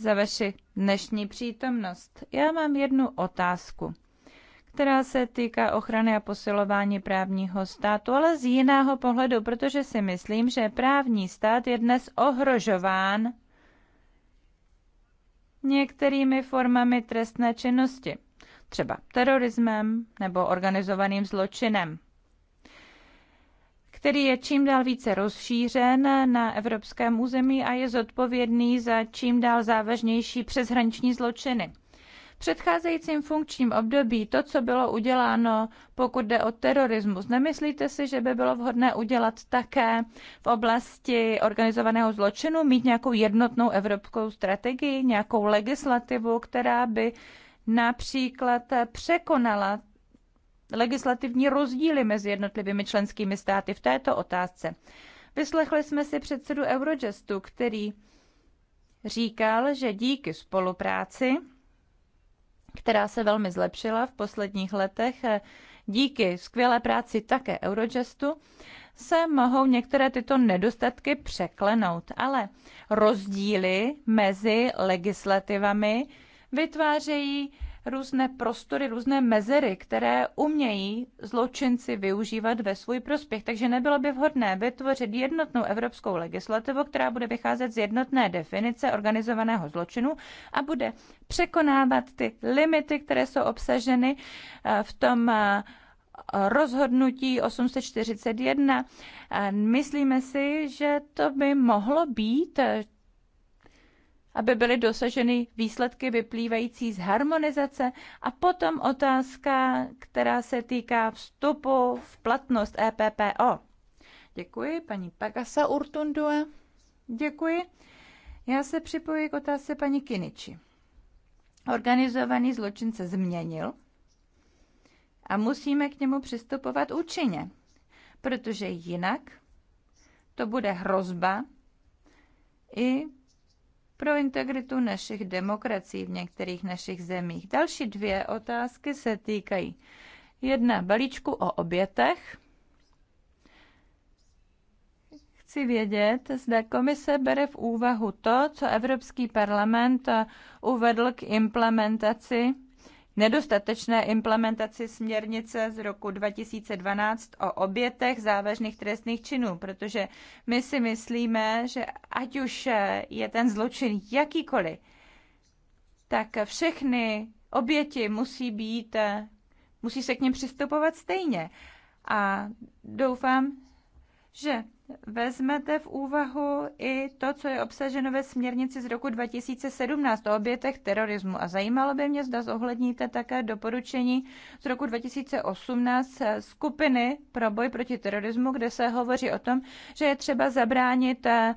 C: za vaši dnešní přítomnost. Já mám jednu otázku, která se týká ochrany a posilování právního státu, ale z jiného pohledu, protože si myslím, že právní stát je dnes ohrožován některými formami trestné činnosti, třeba terorismem nebo organizovaným zločinem, který je čím dál více rozšířen na evropském území a je zodpovědný za čím dál závažnější přeshraniční zločiny předcházejícím funkčním období to, co bylo uděláno, pokud jde o terorismus. Nemyslíte si, že by bylo vhodné udělat také v oblasti organizovaného zločinu, mít nějakou jednotnou evropskou strategii, nějakou legislativu, která by například překonala legislativní rozdíly mezi jednotlivými členskými státy v této otázce. Vyslechli jsme si předsedu Eurojustu, který říkal, že díky spolupráci která se velmi zlepšila v posledních letech eh, díky skvělé práci také Eurojustu, se mohou některé tyto nedostatky překlenout, ale rozdíly mezi legislativami vytvářejí různé prostory, různé mezery, které umějí zločinci využívat ve svůj prospěch. Takže nebylo by vhodné vytvořit jednotnou evropskou legislativu, která bude vycházet z jednotné definice organizovaného zločinu a bude překonávat ty limity, které jsou obsaženy eh, v tom eh, rozhodnutí 841. Myslíme si, že to by mohlo být aby byly dosaženy výsledky vyplývající z harmonizace a potom otázka, která se týká vstupu v platnost EPPO. Děkuji, paní Pagasa Urtundua. Děkuji. Já se připojuji k otázce paní Kiniči. Organizovaný zločin se změnil a musíme k němu přistupovat účinně, protože jinak to bude hrozba i pro integritu našich demokracií v některých našich zemích. Další dvě otázky se týkají jedna balíčku o obětech. Chci vědět, zda komise bere v úvahu to, co Evropský parlament uvedl k implementaci nedostatečné implementaci směrnice z roku 2012 o obětech závažných trestných činů, protože my si myslíme, že ať už je ten zločin jakýkoliv, tak všechny oběti musí být, musí se k ním přistupovat stejně. A doufám, že vezmete v úvahu i to, co je obsaženo ve směrnici z roku 2017 o obětech terorismu. A zajímalo by mě, zda zohledníte také doporučení z roku 2018 skupiny pro boj proti terorismu, kde se hovoří o tom, že je třeba zabránit eh,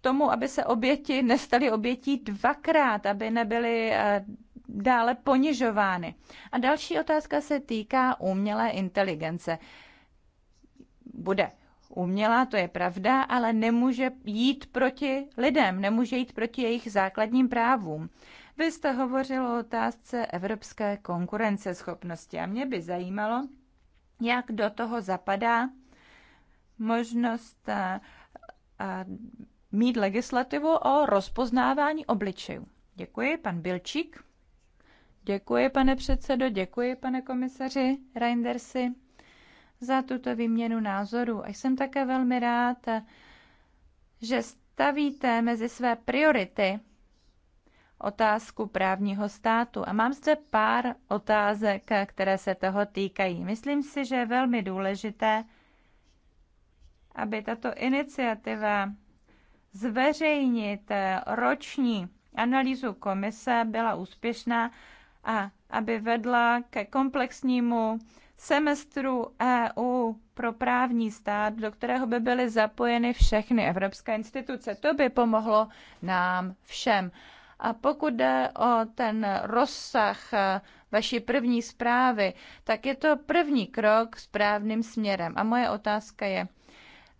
C: tomu, aby se oběti nestaly obětí dvakrát, aby nebyly eh, dále ponižovány. A další otázka se týká umělé inteligence. Bude umělá, to je pravda, ale nemůže jít proti lidem, nemůže jít proti jejich základním právům. Vy jste hovořil o otázce evropské konkurenceschopnosti a mě by zajímalo, jak do toho zapadá možnost a, eh, a eh, mít legislativu o rozpoznávání obličejů. Děkuji, pan Bilčík. Děkuji, pane předsedo, děkuji, pane komisaři Reindersi za tuto výměnu názorů. A jsem také velmi rád, že stavíte mezi své priority otázku právního státu. A mám zde pár otázek, které se toho týkají. Myslím si, že je velmi důležité, aby tato iniciativa zveřejnit eh, roční analýzu komise byla úspěšná a aby vedla ke komplexnímu semestru EU pro právní stát, do kterého by byly zapojeny všechny evropské instituce. To by pomohlo nám všem. A pokud jde o ten rozsah eh, vaší první zprávy, tak je to první krok správným směrem. A moje otázka je,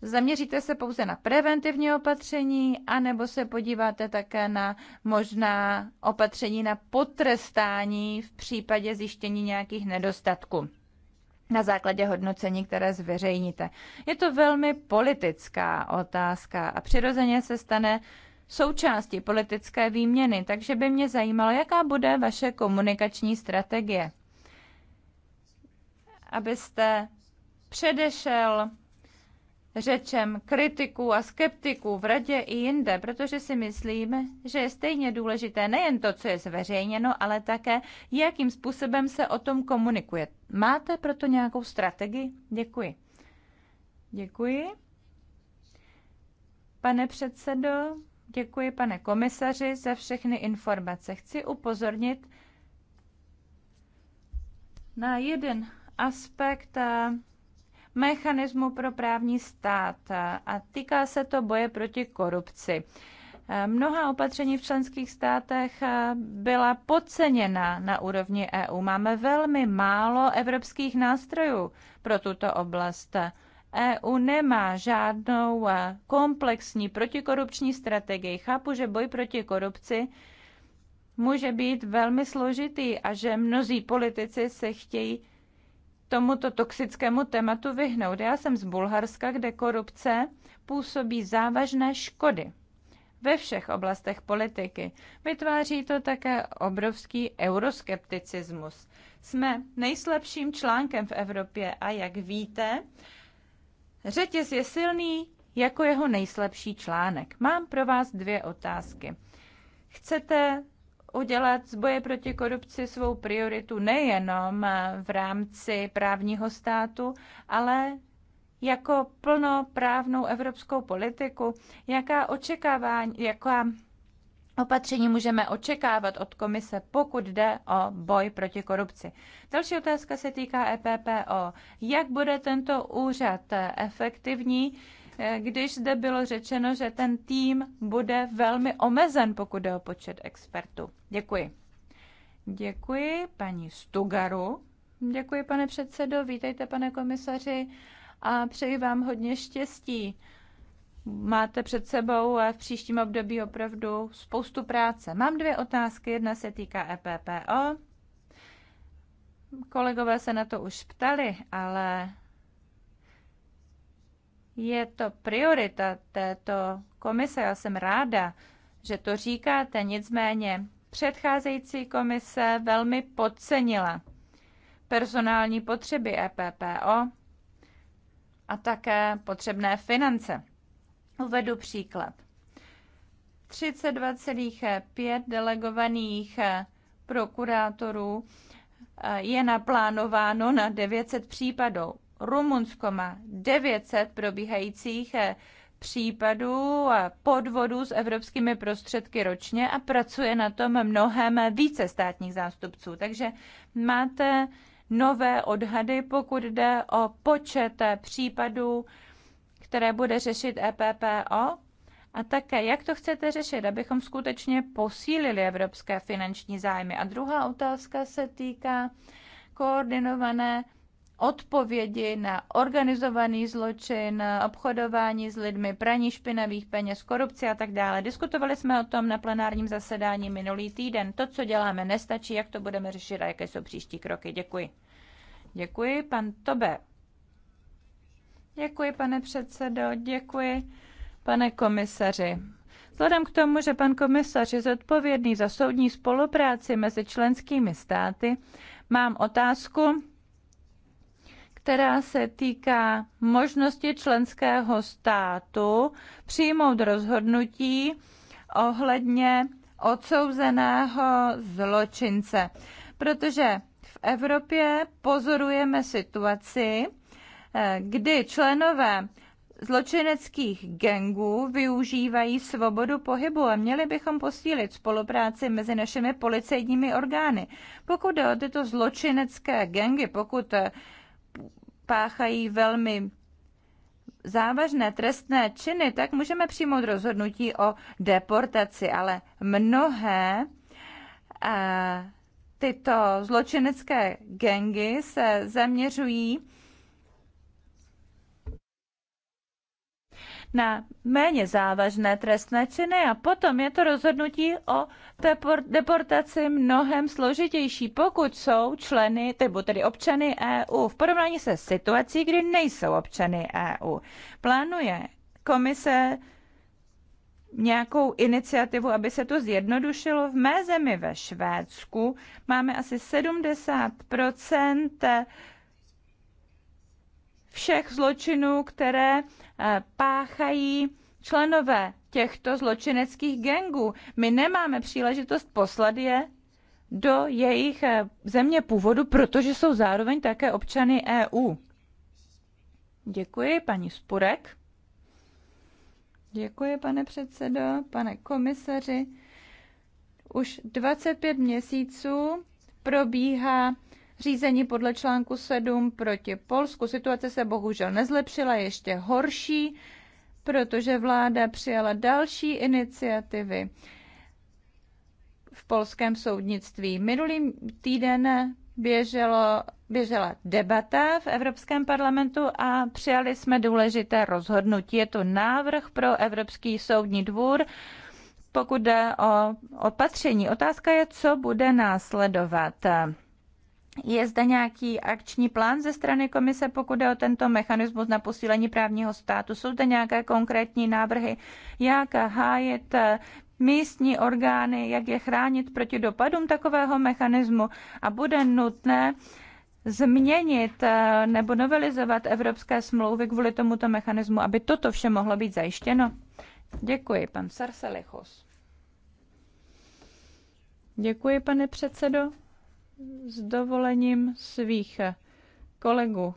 C: Zaměříte se pouze na preventivní opatření, anebo se podíváte také na možná opatření na potrestání v případě zjištění nějakých nedostatků na základě hodnocení, které zveřejníte. Je to velmi politická otázka a přirozeně se stane součástí politické výměny, takže by mě zajímalo, jaká bude vaše komunikační strategie, abyste předešel řečem kritiků a skeptiků v radě i jinde, protože si myslím, že je stejně důležité nejen to, co je zveřejněno, ale také, jakým způsobem se o tom komunikuje. Máte proto nějakou strategii? Děkuji. Děkuji. Pane předsedo, děkuji pane komisaři za všechny informace. Chci upozornit na jeden aspekt mechanismu pro právní stát a týká se to boje proti korupci. E, mnoha opatření v členských státech e, byla podceněna na úrovni EU. Máme velmi málo evropských nástrojů pro tuto oblast. EU nemá žádnou e, komplexní protikorupční strategii. Chápu, že boj proti korupci může být velmi složitý a že mnozí politici se chtějí tomuto toxickému tématu vyhnout. Já jsem z Bulharska, kde korupce působí závažné škody ve všech oblastech politiky. Vytváří to také obrovský euroskepticismus. Jsme nejslabším článkem v Evropě a jak víte, řetěz je silný jako jeho nejslabší článek. Mám pro vás dvě otázky. Chcete udělat z boje proti korupci svou prioritu nejenom eh, v rámci právního státu, ale jako plnoprávnou evropskou politiku, jaká očekávání, jaká opatření můžeme očekávat od komise, pokud jde o boj proti korupci. Další otázka se týká EPPO. Jak bude tento úřad eh, efektivní? Eh, když zde bylo řečeno, že ten tým bude velmi omezen, pokud jde o počet expertů. Děkuji. Děkuji paní Stugaru. Děkuji, pane předsedo. Vítejte, pane komisaři. A přeji vám hodně štěstí. Máte před sebou eh, v příštím období opravdu spoustu práce. Mám dvě otázky. Jedna se týká EPPO. Kolegové se na to už ptali, ale je to priorita této komise. Já jsem ráda, že to říkáte. Nicméně předcházející komise velmi podcenila personální potřeby EPPO a také potřebné finance. Uvedu příklad. 32,5 delegovaných prokurátorů eh, je naplánováno na 900 případů. Rumunsko má 900 probíhajících eh, případů podvodů s evropskými prostředky ročně a pracuje na tom mnohem více státních zástupců. Takže máte nové odhady, pokud jde o počet eh, případů, které bude řešit EPPO? A také, jak to chcete řešit, abychom skutečně posílili evropské finanční zájmy? A druhá otázka se týká koordinované odpovědi na organizovaný zločin, obchodování s lidmi, praní špinavých peněz, korupci a tak dále. Diskutovali jsme o tom na plenárním zasedání minulý týden. To, co děláme, nestačí, jak to budeme řešit a jaké jsou příští kroky. Děkuji. Děkuji, pan Tobe. Děkuji, pane předsedo, děkuji, pane komisaři. Vzhledem k tomu, že pan komisař je zodpovědný za soudní spolupráci mezi členskými státy, mám otázku, která se týká možnosti členského státu přijmout rozhodnutí ohledně odsouzeného zločince. Protože v Evropě pozorujeme situaci, eh, kdy členové zločineckých gengů využívají svobodu pohybu a měli bychom posílit spolupráci mezi našimi policejními orgány. Pokud jde o tyto zločinecké gengy, pokud eh, páchají velmi závažné trestné činy, tak můžeme přijmout rozhodnutí o deportaci, ale mnohé eh, tyto zločinecké gengy se zaměřují na méně závažné trestné činy a potom je to rozhodnutí o deportaci mnohem složitější, pokud jsou členy, nebo tedy občany EU, v porovnání se situací, kdy nejsou občany EU. Plánuje komise nějakou iniciativu, aby se to zjednodušilo. V mé zemi ve Švédsku máme asi 70 všech zločinů, které eh, páchají členové těchto zločineckých gengů. My nemáme příležitost poslat je do jejich eh, země původu, protože jsou zároveň také občany EU. Děkuji, paní Spurek. Děkuji, pane předsedo, pane komisaři. Už 25 měsíců probíhá řízení podle článku 7 proti Polsku. Situace se bohužel nezlepšila, ještě horší, protože vláda přijala další iniciativy v polském soudnictví. Minulý týden běželo, běžela debata v Evropském parlamentu a přijali jsme důležité rozhodnutí. Je to návrh pro Evropský soudní dvůr, pokud jde o opatření. Otázka je, co bude následovat. Je zde nějaký akční plán ze strany komise, pokud je o tento mechanismus na posílení právního státu? Jsou zde nějaké konkrétní návrhy, jak hájet místní orgány, jak je chránit proti dopadům takového mechanismu a bude nutné změnit eh, nebo novelizovat evropské smlouvy kvůli tomuto mechanismu, aby toto vše mohlo být zajištěno? Děkuji, pan Sarselichus. Děkuji, pane předsedo s dovolením svých kolegů.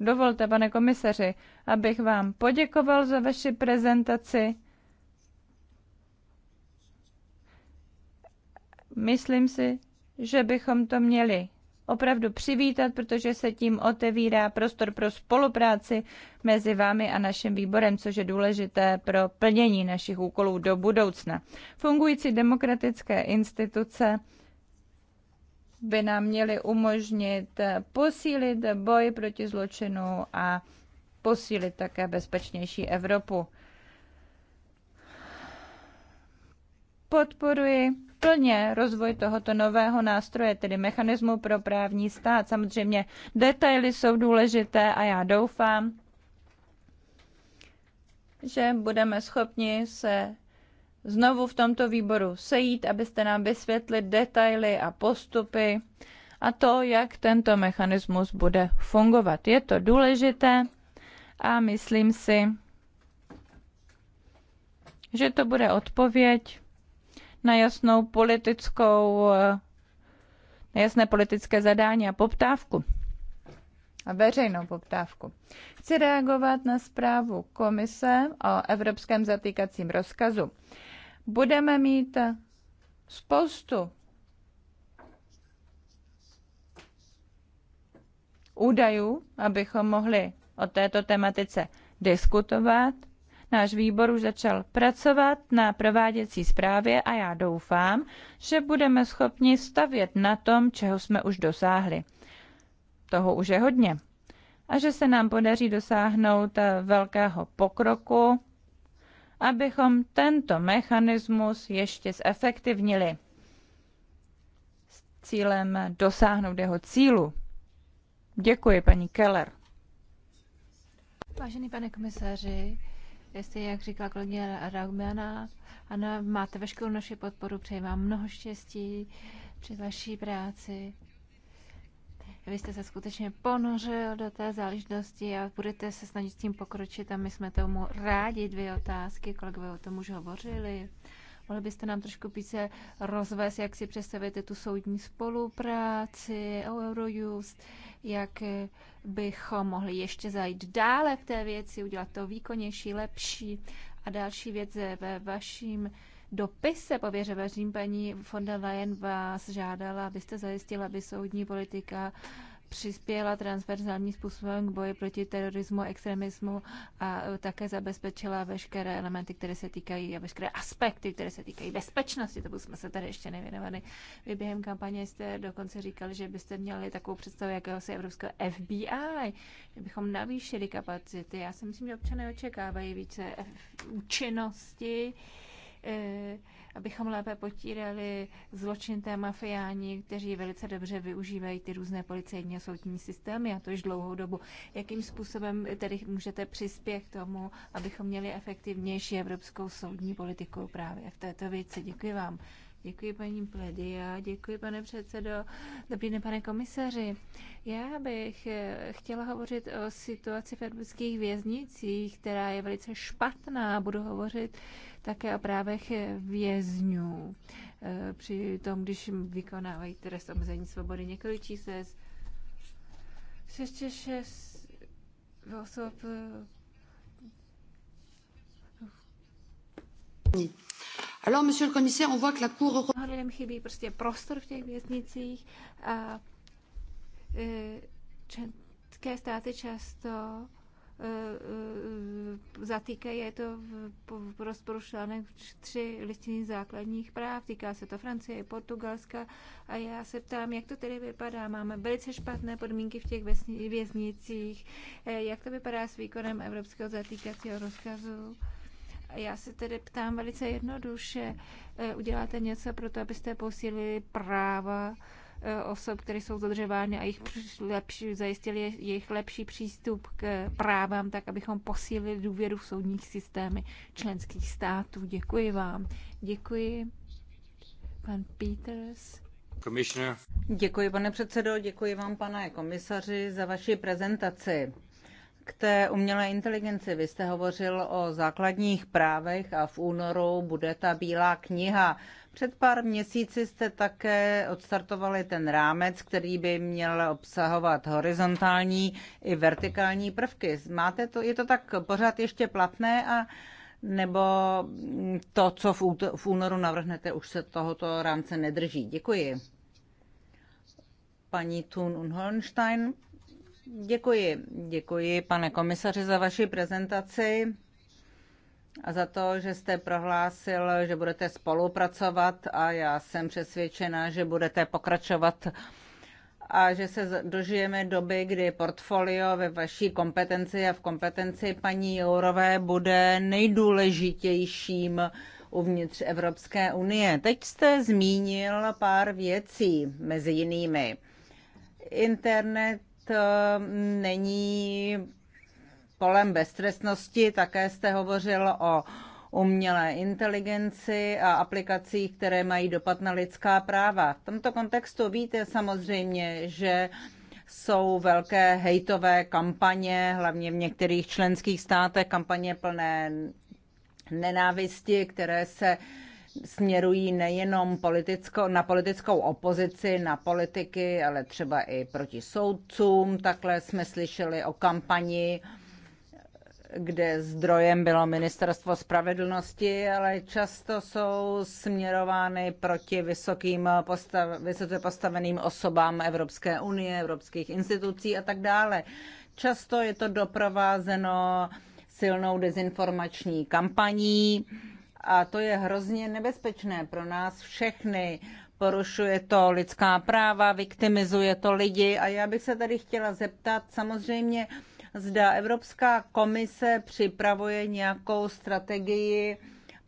C: Dovolte, pane komisaři, abych vám poděkoval za vaši prezentaci. Myslím si, že bychom to měli opravdu přivítat, protože se tím otevírá prostor pro spolupráci mezi vámi a naším výborem, což je důležité pro plnění našich úkolů do budoucna. Fungující demokratické instituce by nám měly umožnit posílit boj proti zločinu a posílit také bezpečnější Evropu. Podporuji plně rozvoj tohoto nového nástroje, tedy mechanismu pro právní stát. Samozřejmě detaily jsou důležité a já doufám, že budeme schopni se znovu v tomto výboru sejít, abyste nám vysvětlili detaily a postupy a to, jak tento mechanismus bude fungovat. Je to důležité a myslím si, že to bude odpověď na jasnou politickou, na jasné politické zadání a poptávku. A veřejnou poptávku. Chci reagovat na zprávu Komise o evropském zatýkacím rozkazu budeme mít spoustu údajů, abychom mohli o této tematice diskutovat. Náš výbor už začal pracovat na prováděcí zprávě a já doufám, že budeme schopni stavět na tom, čeho jsme už dosáhli. Toho už je hodně. A že se nám podaří dosáhnout velkého pokroku abychom tento mechanismus ještě zefektivnili s cílem dosáhnout jeho cílu. Děkuji, paní Keller.
D: Vážený pane komisaři, jestli, jak říká kolegyně Raumana, ano, máte veškerou naši podporu, přeji vám mnoho štěstí při vaší práci vy jste se skutečně ponořil do té záležitosti a budete se snažit s tím pokročit a my jsme tomu rádi. Dvě otázky, kolegové o tom už hovořili. Mohli byste nám trošku více rozvést, jak si představujete tu soudní spolupráci, Eurojust, jak bychom mohli ještě zajít dále v té věci, udělat to výkonnější, lepší. A další věc ve vaším dopise řím paní von der Leyen vás žádala, abyste zajistila, aby soudní politika přispěla transverzálním způsobem k boji proti terorismu, extremismu a také zabezpečila veškeré elementy, které se týkají a veškeré aspekty, které se týkají bezpečnosti. To jsme se tady ještě nevěnovali. Vy během kampaně jste dokonce říkali, že byste měli takovou představu jakéhosi evropského FBI, že bychom navýšili kapacity. Já si myslím, že občané očekávají více účinnosti. F- E, abychom lépe potírali zločinné mafiáni, kteří velice dobře využívají ty různé policejní a soudní systémy a to již dlouhou dobu. Jakým způsobem tedy můžete přispět k tomu, abychom měli efektivnější evropskou soudní politiku právě v této věci? Děkuji vám. Děkuji paní Pledia, děkuji pane předsedo. Dobrý den, pane komisaři. Já bych e, chtěla hovořit o situaci v evropských věznicích, která je velice špatná. Budu hovořit uh, také o právech vězňů eh, při tom, když vykonávají trest omezení svobody. Několik čísel 66 osob eh, Alors, monsieur le commissaire, on voit que la Cour lidem chybí prostě prostor v těch věznicích a eh, členské státy často Eh, eh, zatýkají, je to v rozporu článek tři listiny základních práv, týká se to Francie, Portugalska a já se ptám, jak to tedy vypadá. Máme velice špatné podmínky v těch věznicích, eh, jak to vypadá s výkonem evropského zatýkacího rozkazu. Já se tedy ptám velice jednoduše, uděláte něco pro to, abyste posílili práva Eh, osob, které jsou zadržovány a jich lepší, zajistili jejich lepší přístup k právám, tak abychom posílili důvěru v soudních systémy členských
A: států. Děkuji vám. Děkuji. Pan Peters. Commissioner. Děkuji, pane předsedo, děkuji vám, pane komisaři, za vaši prezentaci. K té umělé inteligenci vy jste hovořil o základních právech a v únoru bude ta bílá kniha. Před pár měsíci jste také odstartovali ten rámec, který by měl obsahovat horizontální i vertikální prvky. Máte to, je to tak pořád ještě platné a nebo to, co v, únoru navrhnete, už se tohoto rámce nedrží? Děkuji. Paní Thun und děkuji. Děkuji, pane komisaři, za vaši prezentaci a za to, že jste prohlásil, že budete spolupracovat a já jsem přesvědčena, že budete pokračovat a že se dožijeme doby, kdy portfolio ve vaší kompetenci a v kompetenci paní Jourové bude nejdůležitějším uvnitř Evropské unie. Teď jste zmínil pár věcí, mezi jinými. Internet eh, není polem beztrestnosti. Také jste hovořil o umělé inteligenci a aplikacích, které mají dopad na lidská práva. V tomto kontextu víte samozřejmě, že jsou velké hejtové kampaně, hlavně v některých členských státech, kampaně plné nenávisti, které se směrují nejenom politicko, na politickou opozici, na politiky, ale třeba i proti soudcům. Takhle jsme slyšeli o kampani kde zdrojem bylo Ministerstvo spravedlnosti, ale často jsou směrovány proti vysokým postav, vysoce postaveným osobám Evropské unie, evropských institucí a tak dále. Často je to doprovázeno silnou dezinformační kampaní a to je hrozně nebezpečné pro nás všechny. Porušuje to lidská práva, viktimizuje to lidi a já bych se tady chtěla zeptat samozřejmě, zda Evropská komise připravuje nějakou strategii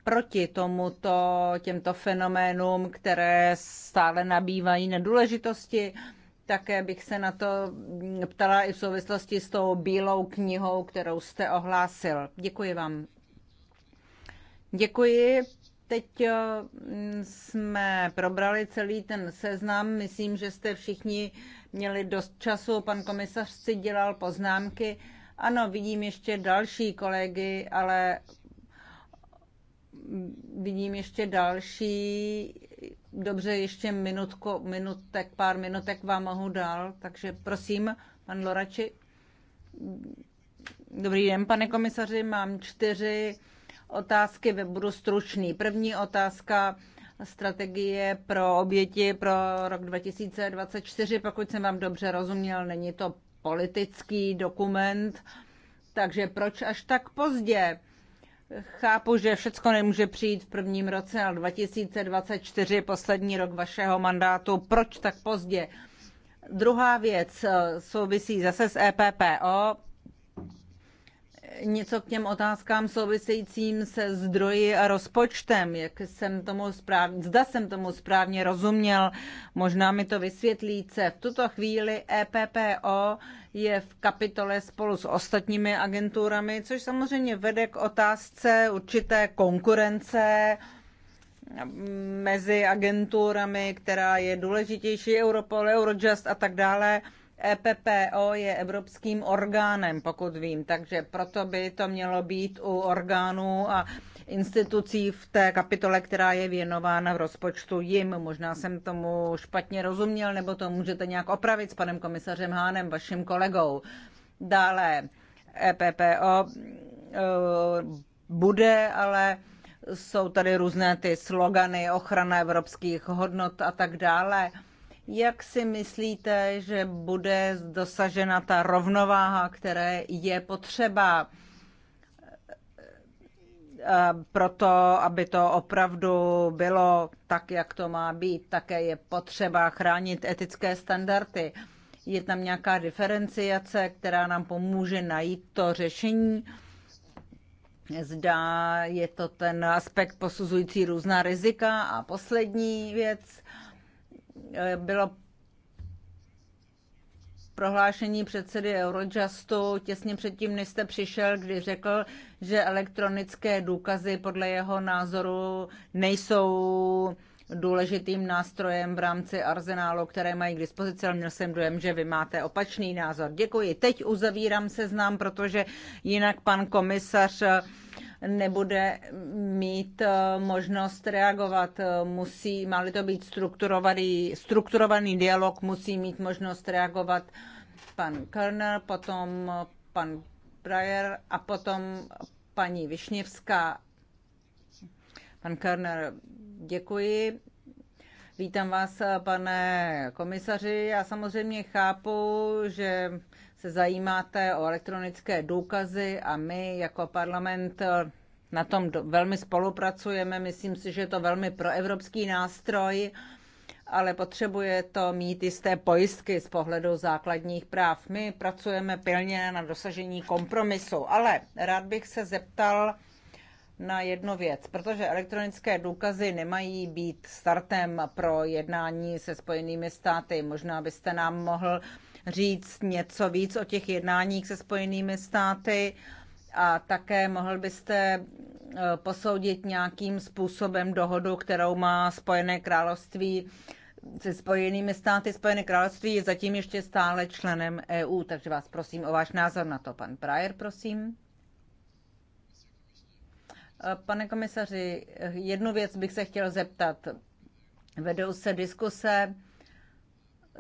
A: proti tomuto, těmto fenoménům, které stále nabývají důležitosti. Také bych se na to ptala i v souvislosti s tou bílou knihou, kterou jste ohlásil. Děkuji vám. Děkuji. Teď eh, jsme probrali celý ten seznam. Myslím, že jste všichni měli dost času, pan komisař si dělal poznámky. Ano, vidím ještě další kolegy, ale vidím ještě další. Dobře, ještě minutko, minutek, pár minutek vám mohu dál, takže prosím, pan Lorači. Dobrý den, pane komisaři, mám čtyři otázky, budu stručný. První otázka, strategie pro oběti pro rok 2024. Pokud jsem vám dobře rozuměl, není to politický dokument, takže proč až tak pozdě? Chápu, že všechno nemůže přijít v prvním roce, ale 2024, poslední rok vašeho mandátu, proč tak pozdě? Druhá věc e, souvisí zase s EPPO něco k těm otázkám souvisejícím se zdroji a rozpočtem, jak jsem tomu správně, zda jsem tomu správně rozuměl, možná mi to vysvětlíte. V tuto chvíli EPPO je v kapitole spolu s ostatními agenturami, což samozřejmě vede k otázce určité konkurence mezi agenturami, která je důležitější, Europol, Eurojust a tak dále. EPPO je evropským orgánem, pokud vím, takže proto by to mělo být u orgánů a institucí v té kapitole, která je věnována v rozpočtu jim. Možná jsem tomu špatně rozuměl, nebo to můžete nějak opravit s panem komisařem Hánem, vaším kolegou. Dále EPPO e, bude, ale jsou tady různé ty slogany, ochrana evropských hodnot a tak dále. Jak si myslíte, že bude dosažena ta rovnováha, které je potřeba proto, aby to opravdu bylo tak, jak to má být? Také je potřeba chránit etické standardy. Je tam nějaká diferenciace, která nám pomůže najít to řešení. Zda je to ten aspekt posuzující různá rizika. A poslední věc, Eh, bylo prohlášení předsedy Eurojustu těsně předtím, než jste přišel, kdy řekl, že elektronické důkazy podle jeho názoru nejsou důležitým nástrojem v rámci arzenálu, které mají k dispozici, ale měl jsem dojem, že vy máte opačný názor. Děkuji. Teď uzavírám seznam, protože jinak pan komisař nebude mít eh, možnost reagovat. Musí, má to být strukturovaný, strukturovaný dialog, musí mít možnost reagovat pan Körner, potom pan Breyer a potom paní Višněvská. Pan Körner, děkuji. Vítám vás, eh, pane komisaři. Já samozřejmě chápu, že se zajímáte o elektronické důkazy a my jako parlament eh, na tom velmi spolupracujeme. Myslím si, že je to velmi proevropský nástroj, ale potřebuje to mít jisté pojistky z pohledu základních práv. My pracujeme pilně na dosažení kompromisu, ale rád bych se zeptal na jednu věc, protože elektronické důkazy nemají být startem pro jednání se Spojenými státy. Možná byste nám mohl říct něco víc o těch jednáních se Spojenými státy a také mohl byste eh, posoudit nějakým způsobem dohodu, kterou má Spojené království se Spojenými státy. Spojené království je zatím ještě stále členem EU, takže vás prosím o váš názor na to. Pan Prajer, prosím. Eh, pane komisaři, eh, jednu věc bych se chtěl zeptat. Vedou se diskuse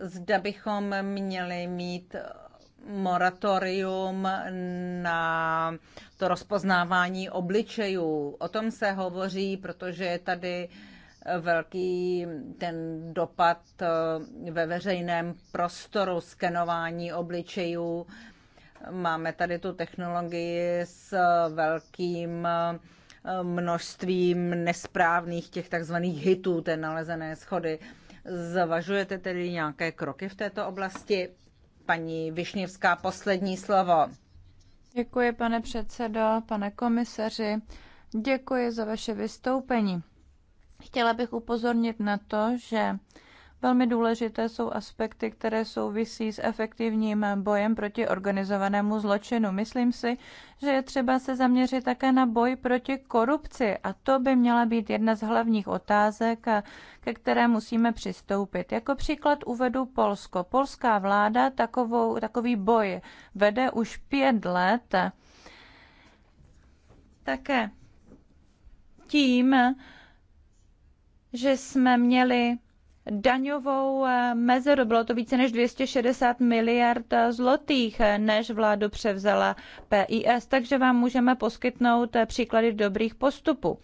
A: zda bychom měli mít moratorium na to rozpoznávání obličejů. O tom se hovoří, protože je tady velký ten dopad eh, ve veřejném prostoru skenování obličejů. Máme tady tu technologii s velkým eh, množstvím nesprávných těch takzvaných hitů, ten nalezené schody. Zvažujete tedy nějaké kroky v této oblasti? Paní Višněvská, poslední slovo.
C: Děkuji, pane předsedo, pane komisaři. Děkuji za vaše vystoupení. Chtěla bych upozornit na to, že Velmi důležité jsou aspekty, které souvisí s efektivním bojem proti organizovanému zločinu. Myslím si, že je třeba se zaměřit také na boj proti korupci a to by měla být jedna z hlavních otázek, ke které musíme přistoupit. Jako příklad uvedu Polsko. Polská vláda takovou, takový boj vede už pět let. Také tím, že jsme měli daňovou eh, mezeru. Bylo to více než 260 miliard eh, zlotých, eh, než vládu převzala PIS, takže vám můžeme poskytnout příklady dobrých postupů.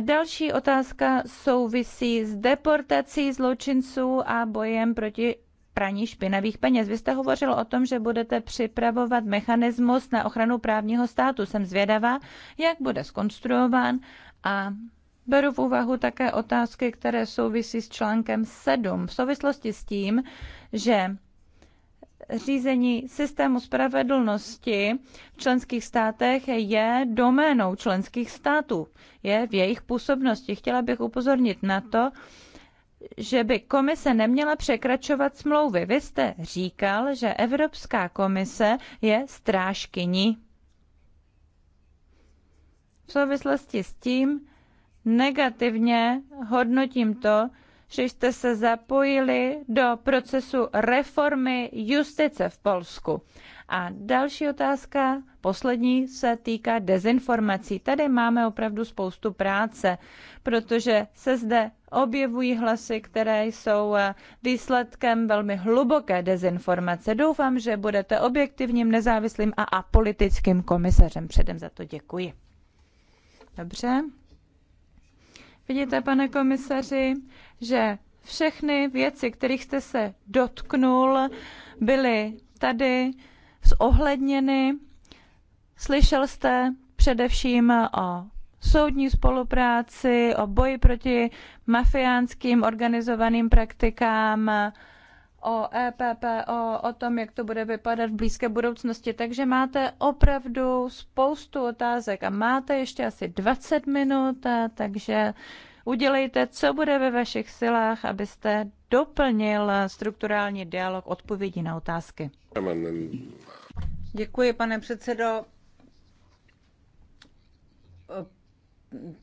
C: Další otázka souvisí s deportací zločinců a bojem proti praní špinavých peněz. Vy jste hovořil o tom, že budete připravovat mechanismus na ochranu právního státu. Jsem zvědavá, jak bude skonstruován a Beru v úvahu také otázky, které souvisí s článkem 7 v souvislosti s tím, že řízení systému spravedlnosti v členských státech je doménou členských států, je v jejich působnosti. Chtěla bych upozornit na to, že by komise neměla překračovat smlouvy. Vy jste říkal, že Evropská komise je strážkyní. V souvislosti s tím negativně hodnotím to, že jste se zapojili do procesu reformy justice v Polsku. A další otázka, poslední, se týká dezinformací. Tady máme opravdu spoustu práce, protože se zde objevují hlasy, které jsou eh, výsledkem velmi hluboké dezinformace. Doufám, že budete objektivním, nezávislým a apolitickým komisařem. Předem za to děkuji. Dobře. Vidíte, pane komisaři, že všechny věci, kterých jste se dotknul, byly tady zohledněny. Slyšel jste především o soudní spolupráci, o boji proti mafiánským organizovaným praktikám, o EPPO, o tom, jak to bude vypadat v blízké budoucnosti. Takže máte opravdu spoustu otázek a máte ještě asi 20 minut, takže udělejte, co bude ve vašich silách, abyste doplnil strukturální dialog odpovědi na otázky. Děkuji, pane
A: předsedo.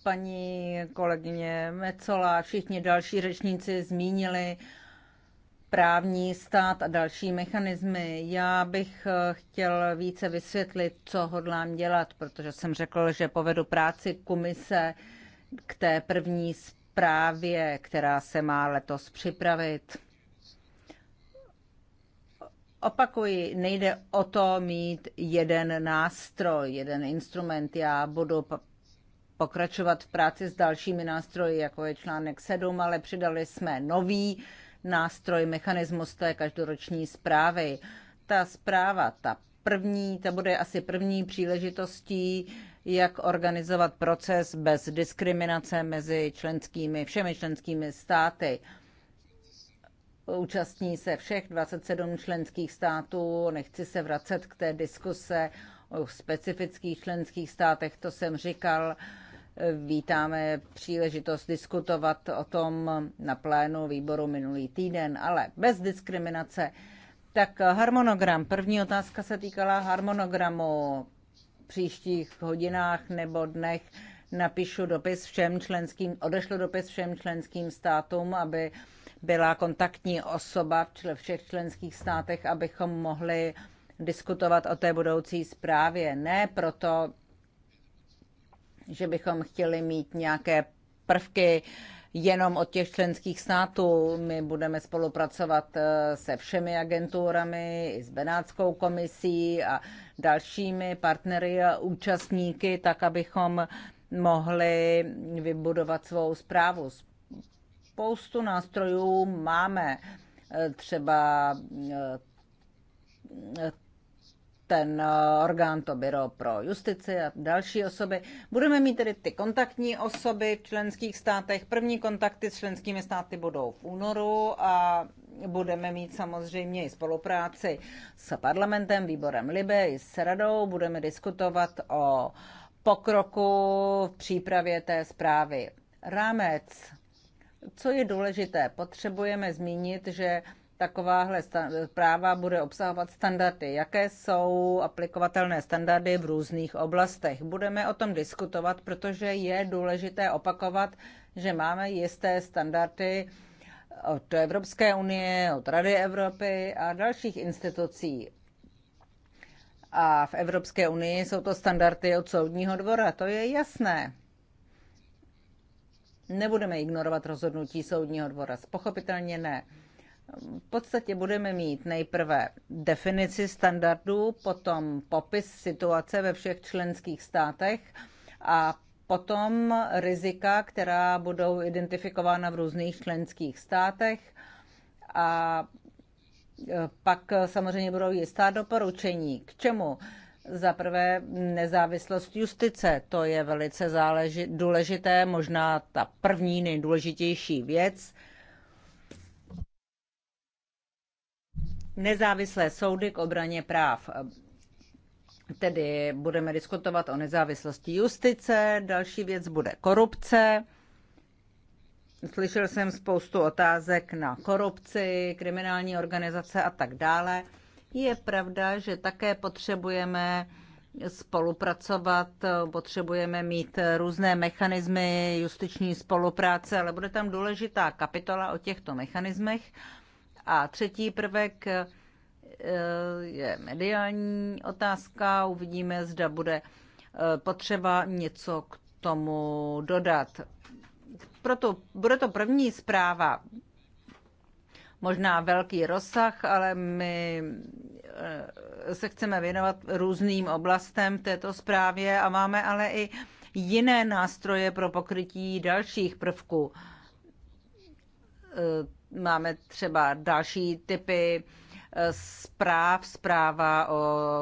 A: Paní kolegyně Mecola, všichni další řečníci zmínili, právní stát a další mechanismy. Já bych eh, chtěl více vysvětlit, co hodlám dělat, protože jsem řekl, že povedu práci komise k té první zprávě, která se má letos připravit. Opakuji, nejde o to mít jeden nástroj, jeden instrument. Já budu pokračovat v práci s dalšími nástroji, jako je článek 7, ale přidali jsme nový nástroj, mechanismus té každoroční zprávy. Ta zpráva, ta první, ta bude asi první příležitostí, jak organizovat proces bez diskriminace mezi členskými, všemi členskými státy. Účastní se všech 27 členských států. Nechci se vracet k té diskuse o specifických členských státech, to jsem říkal. Vítáme příležitost diskutovat o tom na plénu výboru minulý týden, ale bez diskriminace. Tak harmonogram. První otázka se týkala harmonogramu. V příštích hodinách nebo dnech napíšu dopis všem členským, odešlo dopis všem členským státům, aby byla kontaktní osoba v všech členských státech, abychom mohli diskutovat o té budoucí zprávě. Ne proto, že bychom chtěli mít nějaké prvky jenom od těch členských států. My budeme spolupracovat eh, se všemi agenturami, i s Benátskou komisí a dalšími partnery a účastníky, tak abychom mohli vybudovat svou zprávu. Spoustu nástrojů máme, eh, třeba eh, ten eh, orgán, to Byro pro justici a další osoby. Budeme mít tedy ty kontaktní osoby v členských státech. První kontakty s členskými státy budou v únoru a budeme mít samozřejmě i spolupráci s parlamentem, výborem Libe i s radou. Budeme diskutovat o pokroku v přípravě té zprávy. Rámec. Co je důležité, potřebujeme zmínit, že takováhle práva bude obsahovat standardy. Jaké jsou aplikovatelné standardy v různých oblastech? Budeme o tom diskutovat, protože je důležité opakovat, že máme jisté standardy od Evropské unie, od Rady Evropy a dalších institucí. A v Evropské unii jsou to standardy od Soudního dvora, to je jasné. Nebudeme ignorovat rozhodnutí Soudního dvora, pochopitelně ne v podstatě budeme mít nejprve definici standardů, potom popis situace ve všech členských státech a potom rizika, která budou identifikována v různých členských státech a e, pak samozřejmě budou jistá doporučení. K čemu? Za prvé nezávislost justice, to je velice záleži- důležité, možná ta první nejdůležitější věc – nezávislé soudy k obraně práv. Tedy budeme diskutovat o nezávislosti justice, další věc bude korupce. Slyšel jsem spoustu otázek na korupci, kriminální organizace a tak dále. Je pravda, že také potřebujeme spolupracovat, potřebujeme mít různé mechanismy justiční spolupráce, ale bude tam důležitá kapitola o těchto mechanismech a třetí prvek eh, je mediální otázka. Uvidíme, zda bude eh, potřeba něco k tomu dodat. Proto bude to první zpráva. Možná velký rozsah, ale my eh, se chceme věnovat různým oblastem v této zprávě a máme ale i jiné nástroje pro pokrytí dalších prvků máme třeba další typy eh, zpráv, zpráva o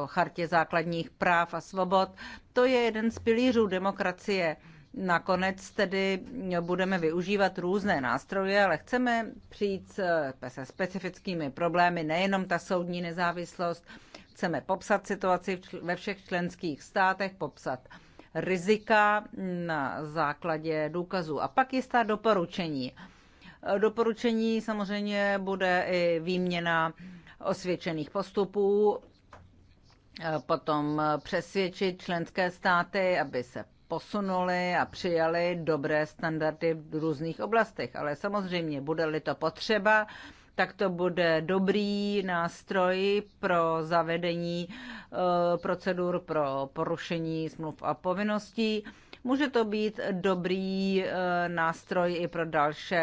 A: chartě základních práv a svobod. To je jeden z pilířů demokracie. Nakonec tedy budeme využívat různé nástroje, ale chceme přijít eh, se specifickými problémy, nejenom ta soudní nezávislost. Chceme popsat situaci ve všech členských státech, popsat rizika na základě důkazů a pak jistá doporučení. Doporučení samozřejmě bude i výměna osvědčených postupů, potom přesvědčit členské státy, aby se posunuli a přijali dobré standardy v různých oblastech. Ale samozřejmě, bude-li to potřeba, tak to bude dobrý nástroj pro zavedení eh, procedur pro porušení smluv a povinností. Může to být dobrý eh, nástroj i pro další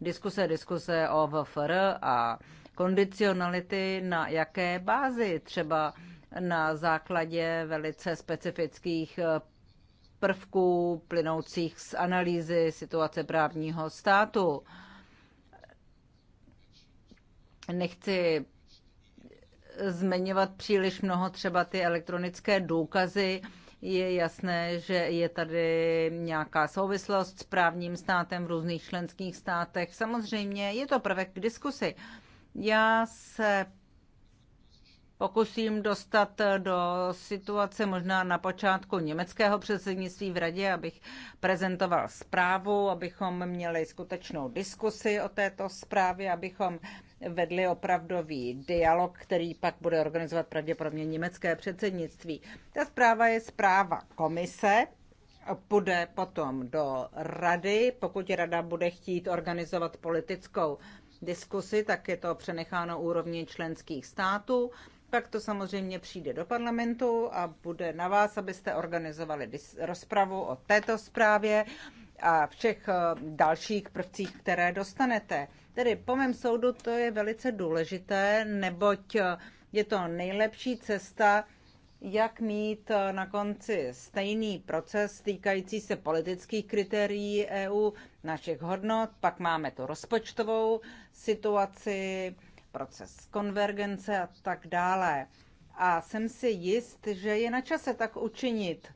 A: Diskuse, diskuse o VFR a kondicionality na jaké bázi, třeba na základě velice specifických eh, prvků plynoucích z analýzy situace právního státu. Nechci zmiňovat příliš mnoho třeba ty elektronické důkazy, je jasné, že je tady nějaká souvislost s právním státem v různých členských státech. Samozřejmě je to prvek k diskusi. Já se pokusím dostat do situace možná na počátku německého předsednictví v radě, abych prezentoval zprávu, abychom měli skutečnou diskusi o této zprávě, abychom vedli opravdový dialog, který pak bude organizovat pravděpodobně německé předsednictví. Ta zpráva je zpráva komise, půjde potom do rady. Pokud rada bude chtít organizovat politickou diskusi, tak je to přenecháno úrovni členských států. Pak to samozřejmě přijde do parlamentu a bude na vás, abyste organizovali rozpravu o této zprávě a všech eh, dalších prvcích, které dostanete. Tedy po mém soudu to je velice důležité, neboť je to nejlepší cesta, jak mít na konci stejný proces týkající se politických kritérií EU, našich hodnot, pak máme tu rozpočtovou situaci, proces konvergence a tak dále. A jsem si jist, že je na čase tak učinit.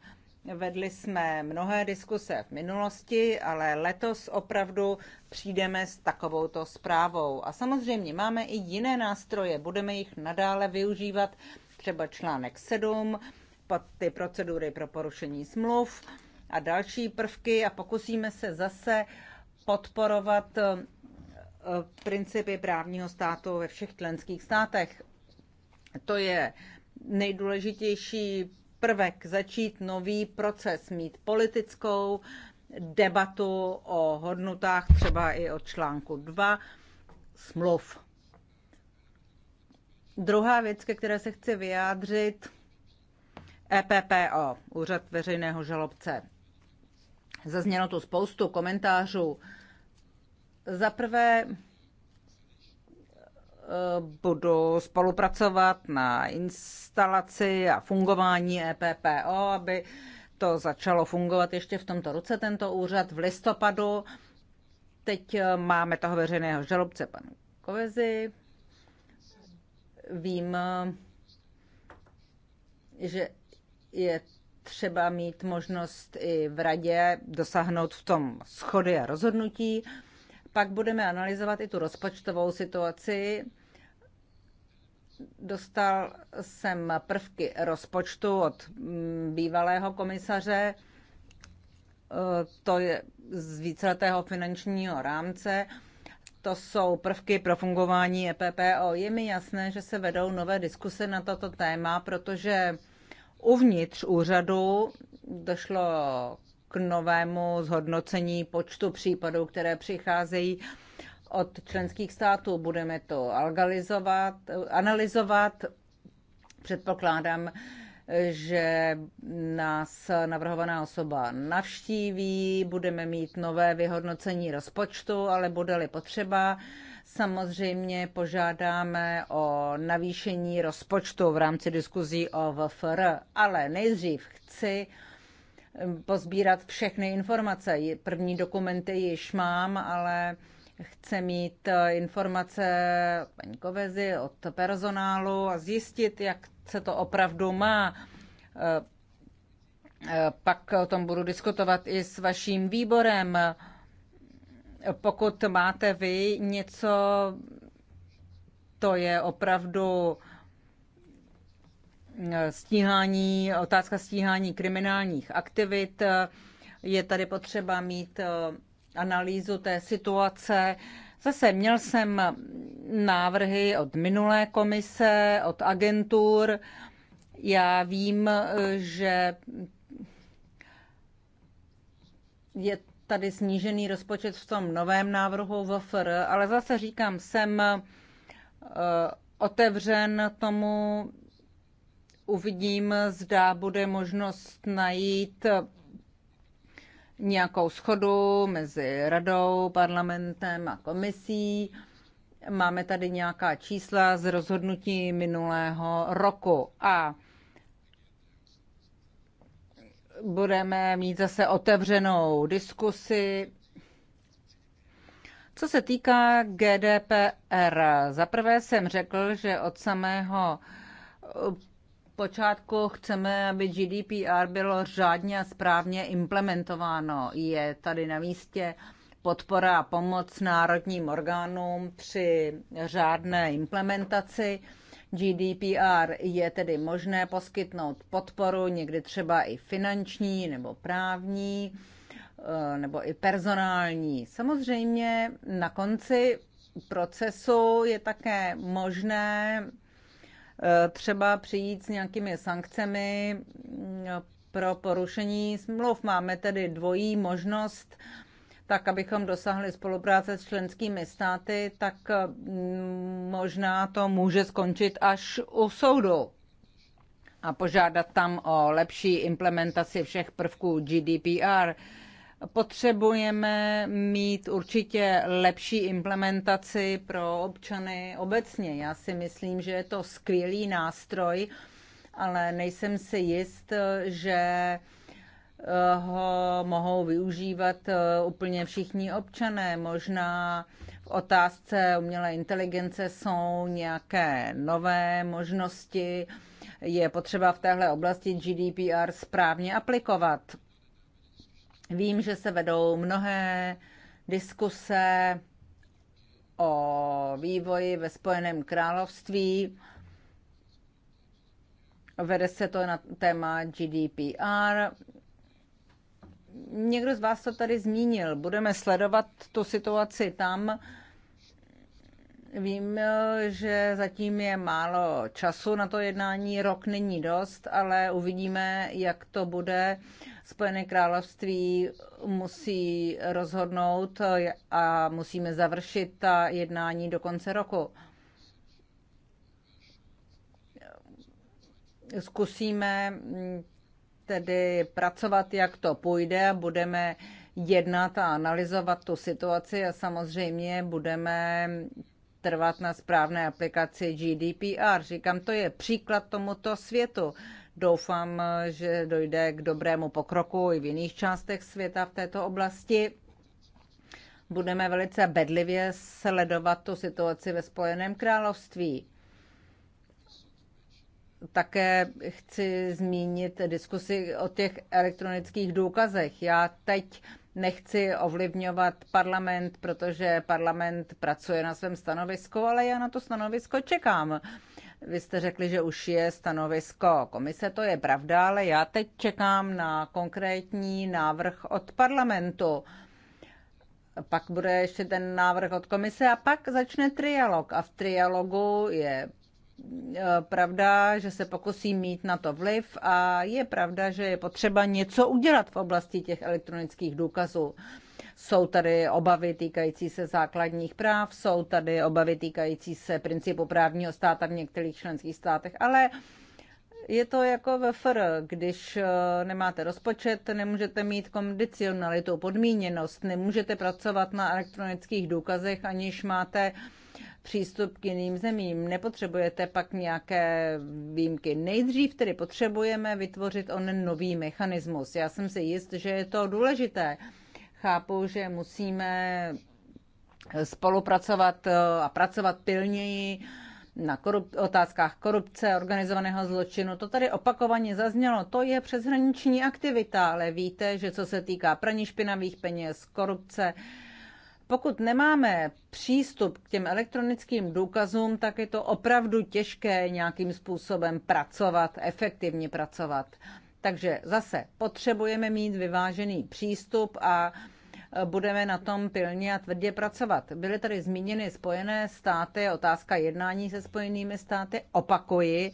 A: Vedli jsme mnohé diskuse v minulosti, ale letos opravdu přijdeme s takovouto zprávou. A samozřejmě máme i jiné nástroje, budeme jich nadále využívat, třeba článek 7, ty procedury pro porušení smluv a další prvky a pokusíme se zase podporovat eh, principy právního státu ve všech členských státech. To je nejdůležitější prvek, začít nový proces, mít politickou debatu o hodnotách, třeba i o článku 2 smluv. Druhá věc, ke které se chci vyjádřit, EPPO, Úřad veřejného žalobce. Zaznělo tu spoustu komentářů. Za prvé, budu spolupracovat na instalaci a fungování EPPO, aby to začalo fungovat ještě v tomto roce, tento úřad v listopadu. Teď eh, máme toho veřejného žalobce, pan Kovezi. Vím, eh, že je třeba mít možnost i v radě dosáhnout v tom schody a rozhodnutí. Pak budeme analyzovat i tu rozpočtovou situaci. Dostal jsem prvky rozpočtu od mm, bývalého komisaře, e, to je z víceletého finančního rámce. To jsou prvky pro fungování EPPO. Je mi jasné, že se vedou nové diskuse na toto téma, protože uvnitř úřadu došlo k novému zhodnocení počtu případů, které přicházejí od členských států. Budeme to analyzovat. Předpokládám, že nás navrhovaná osoba navštíví, budeme mít nové vyhodnocení rozpočtu, ale bude-li potřeba, samozřejmě požádáme o navýšení rozpočtu v rámci diskuzí o VFR, ale nejdřív chci pozbírat všechny informace. První dokumenty již mám, ale chce mít eh, informace paní Kovezi od personálu a zjistit, jak se to opravdu má. Eh, eh, pak o tom budu diskutovat i s vaším výborem. Pokud máte vy něco, to je opravdu stíhání, otázka stíhání kriminálních aktivit. Je tady potřeba mít analýzu té situace. Zase měl jsem návrhy od minulé komise, od agentur. Já vím, že je tady snížený rozpočet v tom novém návrhu VFR, ale zase říkám, jsem eh, otevřen tomu, uvidím, zda bude možnost najít nějakou schodu mezi radou, parlamentem a komisí. Máme tady nějaká čísla z rozhodnutí minulého roku a budeme mít zase otevřenou diskusi. Co se týká GDPR, zaprvé jsem řekl, že od samého počátku chceme, aby GDPR bylo řádně a správně implementováno. Je tady na místě podpora a pomoc národním orgánům při řádné implementaci. GDPR je tedy možné poskytnout podporu, někdy třeba i finanční nebo právní eh, nebo i personální. Samozřejmě na konci procesu je také možné Eh, třeba přijít s nějakými sankcemi mm, pro porušení smluv. Máme tedy dvojí možnost, tak abychom dosáhli spolupráce s členskými státy, tak mm, možná to může skončit až u soudu a požádat tam o lepší implementaci všech prvků GDPR. Potřebujeme mít určitě lepší implementaci pro občany obecně. Já si myslím, že je to skvělý nástroj, ale nejsem si jist, že eh, ho mohou využívat eh, úplně všichni občané. Možná v otázce umělé inteligence jsou nějaké nové možnosti. Je potřeba v téhle oblasti GDPR správně aplikovat. Vím, že se vedou mnohé diskuse o vývoji ve Spojeném království. Vede se to na téma GDPR. Někdo z vás to tady zmínil. Budeme sledovat tu situaci tam, Vím, že zatím je málo času na to jednání, rok není dost, ale uvidíme, jak to bude. Spojené království musí rozhodnout a musíme završit ta jednání do konce roku. Zkusíme tedy pracovat, jak to půjde, budeme jednat a analyzovat tu situaci a samozřejmě budeme trvat na správné aplikaci GDPR. Říkám, to je příklad tomuto světu. Doufám, že dojde k dobrému pokroku i v jiných částech světa v této oblasti. Budeme velice bedlivě sledovat tu situaci ve Spojeném království. Také chci zmínit diskusi o těch elektronických důkazech. Já teď nechci ovlivňovat parlament, protože parlament pracuje na svém stanovisku, ale já na to stanovisko čekám. Vy jste řekli, že už je stanovisko komise, to je pravda, ale já teď čekám na konkrétní návrh od parlamentu. Pak bude ještě ten návrh od komise a pak začne trialog. A v trialogu je Eh, pravda, že se pokusí mít na to vliv a je pravda, že je potřeba něco udělat v oblasti těch elektronických důkazů. Jsou tady obavy týkající se základních práv, jsou tady obavy týkající se principu právního státa v některých členských státech, ale je to jako ve FR, když eh, nemáte rozpočet, nemůžete mít kondicionalitu, podmíněnost, nemůžete pracovat na elektronických důkazech, aniž máte uh, přístup k jiným zemím. Nepotřebujete pak nějaké výjimky. Nejdřív tedy potřebujeme vytvořit onen nový mechanismus. Já jsem si jist, že je to důležité. Chápu, že musíme spolupracovat eh, a pracovat pilněji na korup- otázkách korupce, organizovaného zločinu. To tady opakovaně zaznělo. To je přeshraniční aktivita, ale víte, že co se týká praní špinavých peněz, korupce, pokud nemáme přístup k těm elektronickým důkazům, tak je to opravdu těžké nějakým způsobem pracovat, efektivně pracovat. Takže zase potřebujeme mít vyvážený přístup a e, budeme na tom pilně a tvrdě pracovat. Byly tady zmíněny Spojené státy, otázka jednání se Spojenými státy. Opakuji,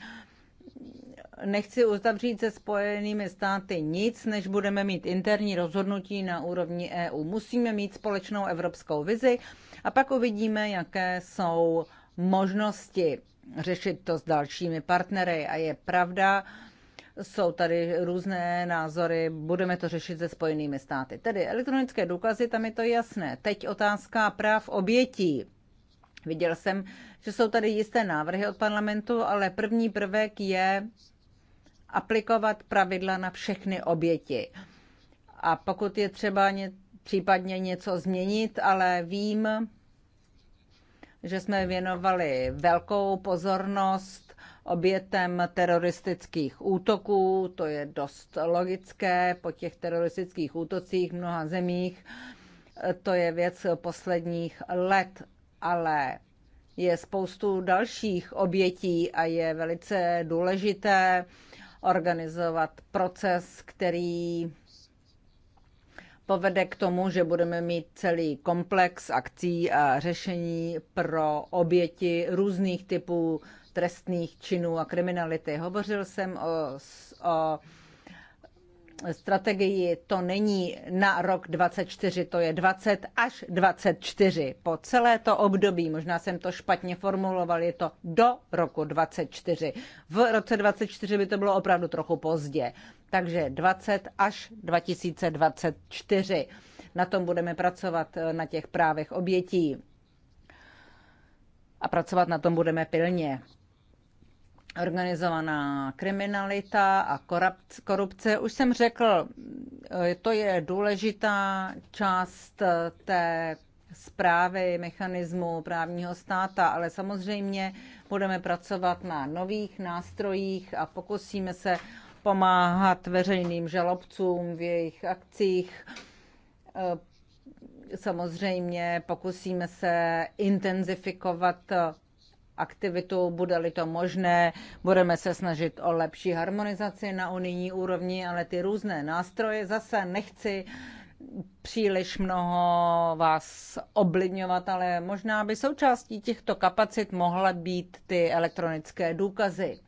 A: nechci uzavřít se spojenými státy nic, než budeme mít interní rozhodnutí na úrovni EU. Musíme mít společnou evropskou vizi a pak uvidíme, jaké jsou možnosti řešit to s dalšími partnery. A je pravda, jsou tady různé názory, budeme to řešit se spojenými státy. Tedy elektronické důkazy, tam je to jasné. Teď otázka práv obětí. Viděl jsem, že jsou tady jisté návrhy od parlamentu, ale první prvek je aplikovat pravidla na všechny oběti. A pokud je třeba ně, případně něco změnit, ale vím, že jsme věnovali velkou pozornost obětem teroristických útoků. To je dost logické po těch teroristických útocích v mnoha zemích. To je věc posledních let, ale je spoustu dalších obětí a je velice důležité organizovat proces, který povede k tomu, že budeme mít celý komplex akcí a řešení pro oběti různých typů trestných činů a kriminality. Hovořil jsem o, o strategii to není na rok 24, to je 20 až 24. Po celé to období, možná jsem to špatně formuloval, je to do roku 24. V roce 24 by to bylo opravdu trochu pozdě. Takže 20 až 2024. Na tom budeme pracovat eh, na těch právech obětí. A pracovat na tom budeme pilně organizovaná kriminalita a korupce. Už jsem řekl, eh, to je důležitá část eh, té zprávy mechanismu právního státa, ale samozřejmě budeme pracovat na nových nástrojích a pokusíme se pomáhat veřejným žalobcům v jejich akcích. Eh, samozřejmě pokusíme se intenzifikovat aktivitu, bude-li to možné, budeme se snažit o lepší harmonizaci na unijní úrovni, ale ty různé nástroje zase nechci příliš mnoho vás oblidňovat, ale možná by součástí těchto kapacit mohla být ty elektronické důkazy.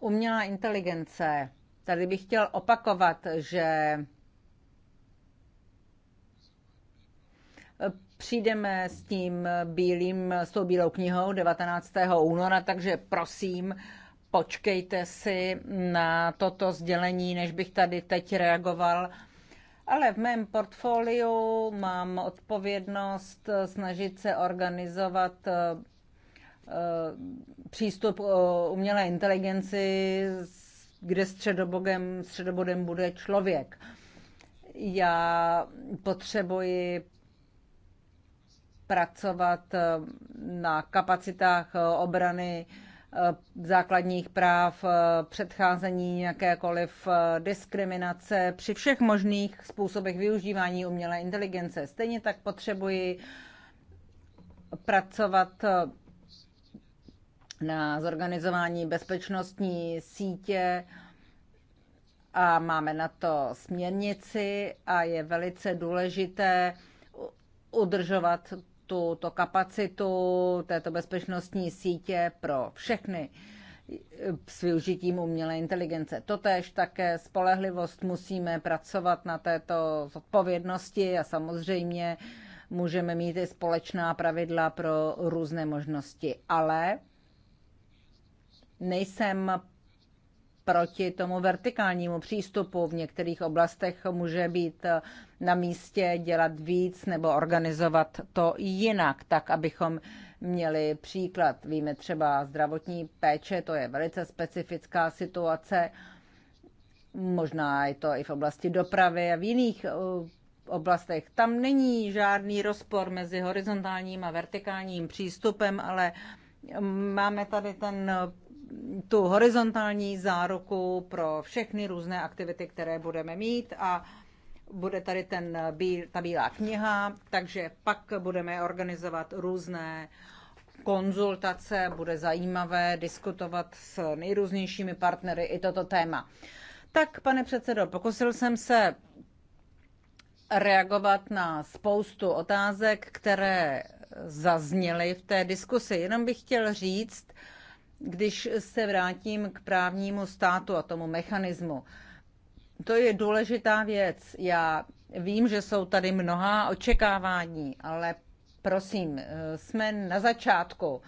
A: Umělá inteligence. Tady bych chtěl opakovat, že přijdeme s tím bílým, s tou bílou knihou 19. února, takže prosím, počkejte si na toto sdělení, než bych tady teď reagoval. Ale v mém portfoliu mám odpovědnost snažit se organizovat eh, eh, přístup umělé inteligenci, kde středobodem, středobodem bude člověk. Já potřebuji pracovat eh, na kapacitách eh, obrany eh, základních práv, předcházení jakékoliv diskriminace při všech možných způsobech využívání umělé inteligence. Stejně tak potřebuji pracovat na zorganizování bezpečnostní sítě a máme na to směrnici a je velice důležité udržovat tuto kapacitu této bezpečnostní sítě pro všechny s využitím umělé inteligence. Totež také spolehlivost musíme pracovat na této odpovědnosti a samozřejmě můžeme mít i společná pravidla pro různé možnosti. Ale nejsem proti tomu vertikálnímu přístupu. V některých oblastech může být na místě dělat víc nebo organizovat to jinak, tak abychom měli příklad. Víme třeba zdravotní péče, to je velice specifická situace. Možná je to i v oblasti dopravy a v jiných uh, oblastech. Tam není žádný rozpor mezi horizontálním a vertikálním přístupem, ale máme tady ten tu horizontální záruku pro všechny různé aktivity, které budeme mít a bude tady ten, ta bílá kniha, takže pak budeme organizovat různé konzultace, bude zajímavé diskutovat s nejrůznějšími partnery i toto téma. Tak, pane předsedo, pokusil jsem se reagovat na spoustu otázek, které zazněly v té diskusi. Jenom bych chtěl říct, když se vrátím k právnímu státu a tomu mechanismu, to je důležitá věc. Já vím, že jsou tady mnohá očekávání, ale prosím, eh, jsme na začátku.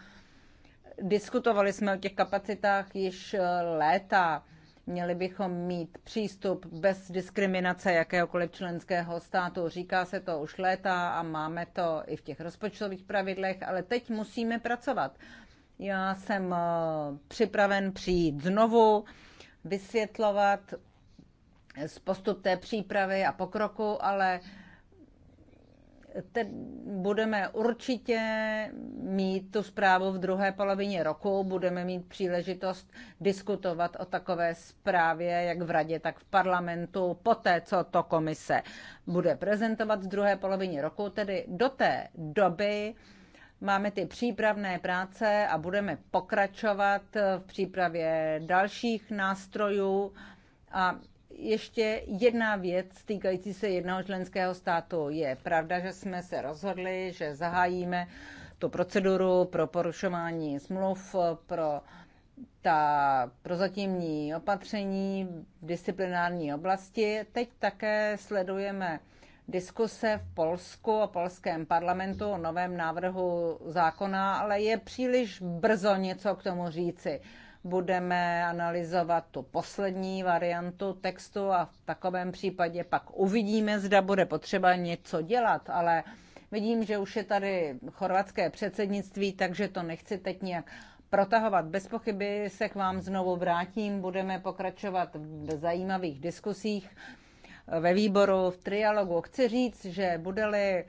A: Diskutovali jsme o těch kapacitách již eh, léta. Měli bychom mít přístup bez diskriminace jakéhokoliv členského státu. Říká se to už léta a máme to i v těch rozpočtových pravidlech, ale teď musíme pracovat. Já jsem eh, připraven přijít znovu, vysvětlovat z eh, postup té přípravy a pokroku, ale te, budeme určitě mít tu zprávu v druhé polovině roku, budeme mít příležitost diskutovat o takové zprávě, jak v radě, tak v parlamentu, poté, co to komise bude prezentovat v druhé polovině roku, tedy do té doby Máme ty přípravné práce a budeme pokračovat v přípravě dalších nástrojů. A ještě jedna věc týkající se jednoho členského státu. Je pravda, že jsme se rozhodli, že zahájíme tu proceduru pro porušování smluv, pro ta prozatímní opatření v disciplinární oblasti. Teď také sledujeme diskuse v Polsku o polském parlamentu o novém návrhu zákona, ale je příliš brzo něco k tomu říci. Budeme analyzovat tu poslední variantu textu a v takovém případě pak uvidíme, zda bude potřeba něco dělat, ale vidím, že už je tady chorvatské předsednictví, takže to nechci teď nějak protahovat. Bez pochyby se k vám znovu vrátím, budeme pokračovat v zajímavých diskusích ve výboru, v trialogu. Chci říct, že bude-li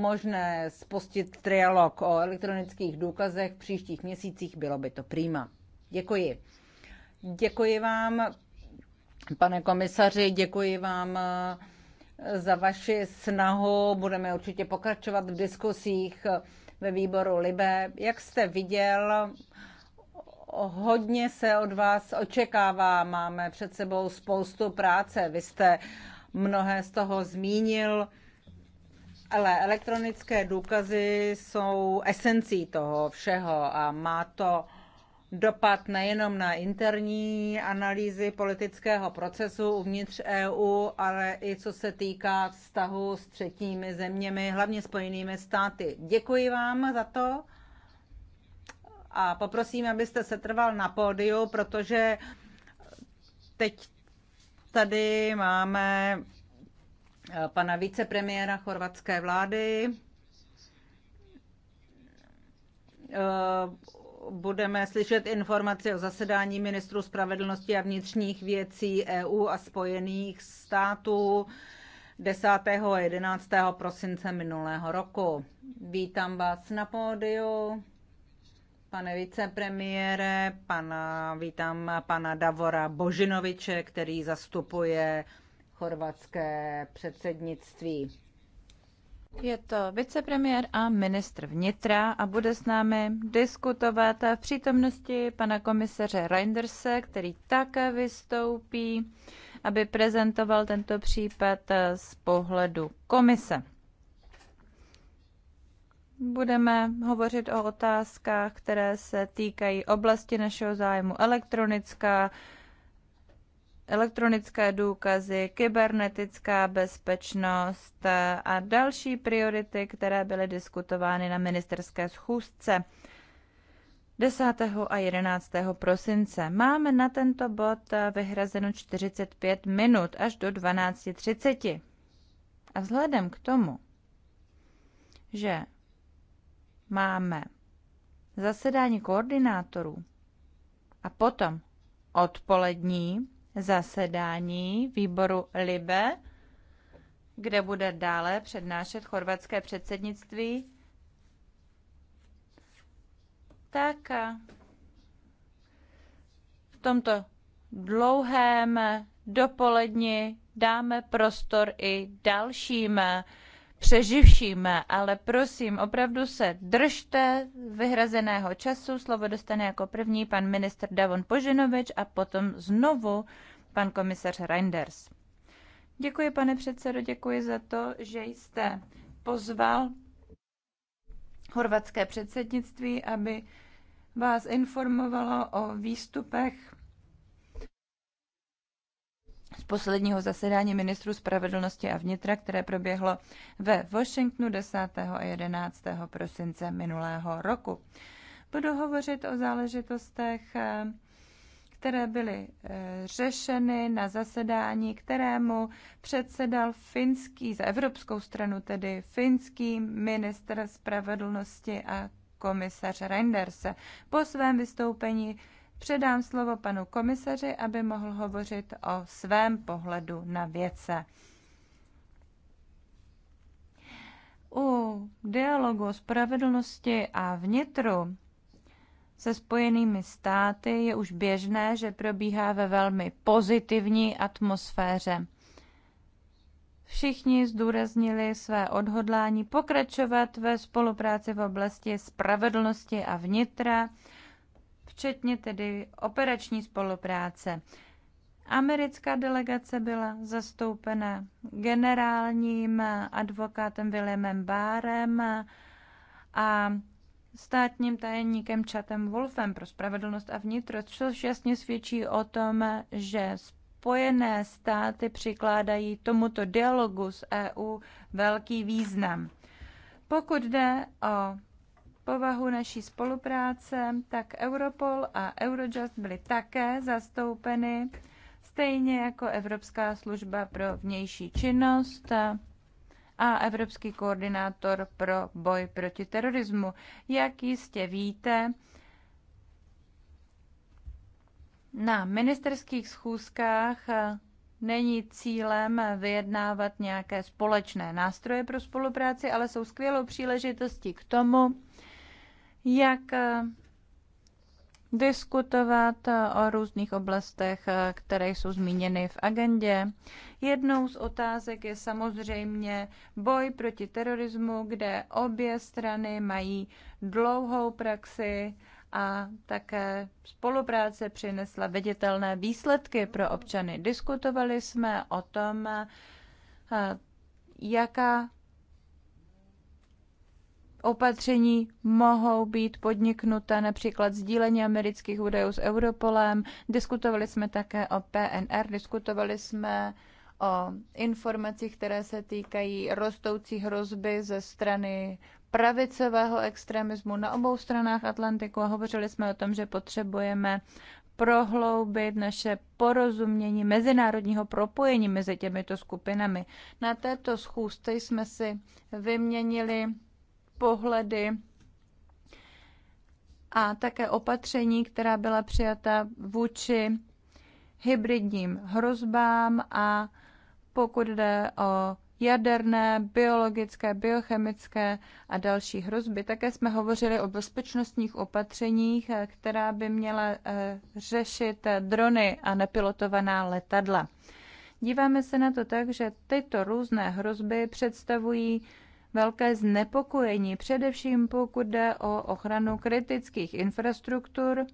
A: možné spustit trialog o elektronických důkazech v příštích měsících, bylo by to prýma. Děkuji. Děkuji vám, pane komisaři, děkuji vám eh, za vaši snahu. Budeme určitě pokračovat v diskusích ve výboru Libe. Jak jste viděl, hodně se od vás očekává. Máme před sebou spoustu práce. Vy jste mnohé z toho zmínil, ale elektronické důkazy jsou esencí toho všeho a má to dopad nejenom na interní analýzy politického procesu uvnitř EU, ale i co se týká vztahu s třetími zeměmi, hlavně spojenými státy. Děkuji vám za to a poprosím, abyste se trval na pódiu, protože teď tady máme eh, pana vicepremiéra chorvatské vlády. Eh, budeme slyšet informace o zasedání ministrů spravedlnosti a vnitřních věcí EU a Spojených států 10. a 11. prosince minulého roku. Vítám vás na pódiu. Pane vicepremiére, pana, vítám pana Davora Božinoviče, který zastupuje chorvatské předsednictví.
C: Je to vicepremiér a ministr vnitra a bude s námi diskutovat v přítomnosti pana komisaře Reinderse, který také vystoupí, aby prezentoval tento případ z pohledu komise budeme hovořit o otázkách, které se týkají oblasti našeho zájmu elektronická, elektronické důkazy, kybernetická bezpečnost a další priority, které byly diskutovány na ministerské schůzce 10. a 11. prosince. Máme na tento bod vyhrazeno 45 minut až do 12.30. A vzhledem k tomu, že máme zasedání koordinátorů a potom odpolední zasedání výboru LIBE, kde bude dále přednášet chorvatské předsednictví, tak v tomto dlouhém dopoledni dáme prostor i dalším přeživším, ale prosím, opravdu se držte vyhrazeného času. Slovo dostane jako první pan minister Davon Poženovič a potom znovu pan komisař Reinders. Děkuji, pane předsedo, děkuji za to, že jste pozval chorvatské předsednictví, aby vás informovalo o výstupech posledního zasedání ministrů spravedlnosti a vnitra, které proběhlo ve Washingtonu 10. a 11. prosince minulého roku. Budu hovořit o záležitostech, eh, které byly eh, řešeny na zasedání, kterému předsedal finský, za evropskou stranu tedy finský minister spravedlnosti a komisař Reinders. Po svém vystoupení Předám slovo panu komisaři, aby mohl hovořit o svém pohledu na věce. U dialogu o spravedlnosti a vnitru se spojenými státy je už běžné, že probíhá ve velmi pozitivní atmosféře. Všichni zdůraznili své odhodlání pokračovat ve spolupráci v oblasti spravedlnosti a vnitra včetně tedy operační spolupráce. Americká delegace byla zastoupena generálním advokátem Williamem Bárem a státním tajemníkem Chatem Wolfem pro spravedlnost a vnitro, což jasně svědčí o tom, že Spojené státy přikládají tomuto dialogu s EU velký význam. Pokud jde o povahu naší spolupráce, tak Europol a Eurojust byly také zastoupeny, stejně jako Evropská služba pro vnější činnost a Evropský koordinátor pro boj proti terorismu. Jak jistě víte, na ministerských schůzkách není cílem vyjednávat nějaké společné nástroje pro spolupráci, ale jsou skvělou příležitostí k tomu, jak eh, diskutovat eh, o různých oblastech, eh, které jsou zmíněny v agendě. Jednou z otázek je samozřejmě boj proti terorismu, kde obě strany mají dlouhou praxi a také spolupráce přinesla viditelné výsledky pro občany. Diskutovali jsme o tom, jaká opatření mohou být podniknuta, například sdílení amerických údajů s Europolem. Diskutovali jsme také o PNR, diskutovali jsme o informacích, které se týkají rostoucí hrozby ze strany pravicového extremismu na obou stranách Atlantiku a hovořili jsme o tom, že potřebujeme prohloubit naše porozumění mezinárodního propojení mezi těmito skupinami. Na této schůzce jsme si vyměnili pohledy a také opatření, která byla přijata vůči hybridním hrozbám a pokud jde o jaderné, biologické, biochemické a další hrozby. Také jsme hovořili o bezpečnostních opatřeních, eh, která by měla eh, řešit eh, drony a nepilotovaná letadla. Díváme se na to tak, že tyto různé hrozby představují velké znepokojení, především pokud jde o ochranu kritických infrastruktur.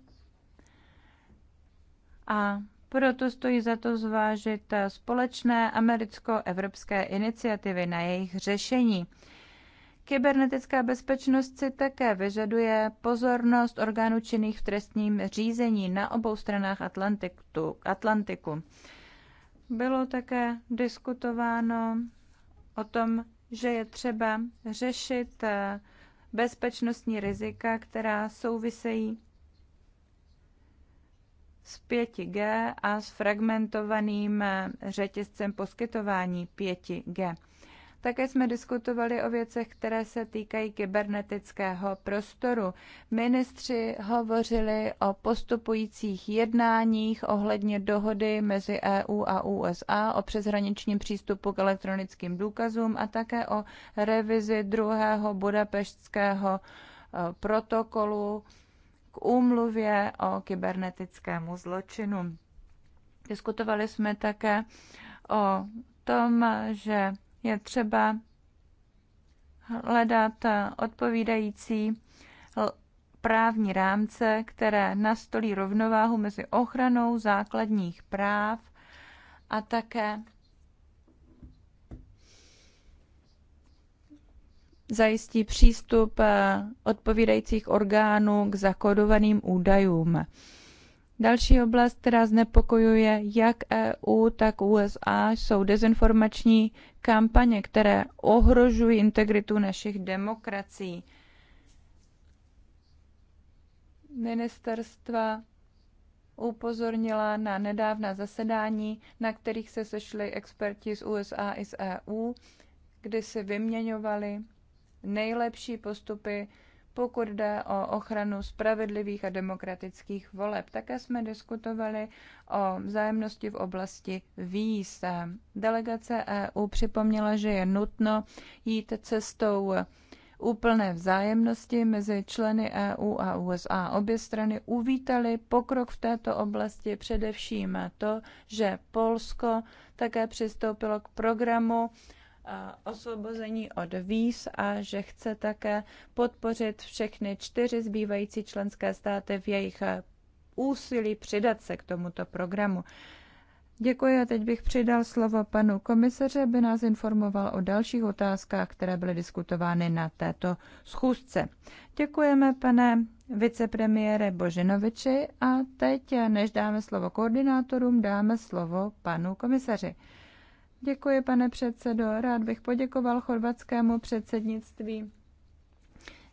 C: A proto stojí za to zvážit společné americko-evropské iniciativy na jejich řešení. Kybernetická bezpečnost si také vyžaduje pozornost orgánů činných v trestním řízení na obou stranách Atlantiku. Atlantiku. Bylo také diskutováno o tom, že je třeba řešit eh, bezpečnostní rizika, která souvisejí s 5G a s fragmentovaným eh, řetězcem poskytování 5G. Také jsme diskutovali o věcech, které se týkají kybernetického prostoru. Ministři hovořili o postupujících jednáních ohledně dohody mezi EU a USA o přeshraničním přístupu k elektronickým důkazům a také o revizi druhého budapeštského eh, protokolu k úmluvě o kybernetickému zločinu. Diskutovali jsme také o tom, že je třeba hledat odpovídající právní rámce, které nastolí rovnováhu mezi ochranou základních práv a také zajistí přístup eh, odpovídajících orgánů k zakodovaným údajům. Další oblast, která znepokojuje jak EU, tak USA, jsou dezinformační kampaně, které ohrožují integritu našich demokracií. Ministerstva upozornila na nedávná zasedání, na kterých se sešli experti z USA i z EU, kdy se vyměňovali nejlepší postupy pokud jde o ochranu spravedlivých a demokratických voleb. Také jsme diskutovali o vzájemnosti v oblasti víz. Delegace EU připomněla, že je nutno jít cestou úplné vzájemnosti mezi členy EU a USA. Obě strany uvítali pokrok v této oblasti, především to, že Polsko také přistoupilo k programu osvobození od víz a že chce také podpořit všechny čtyři zbývající členské státy v jejich úsilí přidat se k tomuto programu. Děkuji a teď bych přidal slovo panu komisaři, aby nás informoval o dalších otázkách, které byly diskutovány na této schůzce. Děkujeme, pane vicepremiére Božinoviči a teď, než dáme slovo koordinátorům, dáme slovo panu komisaři. Děkuji, pane předsedo. Rád bych poděkoval chorvatskému předsednictví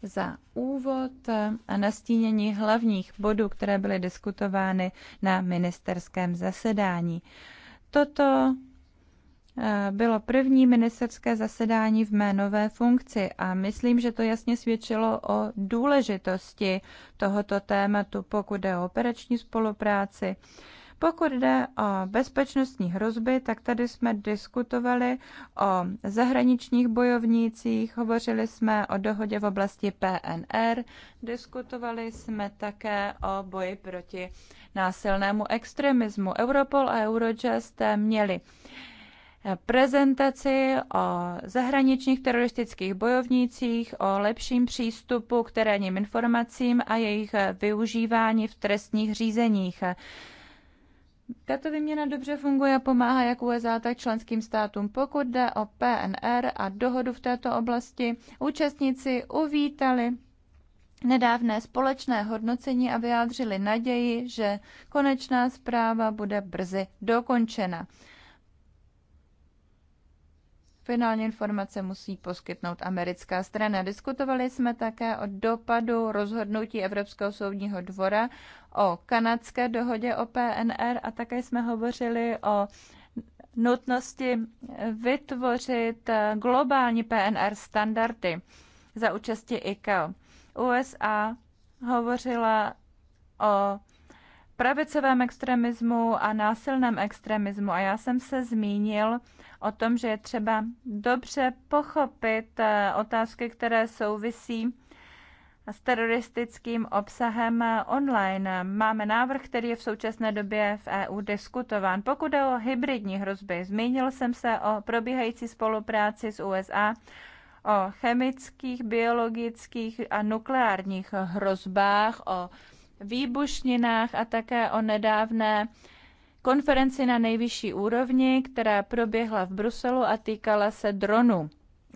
C: za úvod a nastínění hlavních bodů, které byly diskutovány na ministerském zasedání. Toto eh, bylo první ministerské zasedání v mé nové funkci a myslím, že to jasně svědčilo o důležitosti tohoto tématu, pokud je o operační spolupráci pokud jde o bezpečnostní hrozby, tak tady jsme diskutovali o zahraničních bojovnících, hovořili jsme o dohodě v oblasti PNR, diskutovali jsme také o boji proti násilnému extremismu. Europol a Eurojust měli prezentaci o zahraničních teroristických bojovnících, o lepším přístupu k terénním informacím a jejich využívání v trestních řízeních. Tato vyměna dobře funguje a pomáhá jak USA, tak členským státům. Pokud jde o PNR a dohodu v této oblasti, účastníci uvítali nedávné společné hodnocení a vyjádřili naději, že konečná zpráva bude brzy dokončena. Finální informace musí poskytnout americká strana. Diskutovali jsme také o dopadu rozhodnutí Evropského soudního dvora, o kanadské dohodě o PNR a také jsme hovořili o nutnosti vytvořit globální PNR standardy za účasti ICAO. USA hovořila o pravicovém extremismu a násilném extremismu. A já jsem se zmínil o tom, že je třeba dobře pochopit eh, otázky, které souvisí s teroristickým obsahem online. Máme návrh, který je v současné době v EU diskutován. Pokud je o hybridní hrozby, zmínil jsem se o probíhající spolupráci s USA, o chemických, biologických a nukleárních hrozbách, o výbušninách a také o nedávné konferenci na nejvyšší úrovni, která proběhla v Bruselu a týkala se dronů.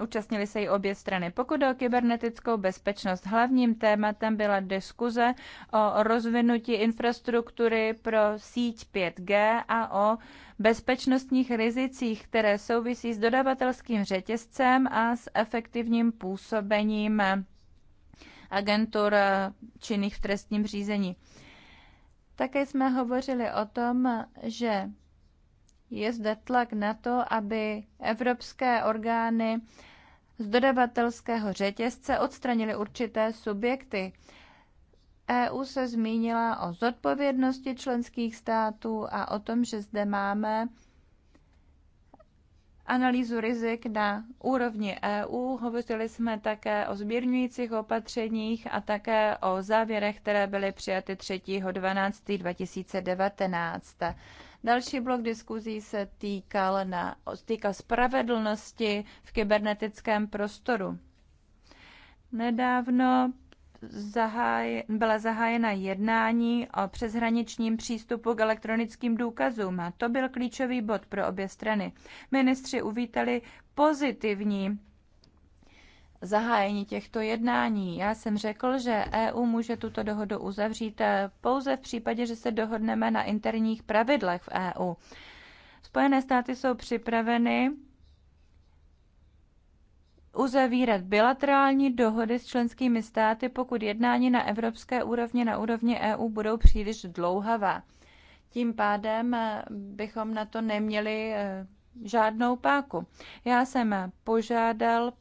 C: Účastnili se i obě strany. Pokud o kybernetickou bezpečnost, hlavním tématem byla diskuze o rozvinutí infrastruktury pro síť 5G a o bezpečnostních rizicích, které souvisí s dodavatelským řetězcem a s efektivním působením agentur eh, činných v trestním řízení. Také jsme hovořili o tom, že je zde tlak na to, aby evropské orgány z dodavatelského řetězce odstranili určité subjekty. EU se zmínila o zodpovědnosti členských států a o tom, že zde máme analýzu rizik na úrovni EU, hovořili jsme také o sběrňujících opatřeních a také o závěrech, které byly přijaty 3.12.2019. Další blok diskuzí se týkal, na, týkal spravedlnosti v kybernetickém prostoru. Nedávno zaháj, byla zahájena jednání o přeshraničním přístupu k elektronickým důkazům a to byl klíčový bod pro obě strany. Ministři uvítali pozitivní zahájení těchto jednání. Já jsem řekl, že EU může tuto dohodu uzavřít pouze v případě, že se dohodneme na interních pravidlech v EU. Spojené státy jsou připraveny uzavírat bilaterální dohody s členskými státy, pokud jednání na evropské úrovni, na úrovni EU budou příliš dlouhavá. Tím pádem eh, bychom na to neměli eh, žádnou páku. Já jsem požádal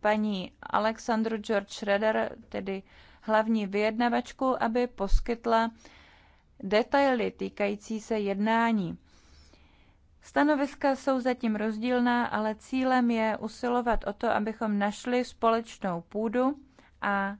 C: paní Alexandru George Schroeder, tedy hlavní vyjednavačku, aby poskytla detaily týkající se jednání. Stanoviska jsou zatím rozdílná, ale cílem je usilovat o to, abychom našli společnou půdu a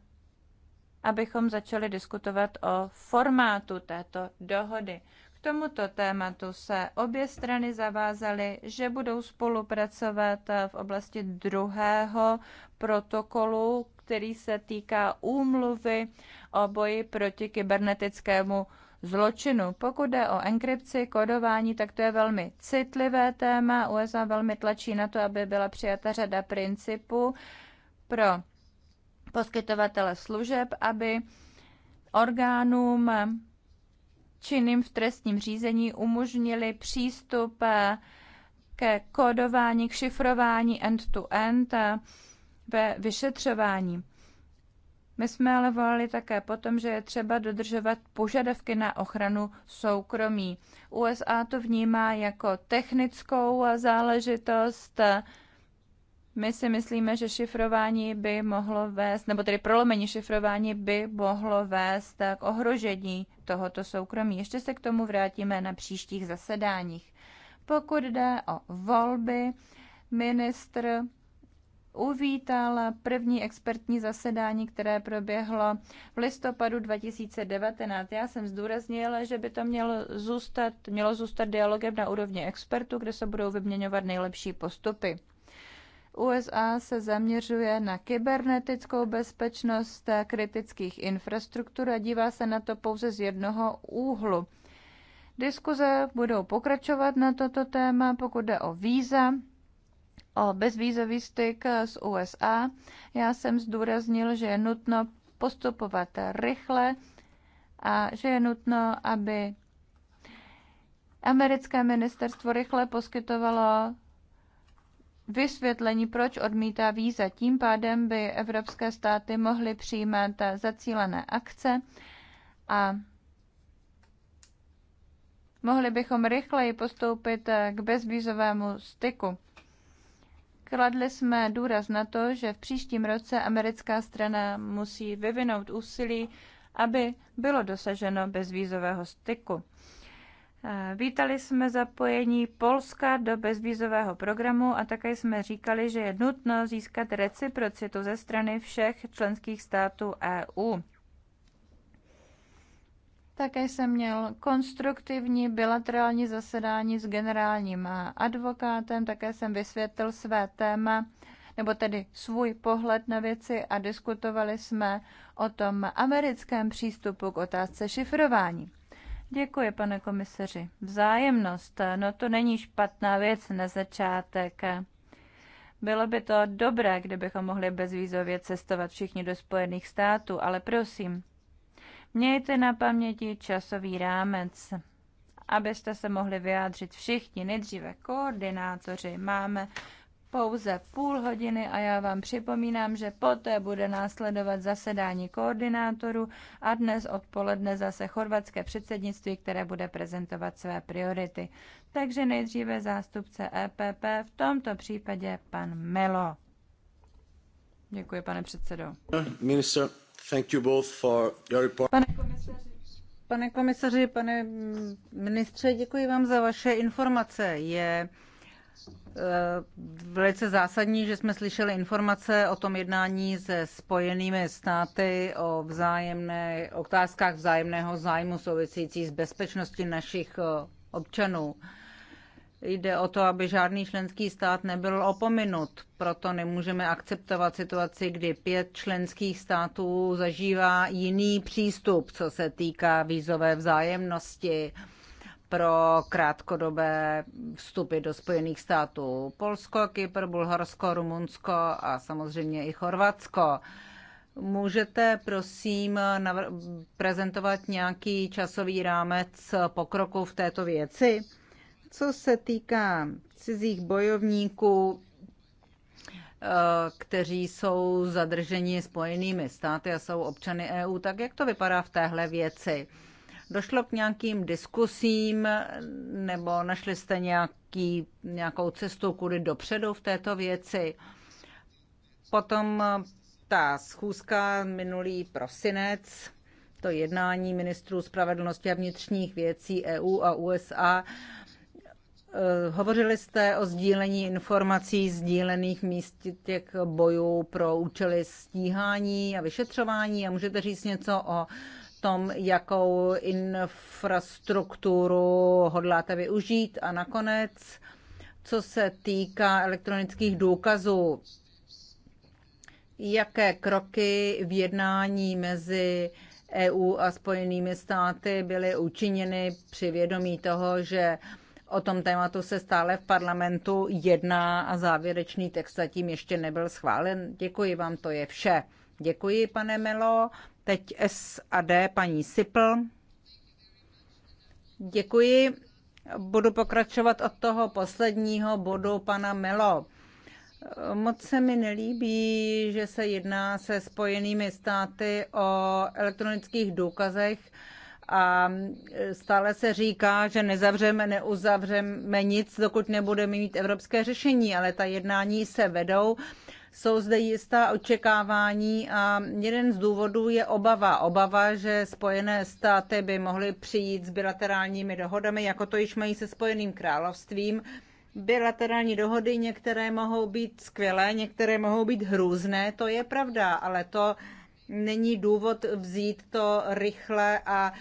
C: abychom začali diskutovat o formátu této dohody. K tomuto tématu se obě strany zavázaly, že budou spolupracovat v oblasti druhého protokolu, který se týká úmluvy o boji proti kybernetickému zločinu. Pokud jde o enkrypci, kodování, tak to je velmi citlivé téma. USA velmi tlačí na to, aby byla přijata řada principů pro poskytovatele služeb, aby orgánům činným v trestním řízení umožnili přístup eh, ke kódování, k šifrování end-to-end -end eh, ve vyšetřování. My jsme ale volali také potom, že je třeba dodržovat požadavky na ochranu soukromí. USA to vnímá jako technickou záležitost. My si myslíme, že šifrování by mohlo vést, nebo tedy prolomení šifrování by mohlo vést k ohrožení tohoto soukromí. Ještě se k tomu vrátíme na příštích zasedáních. Pokud jde o volby, ministr uvítal první expertní zasedání, které proběhlo v listopadu 2019. Já jsem zdůraznila, že by to mělo zůstat, mělo zůstat dialogem na úrovni expertů, kde se budou vyměňovat nejlepší postupy. USA se zaměřuje na kybernetickou bezpečnost kritických infrastruktur a dívá se na to pouze z jednoho úhlu. Diskuze budou pokračovat na toto téma, pokud jde o víza o bezvýzový styk s USA. Já jsem zdůraznil, že je nutno postupovat rychle a že je nutno, aby americké ministerstvo rychle poskytovalo vysvětlení, proč odmítá víza. Tím pádem by evropské státy mohly přijímat zacílené akce a mohli bychom rychleji postoupit k bezvízovému styku. Kladli jsme důraz na to, že v příštím roce americká strana musí vyvinout úsilí, aby bylo dosaženo bezvízového styku. Eh, vítali jsme zapojení Polska do bezvízového programu a také jsme říkali, že je nutno získat reciprocitu ze strany všech členských států EU. Také jsem měl konstruktivní bilaterální zasedání s generálním advokátem, také jsem vysvětlil své téma, nebo tedy svůj pohled na věci a diskutovali jsme o tom americkém přístupu k otázce šifrování. Děkuji, pane komisaři. Vzájemnost, no to není špatná věc na začátek. Bylo by to dobré, kdybychom mohli bezvízově cestovat všichni do Spojených států, ale prosím, Mějte na paměti časový rámec, abyste se mohli vyjádřit všichni. Nejdříve koordinátoři máme pouze půl hodiny a já vám připomínám, že poté bude následovat zasedání koordinátorů a dnes odpoledne zase chorvatské předsednictví, které bude prezentovat své priority. Takže nejdříve zástupce EPP, v tomto případě pan Melo. Děkuji, pane předsedo.
B: Minister.
A: Pane komisaři, pane ministře, děkuji vám za vaše informace. Je eh, velice zásadní, že jsme slyšeli informace o tom jednání se spojenými státy o vzájemné, otázkách vzájemného zájmu související s bezpečností našich eh, občanů. Jde o to, aby žádný členský stát nebyl opominut. Proto nemůžeme akceptovat situaci, kdy pět členských států zažívá jiný přístup, co se týká vízové vzájemnosti pro krátkodobé vstupy do Spojených států. Polsko, Kypr, Bulharsko, Rumunsko a samozřejmě i Chorvatsko. Můžete prosím prezentovat nějaký časový rámec pokroku v této věci? Co se týká cizích bojovníků, eh, kteří jsou zadrženi spojenými státy a jsou občany EU, tak jak to vypadá v téhle věci? Došlo k nějakým diskusím nebo našli jste nějaký, nějakou cestu kudy dopředu v této věci? Potom ta schůzka minulý prosinec, to jednání ministrů spravedlnosti a vnitřních věcí EU a USA Eh, hovořili jste o sdílení informací sdílených míst těch bojů pro účely stíhání a vyšetřování a můžete říct něco o tom, jakou infrastrukturu hodláte využít a nakonec, co se týká elektronických důkazů, jaké kroky v jednání mezi EU a Spojenými státy byly učiněny při vědomí toho, že O tom tématu se stále v parlamentu jedná a závěrečný text zatím ještě nebyl schválen. Děkuji vám, to je vše. Děkuji, pane Melo. Teď S a D, paní Sipl. Děkuji. Budu pokračovat od toho posledního bodu pana Melo. Moc se mi nelíbí, že se jedná se Spojenými státy o elektronických důkazech a stále se říká, že nezavřeme, neuzavřeme nic, dokud nebudeme mít evropské řešení, ale ta jednání se vedou. Jsou zde jistá očekávání a jeden z důvodů je obava. Obava, že Spojené státy by mohly přijít s bilaterálními dohodami, jako to již mají se Spojeným královstvím. Bilaterální dohody některé mohou být skvělé, některé mohou být hrůzné, to je pravda, ale to není důvod vzít to rychle a uh,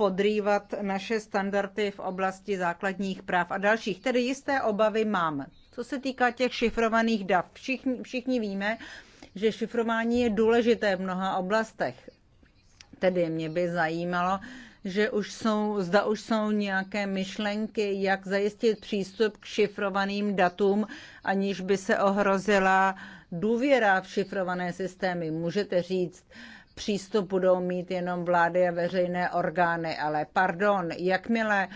A: podrývat naše standardy v oblasti základních práv a dalších. Tedy jisté obavy mám. Co se týká těch šifrovaných dat, všichni, všichni víme, že šifrování je důležité v mnoha oblastech. Tedy mě by zajímalo, že už jsou, zda už jsou nějaké myšlenky, jak zajistit přístup k šifrovaným datům, aniž by se ohrozila důvěra v šifrované systémy. Můžete říct, uh, přístup budou mít jenom vlády a veřejné orgány. Ale pardon, jakmile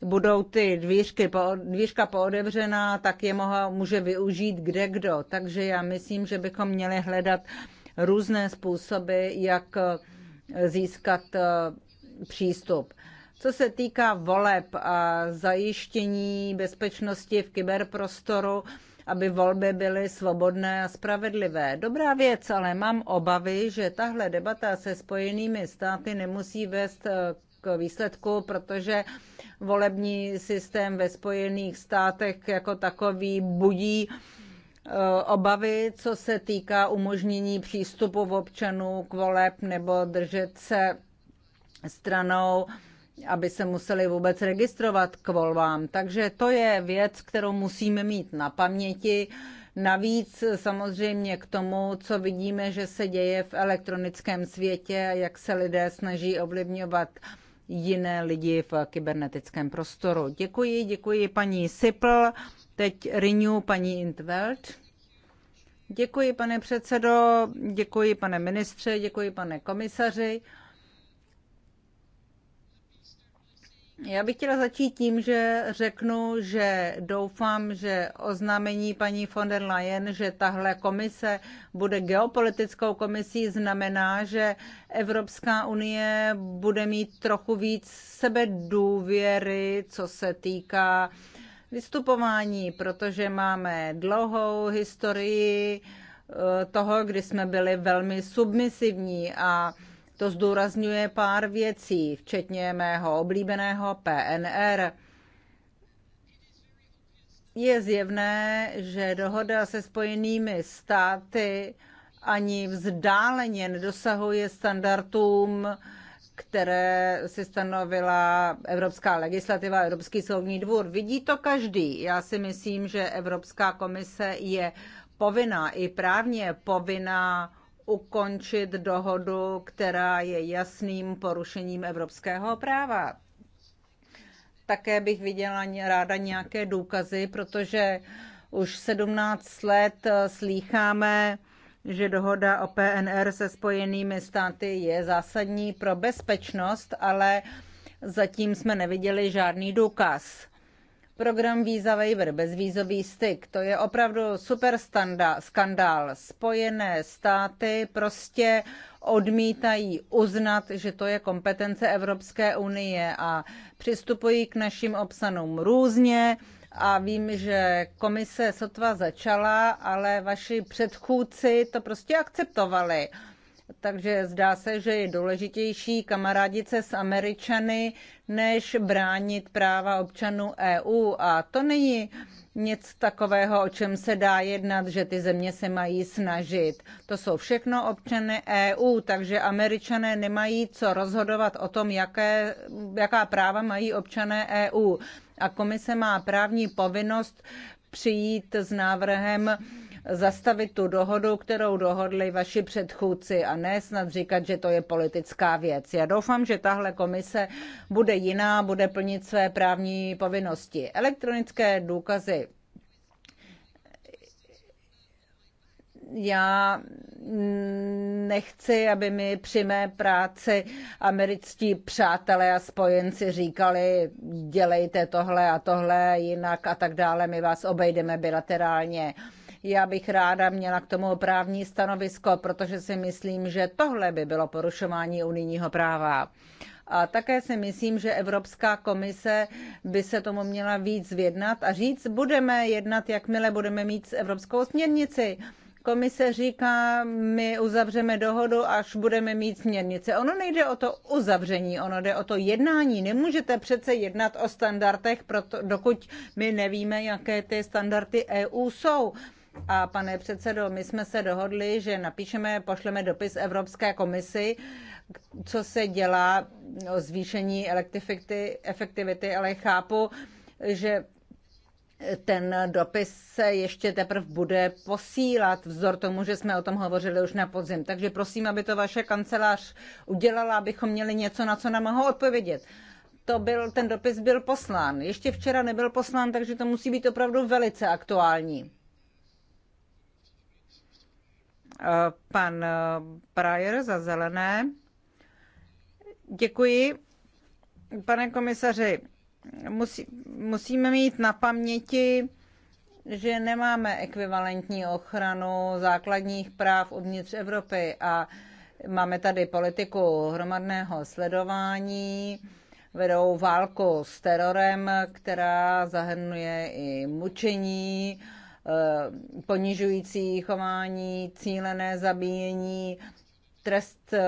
A: budou ty dvířky, dvířka poodevřená, tak je moha, může využít kde kdo. Takže já myslím, že bychom měli hledat různé způsoby, jak eh, získat eh, přístup. Co se týká voleb a zajištění bezpečnosti v kyberprostoru, aby volby byly svobodné a spravedlivé. Dobrá věc, ale mám obavy, že tahle debata se spojenými státy nemusí vést eh, k výsledku, protože volební systém ve Spojených státech jako takový budí eh, obavy, co se týká umožnění přístupu v občanů k voleb nebo držet se stranou aby se museli vůbec registrovat k volbám. Takže to je věc, kterou musíme mít na paměti. Navíc samozřejmě k tomu, co vidíme, že se děje v elektronickém světě a jak se lidé snaží ovlivňovat jiné lidi v kybernetickém prostoru. Děkuji, děkuji paní Sipl, teď Renew paní Intveld. Děkuji, pane předsedo, děkuji, pane ministře, děkuji, pane komisaři. Já bych chtěla začít tím, že řeknu, že doufám, že oznámení paní von der Leyen, že tahle komise bude geopolitickou komisí, znamená, že Evropská unie bude mít trochu víc sebedůvěry, co se týká vystupování, protože máme dlouhou historii eh, toho, kdy jsme byli velmi submisivní a to zdůrazňuje pár věcí, včetně mého oblíbeného PNR. Je zjevné, že dohoda se spojenými státy ani vzdáleně nedosahuje standardům, které si stanovila Evropská legislativa, Evropský soudní dvůr. Vidí to každý. Já si myslím, že Evropská komise je povinná, i právně povinná ukončit dohodu, která je jasným porušením evropského práva. Také bych viděla ráda nějaké důkazy, protože už 17 let slýcháme, že dohoda o PNR se spojenými státy je zásadní pro bezpečnost, ale zatím jsme neviděli žádný důkaz. Program Visa Waiver, bezvízový styk, to je opravdu super standa, skandál. Spojené státy prostě odmítají uznat, že to je kompetence Evropské unie a přistupují k našim obsanům různě a vím, že komise sotva začala, ale vaši předchůdci to prostě akceptovali takže zdá se, že je důležitější kamarádit se s Američany, než bránit práva občanů EU. A to není nic takového, o čem se dá jednat, že ty země se mají snažit. To jsou všechno občany EU, takže američané nemají co rozhodovat o tom, jaké, jaká práva mají občané EU. A komise má právní povinnost přijít s návrhem zastavit tu dohodu, kterou dohodli vaši předchůdci a ne snad říkat, že to je politická věc. Já doufám, že tahle komise bude jiná, bude plnit své právní povinnosti. Elektronické důkazy já nechci, aby mi při mé práci americkí přátelé a spojenci říkali, dělejte tohle a tohle, jinak a tak dále, my vás obejdeme bilaterálně. Uh, já bych ráda měla k tomu právní stanovisko, protože si myslím, že tohle by bylo porušování unijního práva. A také si myslím, že Evropská komise by se tomu měla víc vědnat a říct, budeme jednat, jakmile budeme mít s Evropskou směrnici. Komise říká, my uzavřeme dohodu, až budeme mít směrnice. Ono nejde o to uzavření, ono jde o to jednání. Nemůžete přece jednat o standardech, proto, dokud my nevíme, jaké ty standardy EU jsou. A pane předsedo, my jsme se dohodli, že napíšeme, pošleme dopis Evropské komisi, co se dělá o zvýšení efektivity, ale chápu, že ten dopis se ještě teprve bude posílat, vzor tomu, že jsme o tom hovořili už na podzim. Takže prosím, aby to vaše kancelář udělala, abychom měli něco, na co nám mohou odpovědět. To byl, ten dopis byl poslán. Ještě včera nebyl poslán, takže to musí být opravdu velice aktuální. Pan Prajer za zelené. Děkuji. Pane komisaři, musí, musíme mít na paměti, že nemáme ekvivalentní ochranu základních práv uvnitř Evropy a máme tady politiku hromadného sledování, vedou válku s terorem, která zahrnuje i mučení, Eh, ponižující chování, cílené zabíjení, trest eh,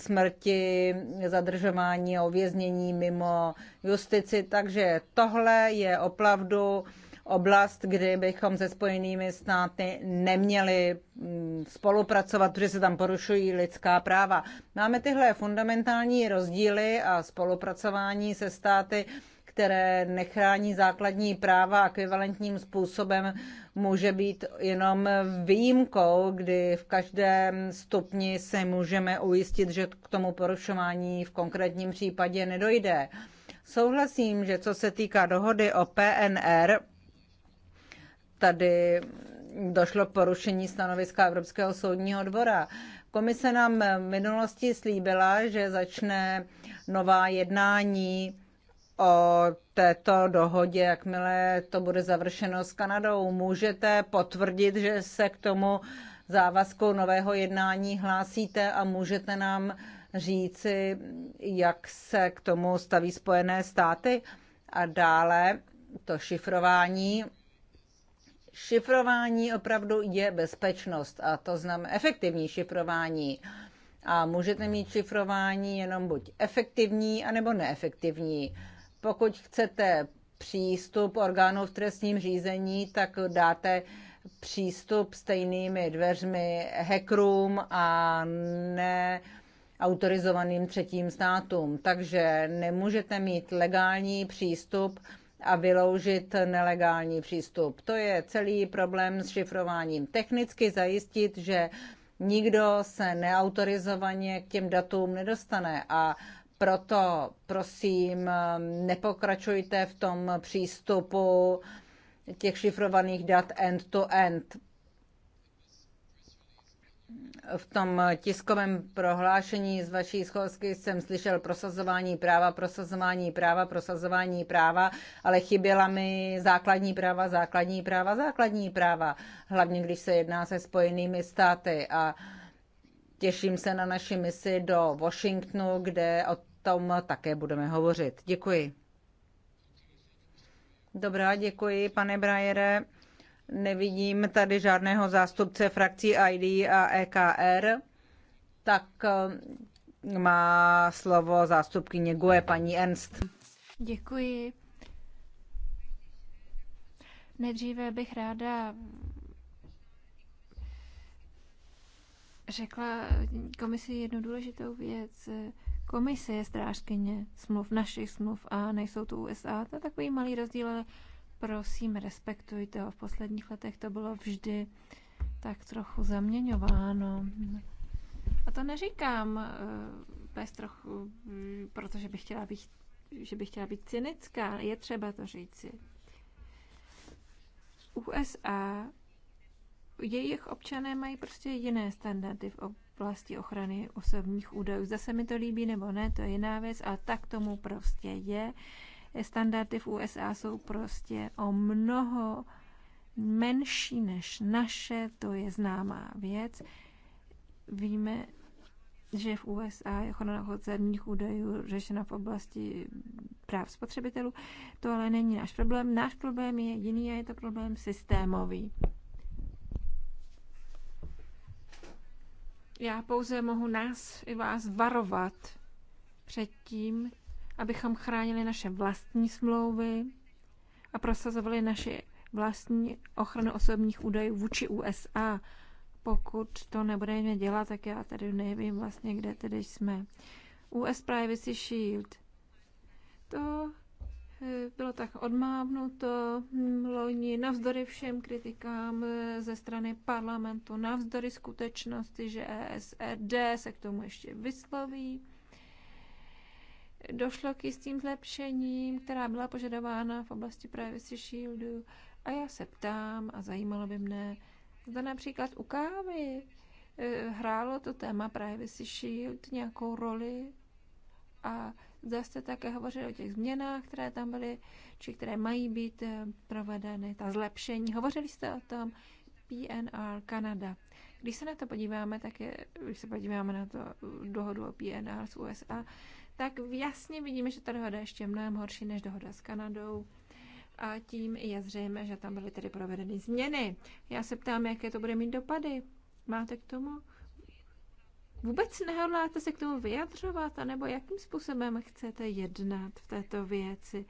A: smrti, zadržování a uvěznění mimo justici. Takže tohle je opravdu oblast, kdy bychom se spojenými státy neměli mm, spolupracovat, protože se tam porušují lidská práva. Máme tyhle fundamentální rozdíly a spolupracování se státy, které nechrání základní práva ekvivalentním způsobem, může být jenom výjimkou, kdy v každém stupni se můžeme ujistit, že k tomu porušování v konkrétním případě nedojde. Souhlasím, že co se týká dohody o PNR, tady došlo k porušení stanoviska Evropského soudního dvora. Komise nám v minulosti slíbila, že začne nová jednání o této dohodě, jakmile to bude završeno s Kanadou. Můžete potvrdit, že se k tomu závazku nového jednání hlásíte a můžete nám říci, jak se k tomu staví Spojené státy a dále to šifrování. Šifrování opravdu je bezpečnost a to znamená efektivní šifrování. A můžete mít šifrování jenom buď efektivní, anebo neefektivní pokud chcete přístup orgánů v trestním řízení, tak dáte přístup stejnými dveřmi hackerům a ne autorizovaným třetím státům. Takže nemůžete mít legální přístup a vyloužit nelegální přístup. To je celý problém s šifrováním. Technicky zajistit, že nikdo se neautorizovaně k těm datům nedostane a proto prosím, nepokračujte v tom přístupu těch šifrovaných dat end-to-end. -end. V tom tiskovém prohlášení z vaší schůzky jsem slyšel prosazování práva, prosazování práva, prosazování práva, ale chyběla mi základní práva, základní práva, základní práva, hlavně když se jedná se spojenými státy. A uh, Těším se na naši misi do Washingtonu, kde o tom také budeme hovořit. Děkuji. Dobrá, děkuji, pane Brajere. Nevidím tady žádného zástupce frakcí ID a EKR. Tak eh, má slovo zástupkyně GUE, paní Ernst.
D: Děkuji. Nejdříve bych ráda řekla komisi jednu důležitou věc. Komise je strážkyně smluv, našich smluv a nejsou to USA. To je takový malý rozdíl, ale prosím, respektujte ho. V posledních letech to bylo vždy tak trochu zaměňováno. A to neříkám eh, bez trochu, protože bych chtěla být, že bych chtěla být cynická. Je třeba to říci. USA jejich občané mají prostě jiné standardy v oblasti ochrany osobních údajů. Zase mi to líbí nebo ne, to je jiná věc, ale tak tomu prostě je. Standardy v USA jsou prostě o mnoho menší než naše, to je známá věc. Víme, že v USA je ochrana osobních údajů řešena v oblasti práv spotřebitelů. To ale není náš problém. Náš problém je jiný a je to problém systémový. Já pouze mohu nás i vás varovat před tím, abychom chránili naše vlastní smlouvy a prosazovali naši vlastní ochranu osobních údajů vůči USA. Pokud to nebudeme dělat, tak já tady nevím vlastně, kde tedy jsme. US Privacy Shield. To bylo tak odmávnuto hm, loni navzdory všem kritikám eh, ze strany parlamentu, navzdory skutečnosti, že ESRD e se k tomu ještě vysloví. Došlo k jistým zlepšením, která byla požadována v oblasti Privacy Shieldu a já se ptám a zajímalo by mne, zda například u kávy eh, hrálo to téma Privacy Shield nějakou roli a zde jste také hovořili o těch změnách, které tam byly, či které mají být eh, provedeny, ta zlepšení. Hovořili jste o tom PNR Kanada. Když se na to podíváme, tak je, když se podíváme na to eh, dohodu o PNR z USA, tak jasně vidíme, že ta dohoda je ještě mnohem horší než dohoda s Kanadou. A tím je zřejmé, že tam byly tedy provedeny změny. Já se ptám, jaké to bude mít dopady. Máte k tomu Vůbec nehodláte se k tomu vyjadřovat, anebo jakým způsobem chcete jednat v této věci?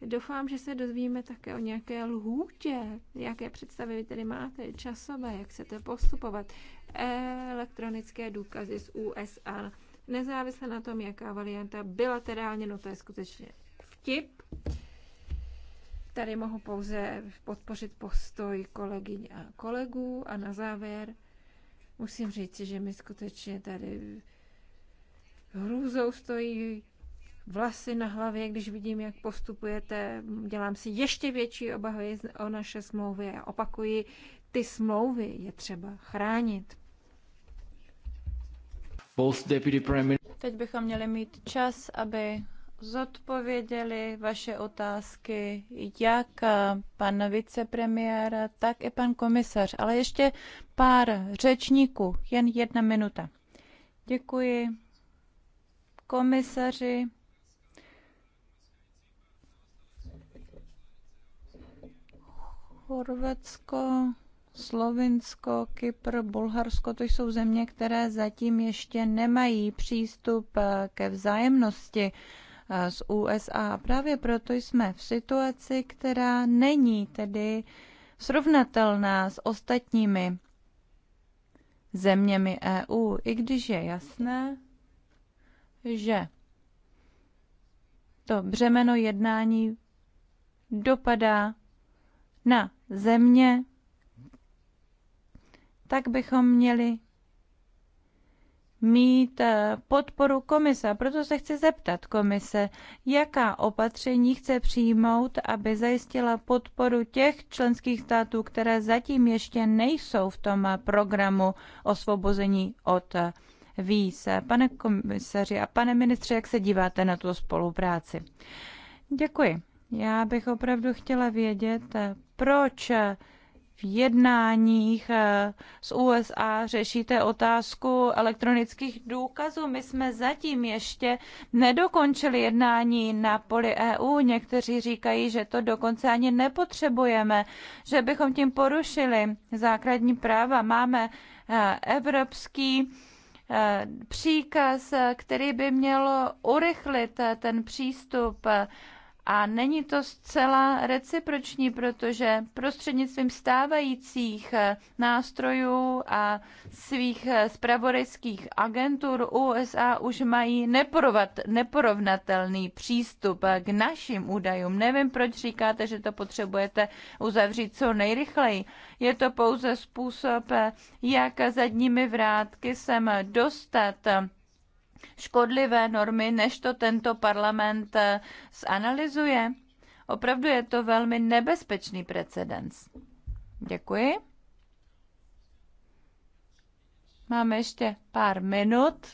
D: Doufám, že se dozvíme také o nějaké lhůtě, jaké představy vy tedy máte, časové, jak chcete postupovat, elektronické důkazy z USA, nezávisle na tom, jaká varianta bilaterálně, no to je skutečně vtip. Tady mohu pouze podpořit postoj kolegyň a kolegů a na závěr Musím říct, že mi skutečně tady hrůzou stojí vlasy na hlavě, když vidím, jak postupujete. Dělám si ještě větší obavy o naše smlouvy a opakuji,
C: ty smlouvy je třeba chránit. Teď bychom měli mít čas, aby zodpověděli vaše otázky jak pan vicepremiér, tak i pan komisař. Ale ještě pár řečníků, jen jedna minuta. Děkuji komisaři. Chorvatsko, Slovinsko, Kypr, Bulharsko, to jsou země, které zatím ještě nemají přístup ke vzájemnosti. Eh, z USA. Právě proto jsme v situaci, která není tedy srovnatelná s ostatními zeměmi EU, i když je jasné, že to břemeno jednání dopadá na země, tak bychom měli mít eh, podporu komise. A proto se chci zeptat komise, jaká opatření chce přijmout, aby zajistila podporu těch členských států, které zatím ještě nejsou v tom programu osvobození od víz. Pane komisaři a pane ministře, jak se díváte na tu spolupráci? Děkuji. Já bych opravdu chtěla vědět, proč v jednáních eh, s USA řešíte otázku elektronických důkazů. My jsme zatím ještě nedokončili jednání na poli EU. Někteří říkají, že to dokonce ani nepotřebujeme, že bychom tím porušili základní práva. Máme eh, evropský eh, příkaz, který by měl urychlit ten přístup a není to zcela reciproční, protože prostřednictvím stávajících eh, nástrojů a svých spravodajských eh, agentur USA už mají neporovnatelný přístup eh, k našim údajům. Nevím, proč říkáte, že to potřebujete uzavřít co nejrychleji. Je to pouze způsob, jak zadními vrátky sem dostat škodlivé normy, než to tento parlament eh, zanalizuje? Opravdu je to velmi nebezpečný precedens. Děkuji. Máme ještě pár minut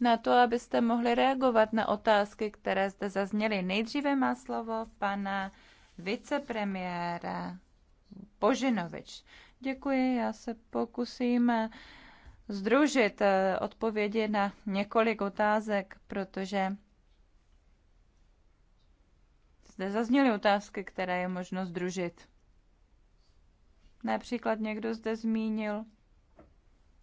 C: na to, abyste mohli reagovat na otázky, které zde zazněly. Nejdříve má slovo pana vicepremiéra Božinovič. Děkuji, já se pokusím eh, združit eh, odpovědi na několik otázek, protože zde zazněly otázky, které je možno združit. Například někdo zde zmínil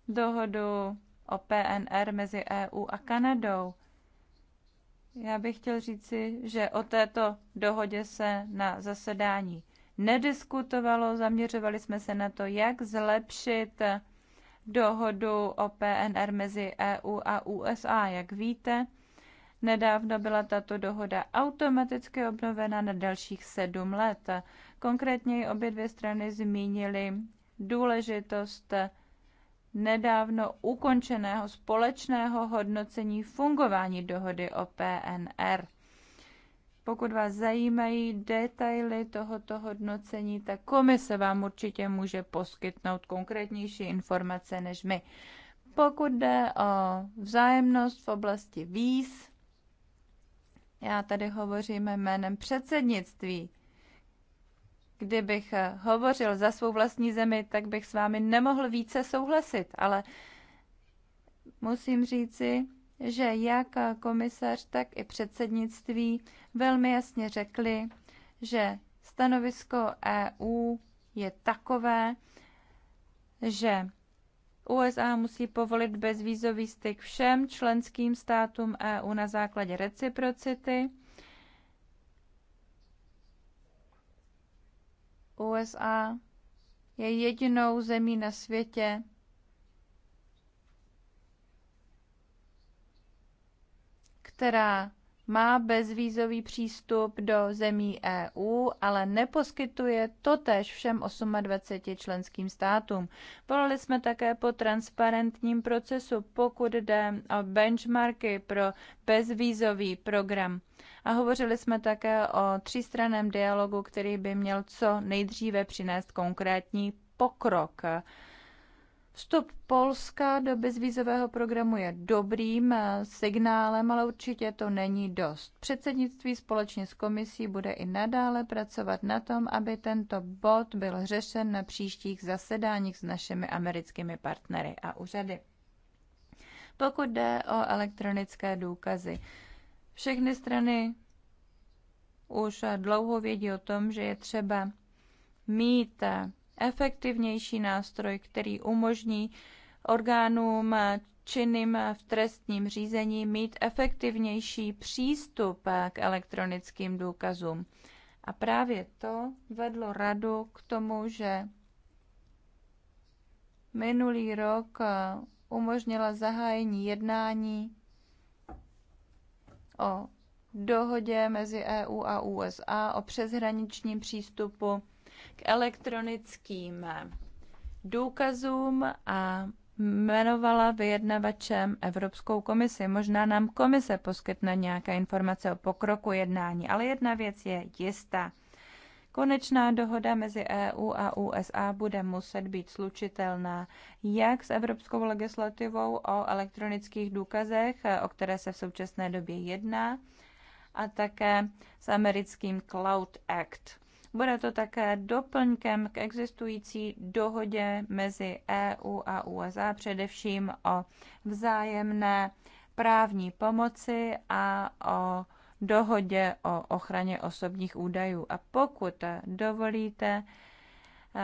C: dohodu o PNR mezi EU a Kanadou. Já bych chtěl říci, že o této dohodě se na zasedání nediskutovalo. Zaměřovali jsme se na to, jak zlepšit dohodu o PNR mezi EU a USA. Jak víte, nedávno byla tato dohoda automaticky obnovena na dalších sedm let. Konkrétně obě dvě strany zmínily důležitost nedávno ukončeného společného hodnocení fungování dohody o PNR. Pokud vás zajímají detaily tohoto hodnocení, tak komise vám určitě může poskytnout konkrétnější informace než my. Pokud jde o vzájemnost v oblasti víz, já tady hovořím jménem předsednictví. Kdybych hovořil za svou vlastní zemi, tak bych s vámi nemohl více souhlasit, ale musím říci, že jak komisař, tak i předsednictví velmi jasně řekli, že stanovisko EU je takové, že USA musí povolit bezvízový styk všem členským státům EU na základě reciprocity. USA je jedinou zemí na světě, která má bezvízový přístup do zemí EU, ale neposkytuje totež všem 28 členským státům. Volali jsme také po transparentním procesu, pokud jde o benchmarky pro bezvízový program. A hovořili jsme také o třístraném dialogu, který by měl co nejdříve přinést konkrétní pokrok. Vstup Polska do bezvízového programu je dobrým eh, signálem, ale určitě to není dost. Předsednictví společně s komisí bude i nadále pracovat na tom, aby tento bod byl řešen na příštích zasedáních s našimi americkými partnery a úřady. Pokud jde o elektronické důkazy, všechny strany už dlouho vědí o tom, že je třeba mít eh, efektivnější nástroj, který umožní orgánům činným v trestním řízení mít efektivnější přístup k elektronickým důkazům. A právě to vedlo radu k tomu, že minulý rok umožnila zahájení jednání o dohodě mezi EU a USA o přeshraničním přístupu k elektronickým důkazům a jmenovala vyjednavačem Evropskou komisi. Možná nám komise poskytne nějaké informace o pokroku jednání, ale jedna věc je jistá. Konečná dohoda mezi EU a USA bude muset být slučitelná jak s evropskou legislativou o elektronických důkazech, o které se v současné době jedná, a také s americkým Cloud Act. Bude to také doplňkem k existující dohodě mezi EU a USA, především o vzájemné právní pomoci a o dohodě o ochraně osobních údajů. A pokud dovolíte,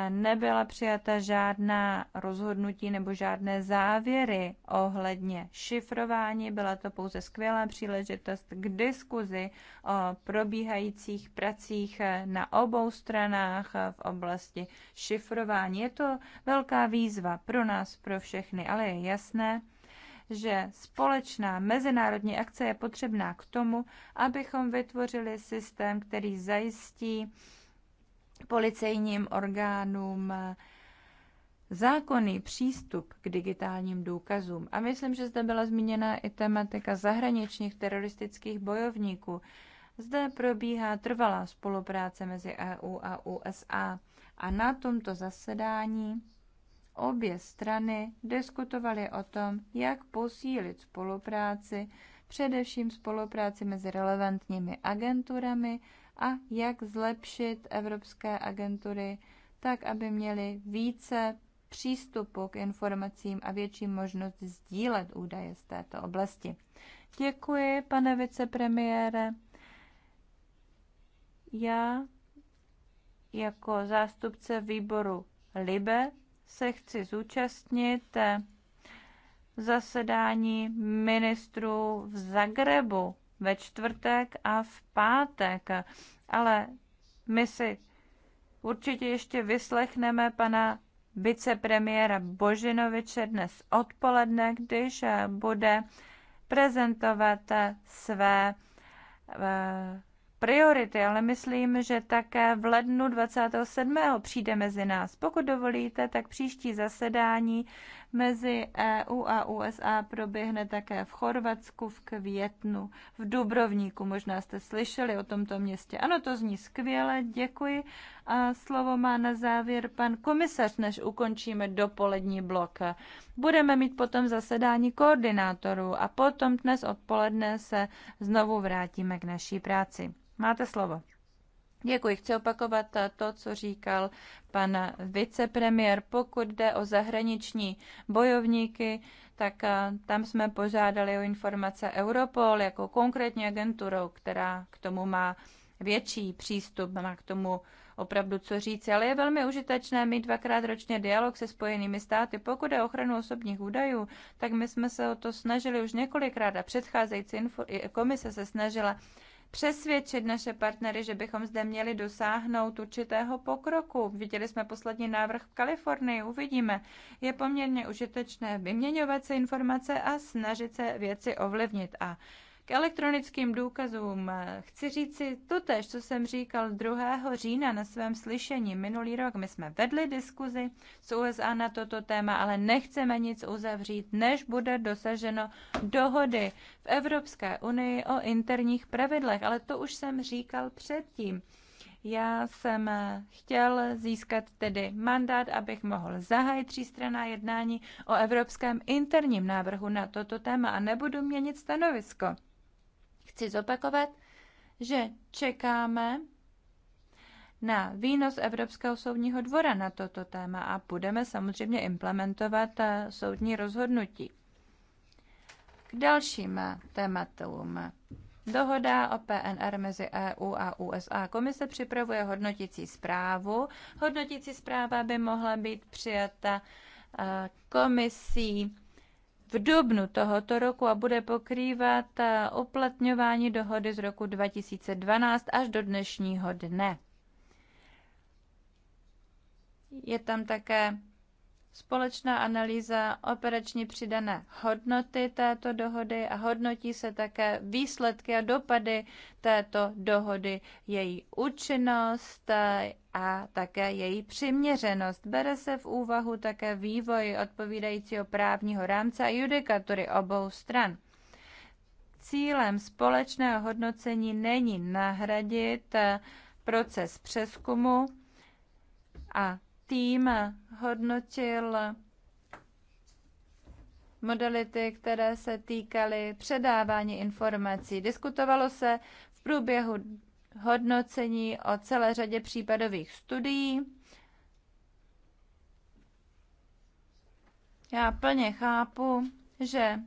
C: nebyla přijata žádná rozhodnutí nebo žádné závěry ohledně šifrování. Byla to pouze skvělá příležitost k diskuzi o probíhajících pracích na obou stranách v oblasti šifrování. Je to velká výzva pro nás, pro všechny, ale je jasné, že společná mezinárodní akce je potřebná k tomu, abychom vytvořili systém, který zajistí policejním orgánům zákonný přístup k digitálním důkazům. A myslím, že zde byla zmíněna i tematika zahraničních teroristických bojovníků. Zde probíhá trvalá spolupráce mezi EU a USA a na tomto zasedání obě strany diskutovaly o tom, jak posílit spolupráci, především spolupráci mezi relevantními agenturami, a jak zlepšit evropské agentury tak, aby měly více přístupu k informacím a větší možnost sdílet údaje z této oblasti. Děkuji, pane vicepremiére. Já jako zástupce výboru LIBE se chci zúčastnit zasedání ministrů v Zagrebu ve čtvrtek a v pátek, ale my si určitě ještě vyslechneme pana vicepremiéra Božinoviče dnes odpoledne, když bude prezentovat své eh, priority, ale myslím, že také v lednu 27. přijde mezi nás. Pokud dovolíte, tak příští zasedání mezi EU a USA proběhne také v Chorvatsku v květnu, v Dubrovníku. Možná jste slyšeli o tomto městě. Ano, to zní skvěle, děkuji. A slovo má na závěr pan komisař, než ukončíme dopolední blok. Budeme mít potom zasedání koordinátorů a potom dnes odpoledne se znovu vrátíme k naší práci. Máte slovo. Děkuji. Chci opakovat to, co říkal pan vicepremiér. Pokud jde o zahraniční bojovníky, tak eh, tam jsme požádali o informace Europol jako konkrétní agenturou, která k tomu má větší přístup, má k tomu opravdu co říci, ale je velmi užitečné mít dvakrát ročně dialog se spojenými státy. Pokud je ochranu osobních údajů, tak my jsme se o to snažili už několikrát a předcházející komise se snažila přesvědčit naše partnery, že bychom zde měli dosáhnout určitého pokroku. Viděli jsme poslední návrh v Kalifornii, uvidíme. Je poměrně užitečné vyměňovat se informace a snažit se věci ovlivnit. A k elektronickým důkazům chci říci totež, co jsem říkal 2. října na svém slyšení minulý rok. My jsme vedli diskuzi s USA na toto téma, ale nechceme nic uzavřít, než bude dosaženo dohody v Evropské unii o interních pravidlech. Ale to už jsem říkal předtím. Já jsem chtěl získat tedy mandát, abych mohl zahájit třístraná jednání o evropském interním návrhu na toto téma a nebudu měnit stanovisko chci zopakovat, že čekáme na výnos Evropského soudního dvora na toto téma a budeme samozřejmě implementovat eh, soudní rozhodnutí. K dalším eh, tématům. Dohoda o PNR mezi EU a USA. Komise připravuje hodnotící zprávu. Hodnotící zpráva by mohla být přijata eh, komisí v dubnu tohoto roku a bude pokrývat eh, uplatňování dohody z roku 2012 až do dnešního dne. Je tam také společná analýza operačně přidané hodnoty této dohody a hodnotí se také výsledky a dopady této dohody, její účinnost eh, a také její přiměřenost. Bere se v úvahu také vývoj odpovídajícího právního rámce a judikatury obou stran. Cílem společného hodnocení není nahradit eh, proces přeskumu a tým hodnotil modality, které se týkaly předávání informací. Diskutovalo se v průběhu hodnocení o celé řadě případových studií. Já plně chápu, že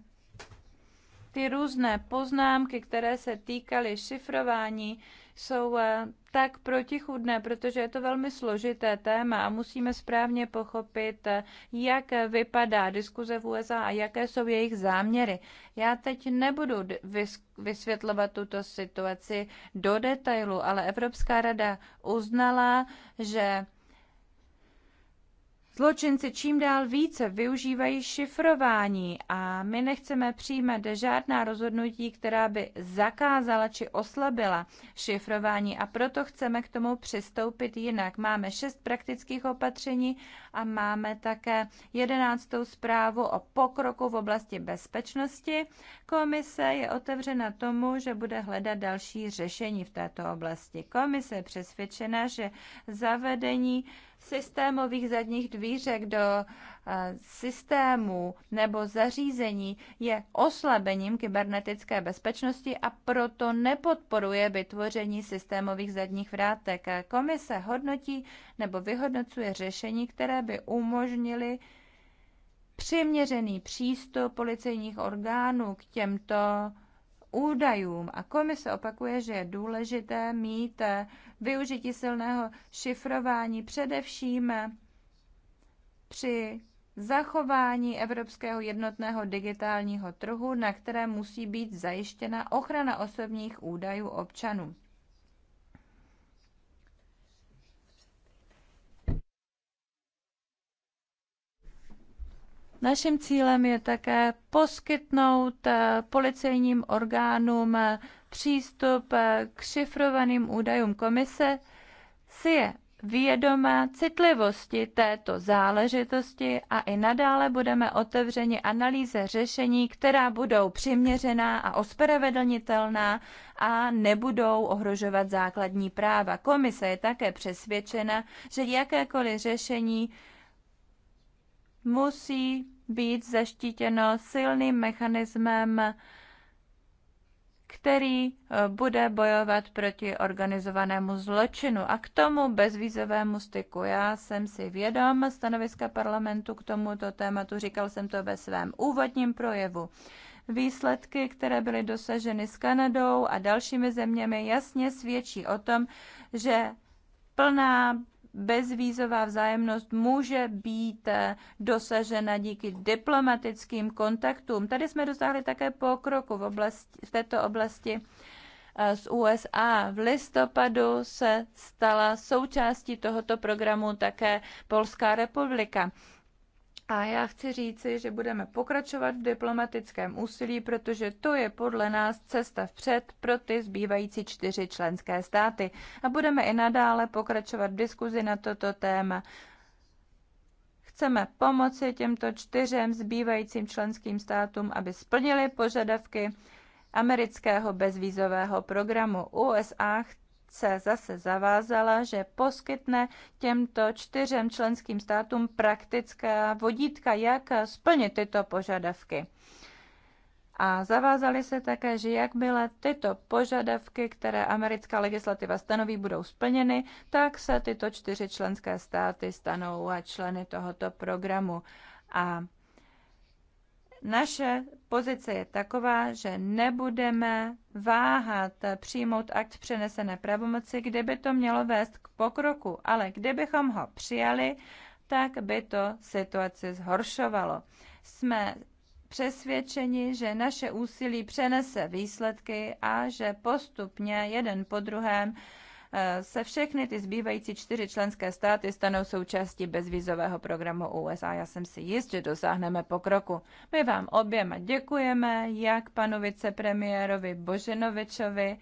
C: ty různé poznámky, které se týkaly šifrování, jsou eh, tak protichudné, protože je to velmi složité téma a musíme správně pochopit, eh, jak vypadá diskuze v USA a jaké jsou jejich záměry. Já teď nebudu vysvětlovat tuto situaci do detailu, ale Evropská rada uznala, že Zločinci čím dál více využívají šifrování a my nechceme přijímat žádná rozhodnutí, která by zakázala či oslabila šifrování a proto chceme k tomu přistoupit jinak. Máme šest praktických opatření a máme také jedenáctou zprávu o pokroku v oblasti bezpečnosti. Komise je otevřena tomu, že bude hledat další řešení v této oblasti. Komise je přesvědčena, že zavedení systémových zadních dvířek do eh, systému nebo zařízení je oslabením kybernetické bezpečnosti a proto nepodporuje vytvoření systémových zadních vrátek. Komise hodnotí nebo vyhodnocuje řešení, které by umožnili přiměřený přístup policejních orgánů k těmto údajům. A komise opakuje, že je důležité mít eh, využití silného šifrování především eh, při zachování evropského jednotného digitálního trhu, na kterém musí být zajištěna ochrana osobních údajů občanů. Naším cílem je také poskytnout eh, policejním orgánům eh, přístup eh, k šifrovaným údajům komise, si je vědoma citlivosti této záležitosti a i nadále budeme otevřeni analýze řešení, která budou přiměřená a ospravedlnitelná a nebudou ohrožovat základní práva. Komise je také přesvědčena, že jakékoliv řešení musí být zaštítěno silným mechanismem, který eh, bude bojovat proti organizovanému zločinu. A k tomu bezvízovému styku. Já jsem si vědom stanoviska parlamentu k tomuto tématu, říkal jsem to ve svém úvodním projevu. Výsledky, které byly dosaženy s Kanadou a dalšími zeměmi, jasně svědčí o tom, že plná bezvízová vzájemnost může být eh, dosažena díky diplomatickým kontaktům. Tady jsme dosáhli také pokroku v, oblasti, v této oblasti eh, z USA. V listopadu se stala součástí tohoto programu také Polská republika. A já chci říci, že budeme pokračovat v diplomatickém úsilí, protože to je podle nás cesta vpřed pro ty zbývající čtyři členské státy. A budeme i nadále pokračovat v diskuzi na toto téma. Chceme pomoci těmto čtyřem zbývajícím členským státům, aby splnili požadavky amerického bezvízového programu. USA se zase zavázala, že poskytne těmto čtyřem členským státům praktická vodítka, jak splnit tyto požadavky. A zavázali se také, že jakmile tyto požadavky, které americká legislativa stanoví, budou splněny, tak se tyto čtyři členské státy stanou členy tohoto programu. A naše pozice je taková, že nebudeme váhat přijmout akt přenesené pravomoci, kdyby to mělo vést k pokroku, ale kdybychom ho přijali, tak by to situaci zhoršovalo. Jsme přesvědčeni, že naše úsilí přenese výsledky a že postupně jeden po druhém Eh, se všechny ty zbývající čtyři členské státy stanou součástí bezvízového programu USA. Já jsem si jist, že dosáhneme pokroku. My vám oběma děkujeme, jak panu vicepremiérovi Boženovičovi,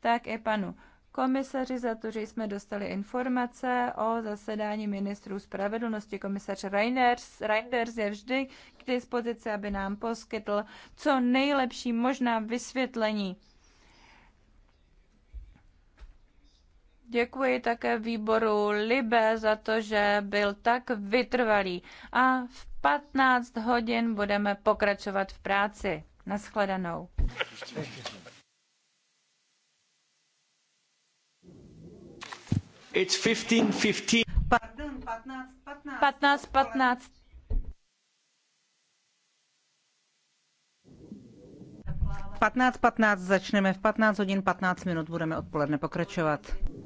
C: tak i panu komisaři za to, že jsme dostali informace o zasedání ministrů spravedlnosti. Komisař Reinders, Reinders je vždy k dispozici, aby nám poskytl co nejlepší možná vysvětlení Děkuji také výboru Libe za to, že byl tak vytrvalý. A v 15 hodin budeme pokračovat v práci. Naschledanou.
D: It's 15, 15.
C: Pardon, 15, 15. 15, 15.
A: V 15.15 15 začneme, v 15 hodin 15 minut budeme odpoledne pokračovat.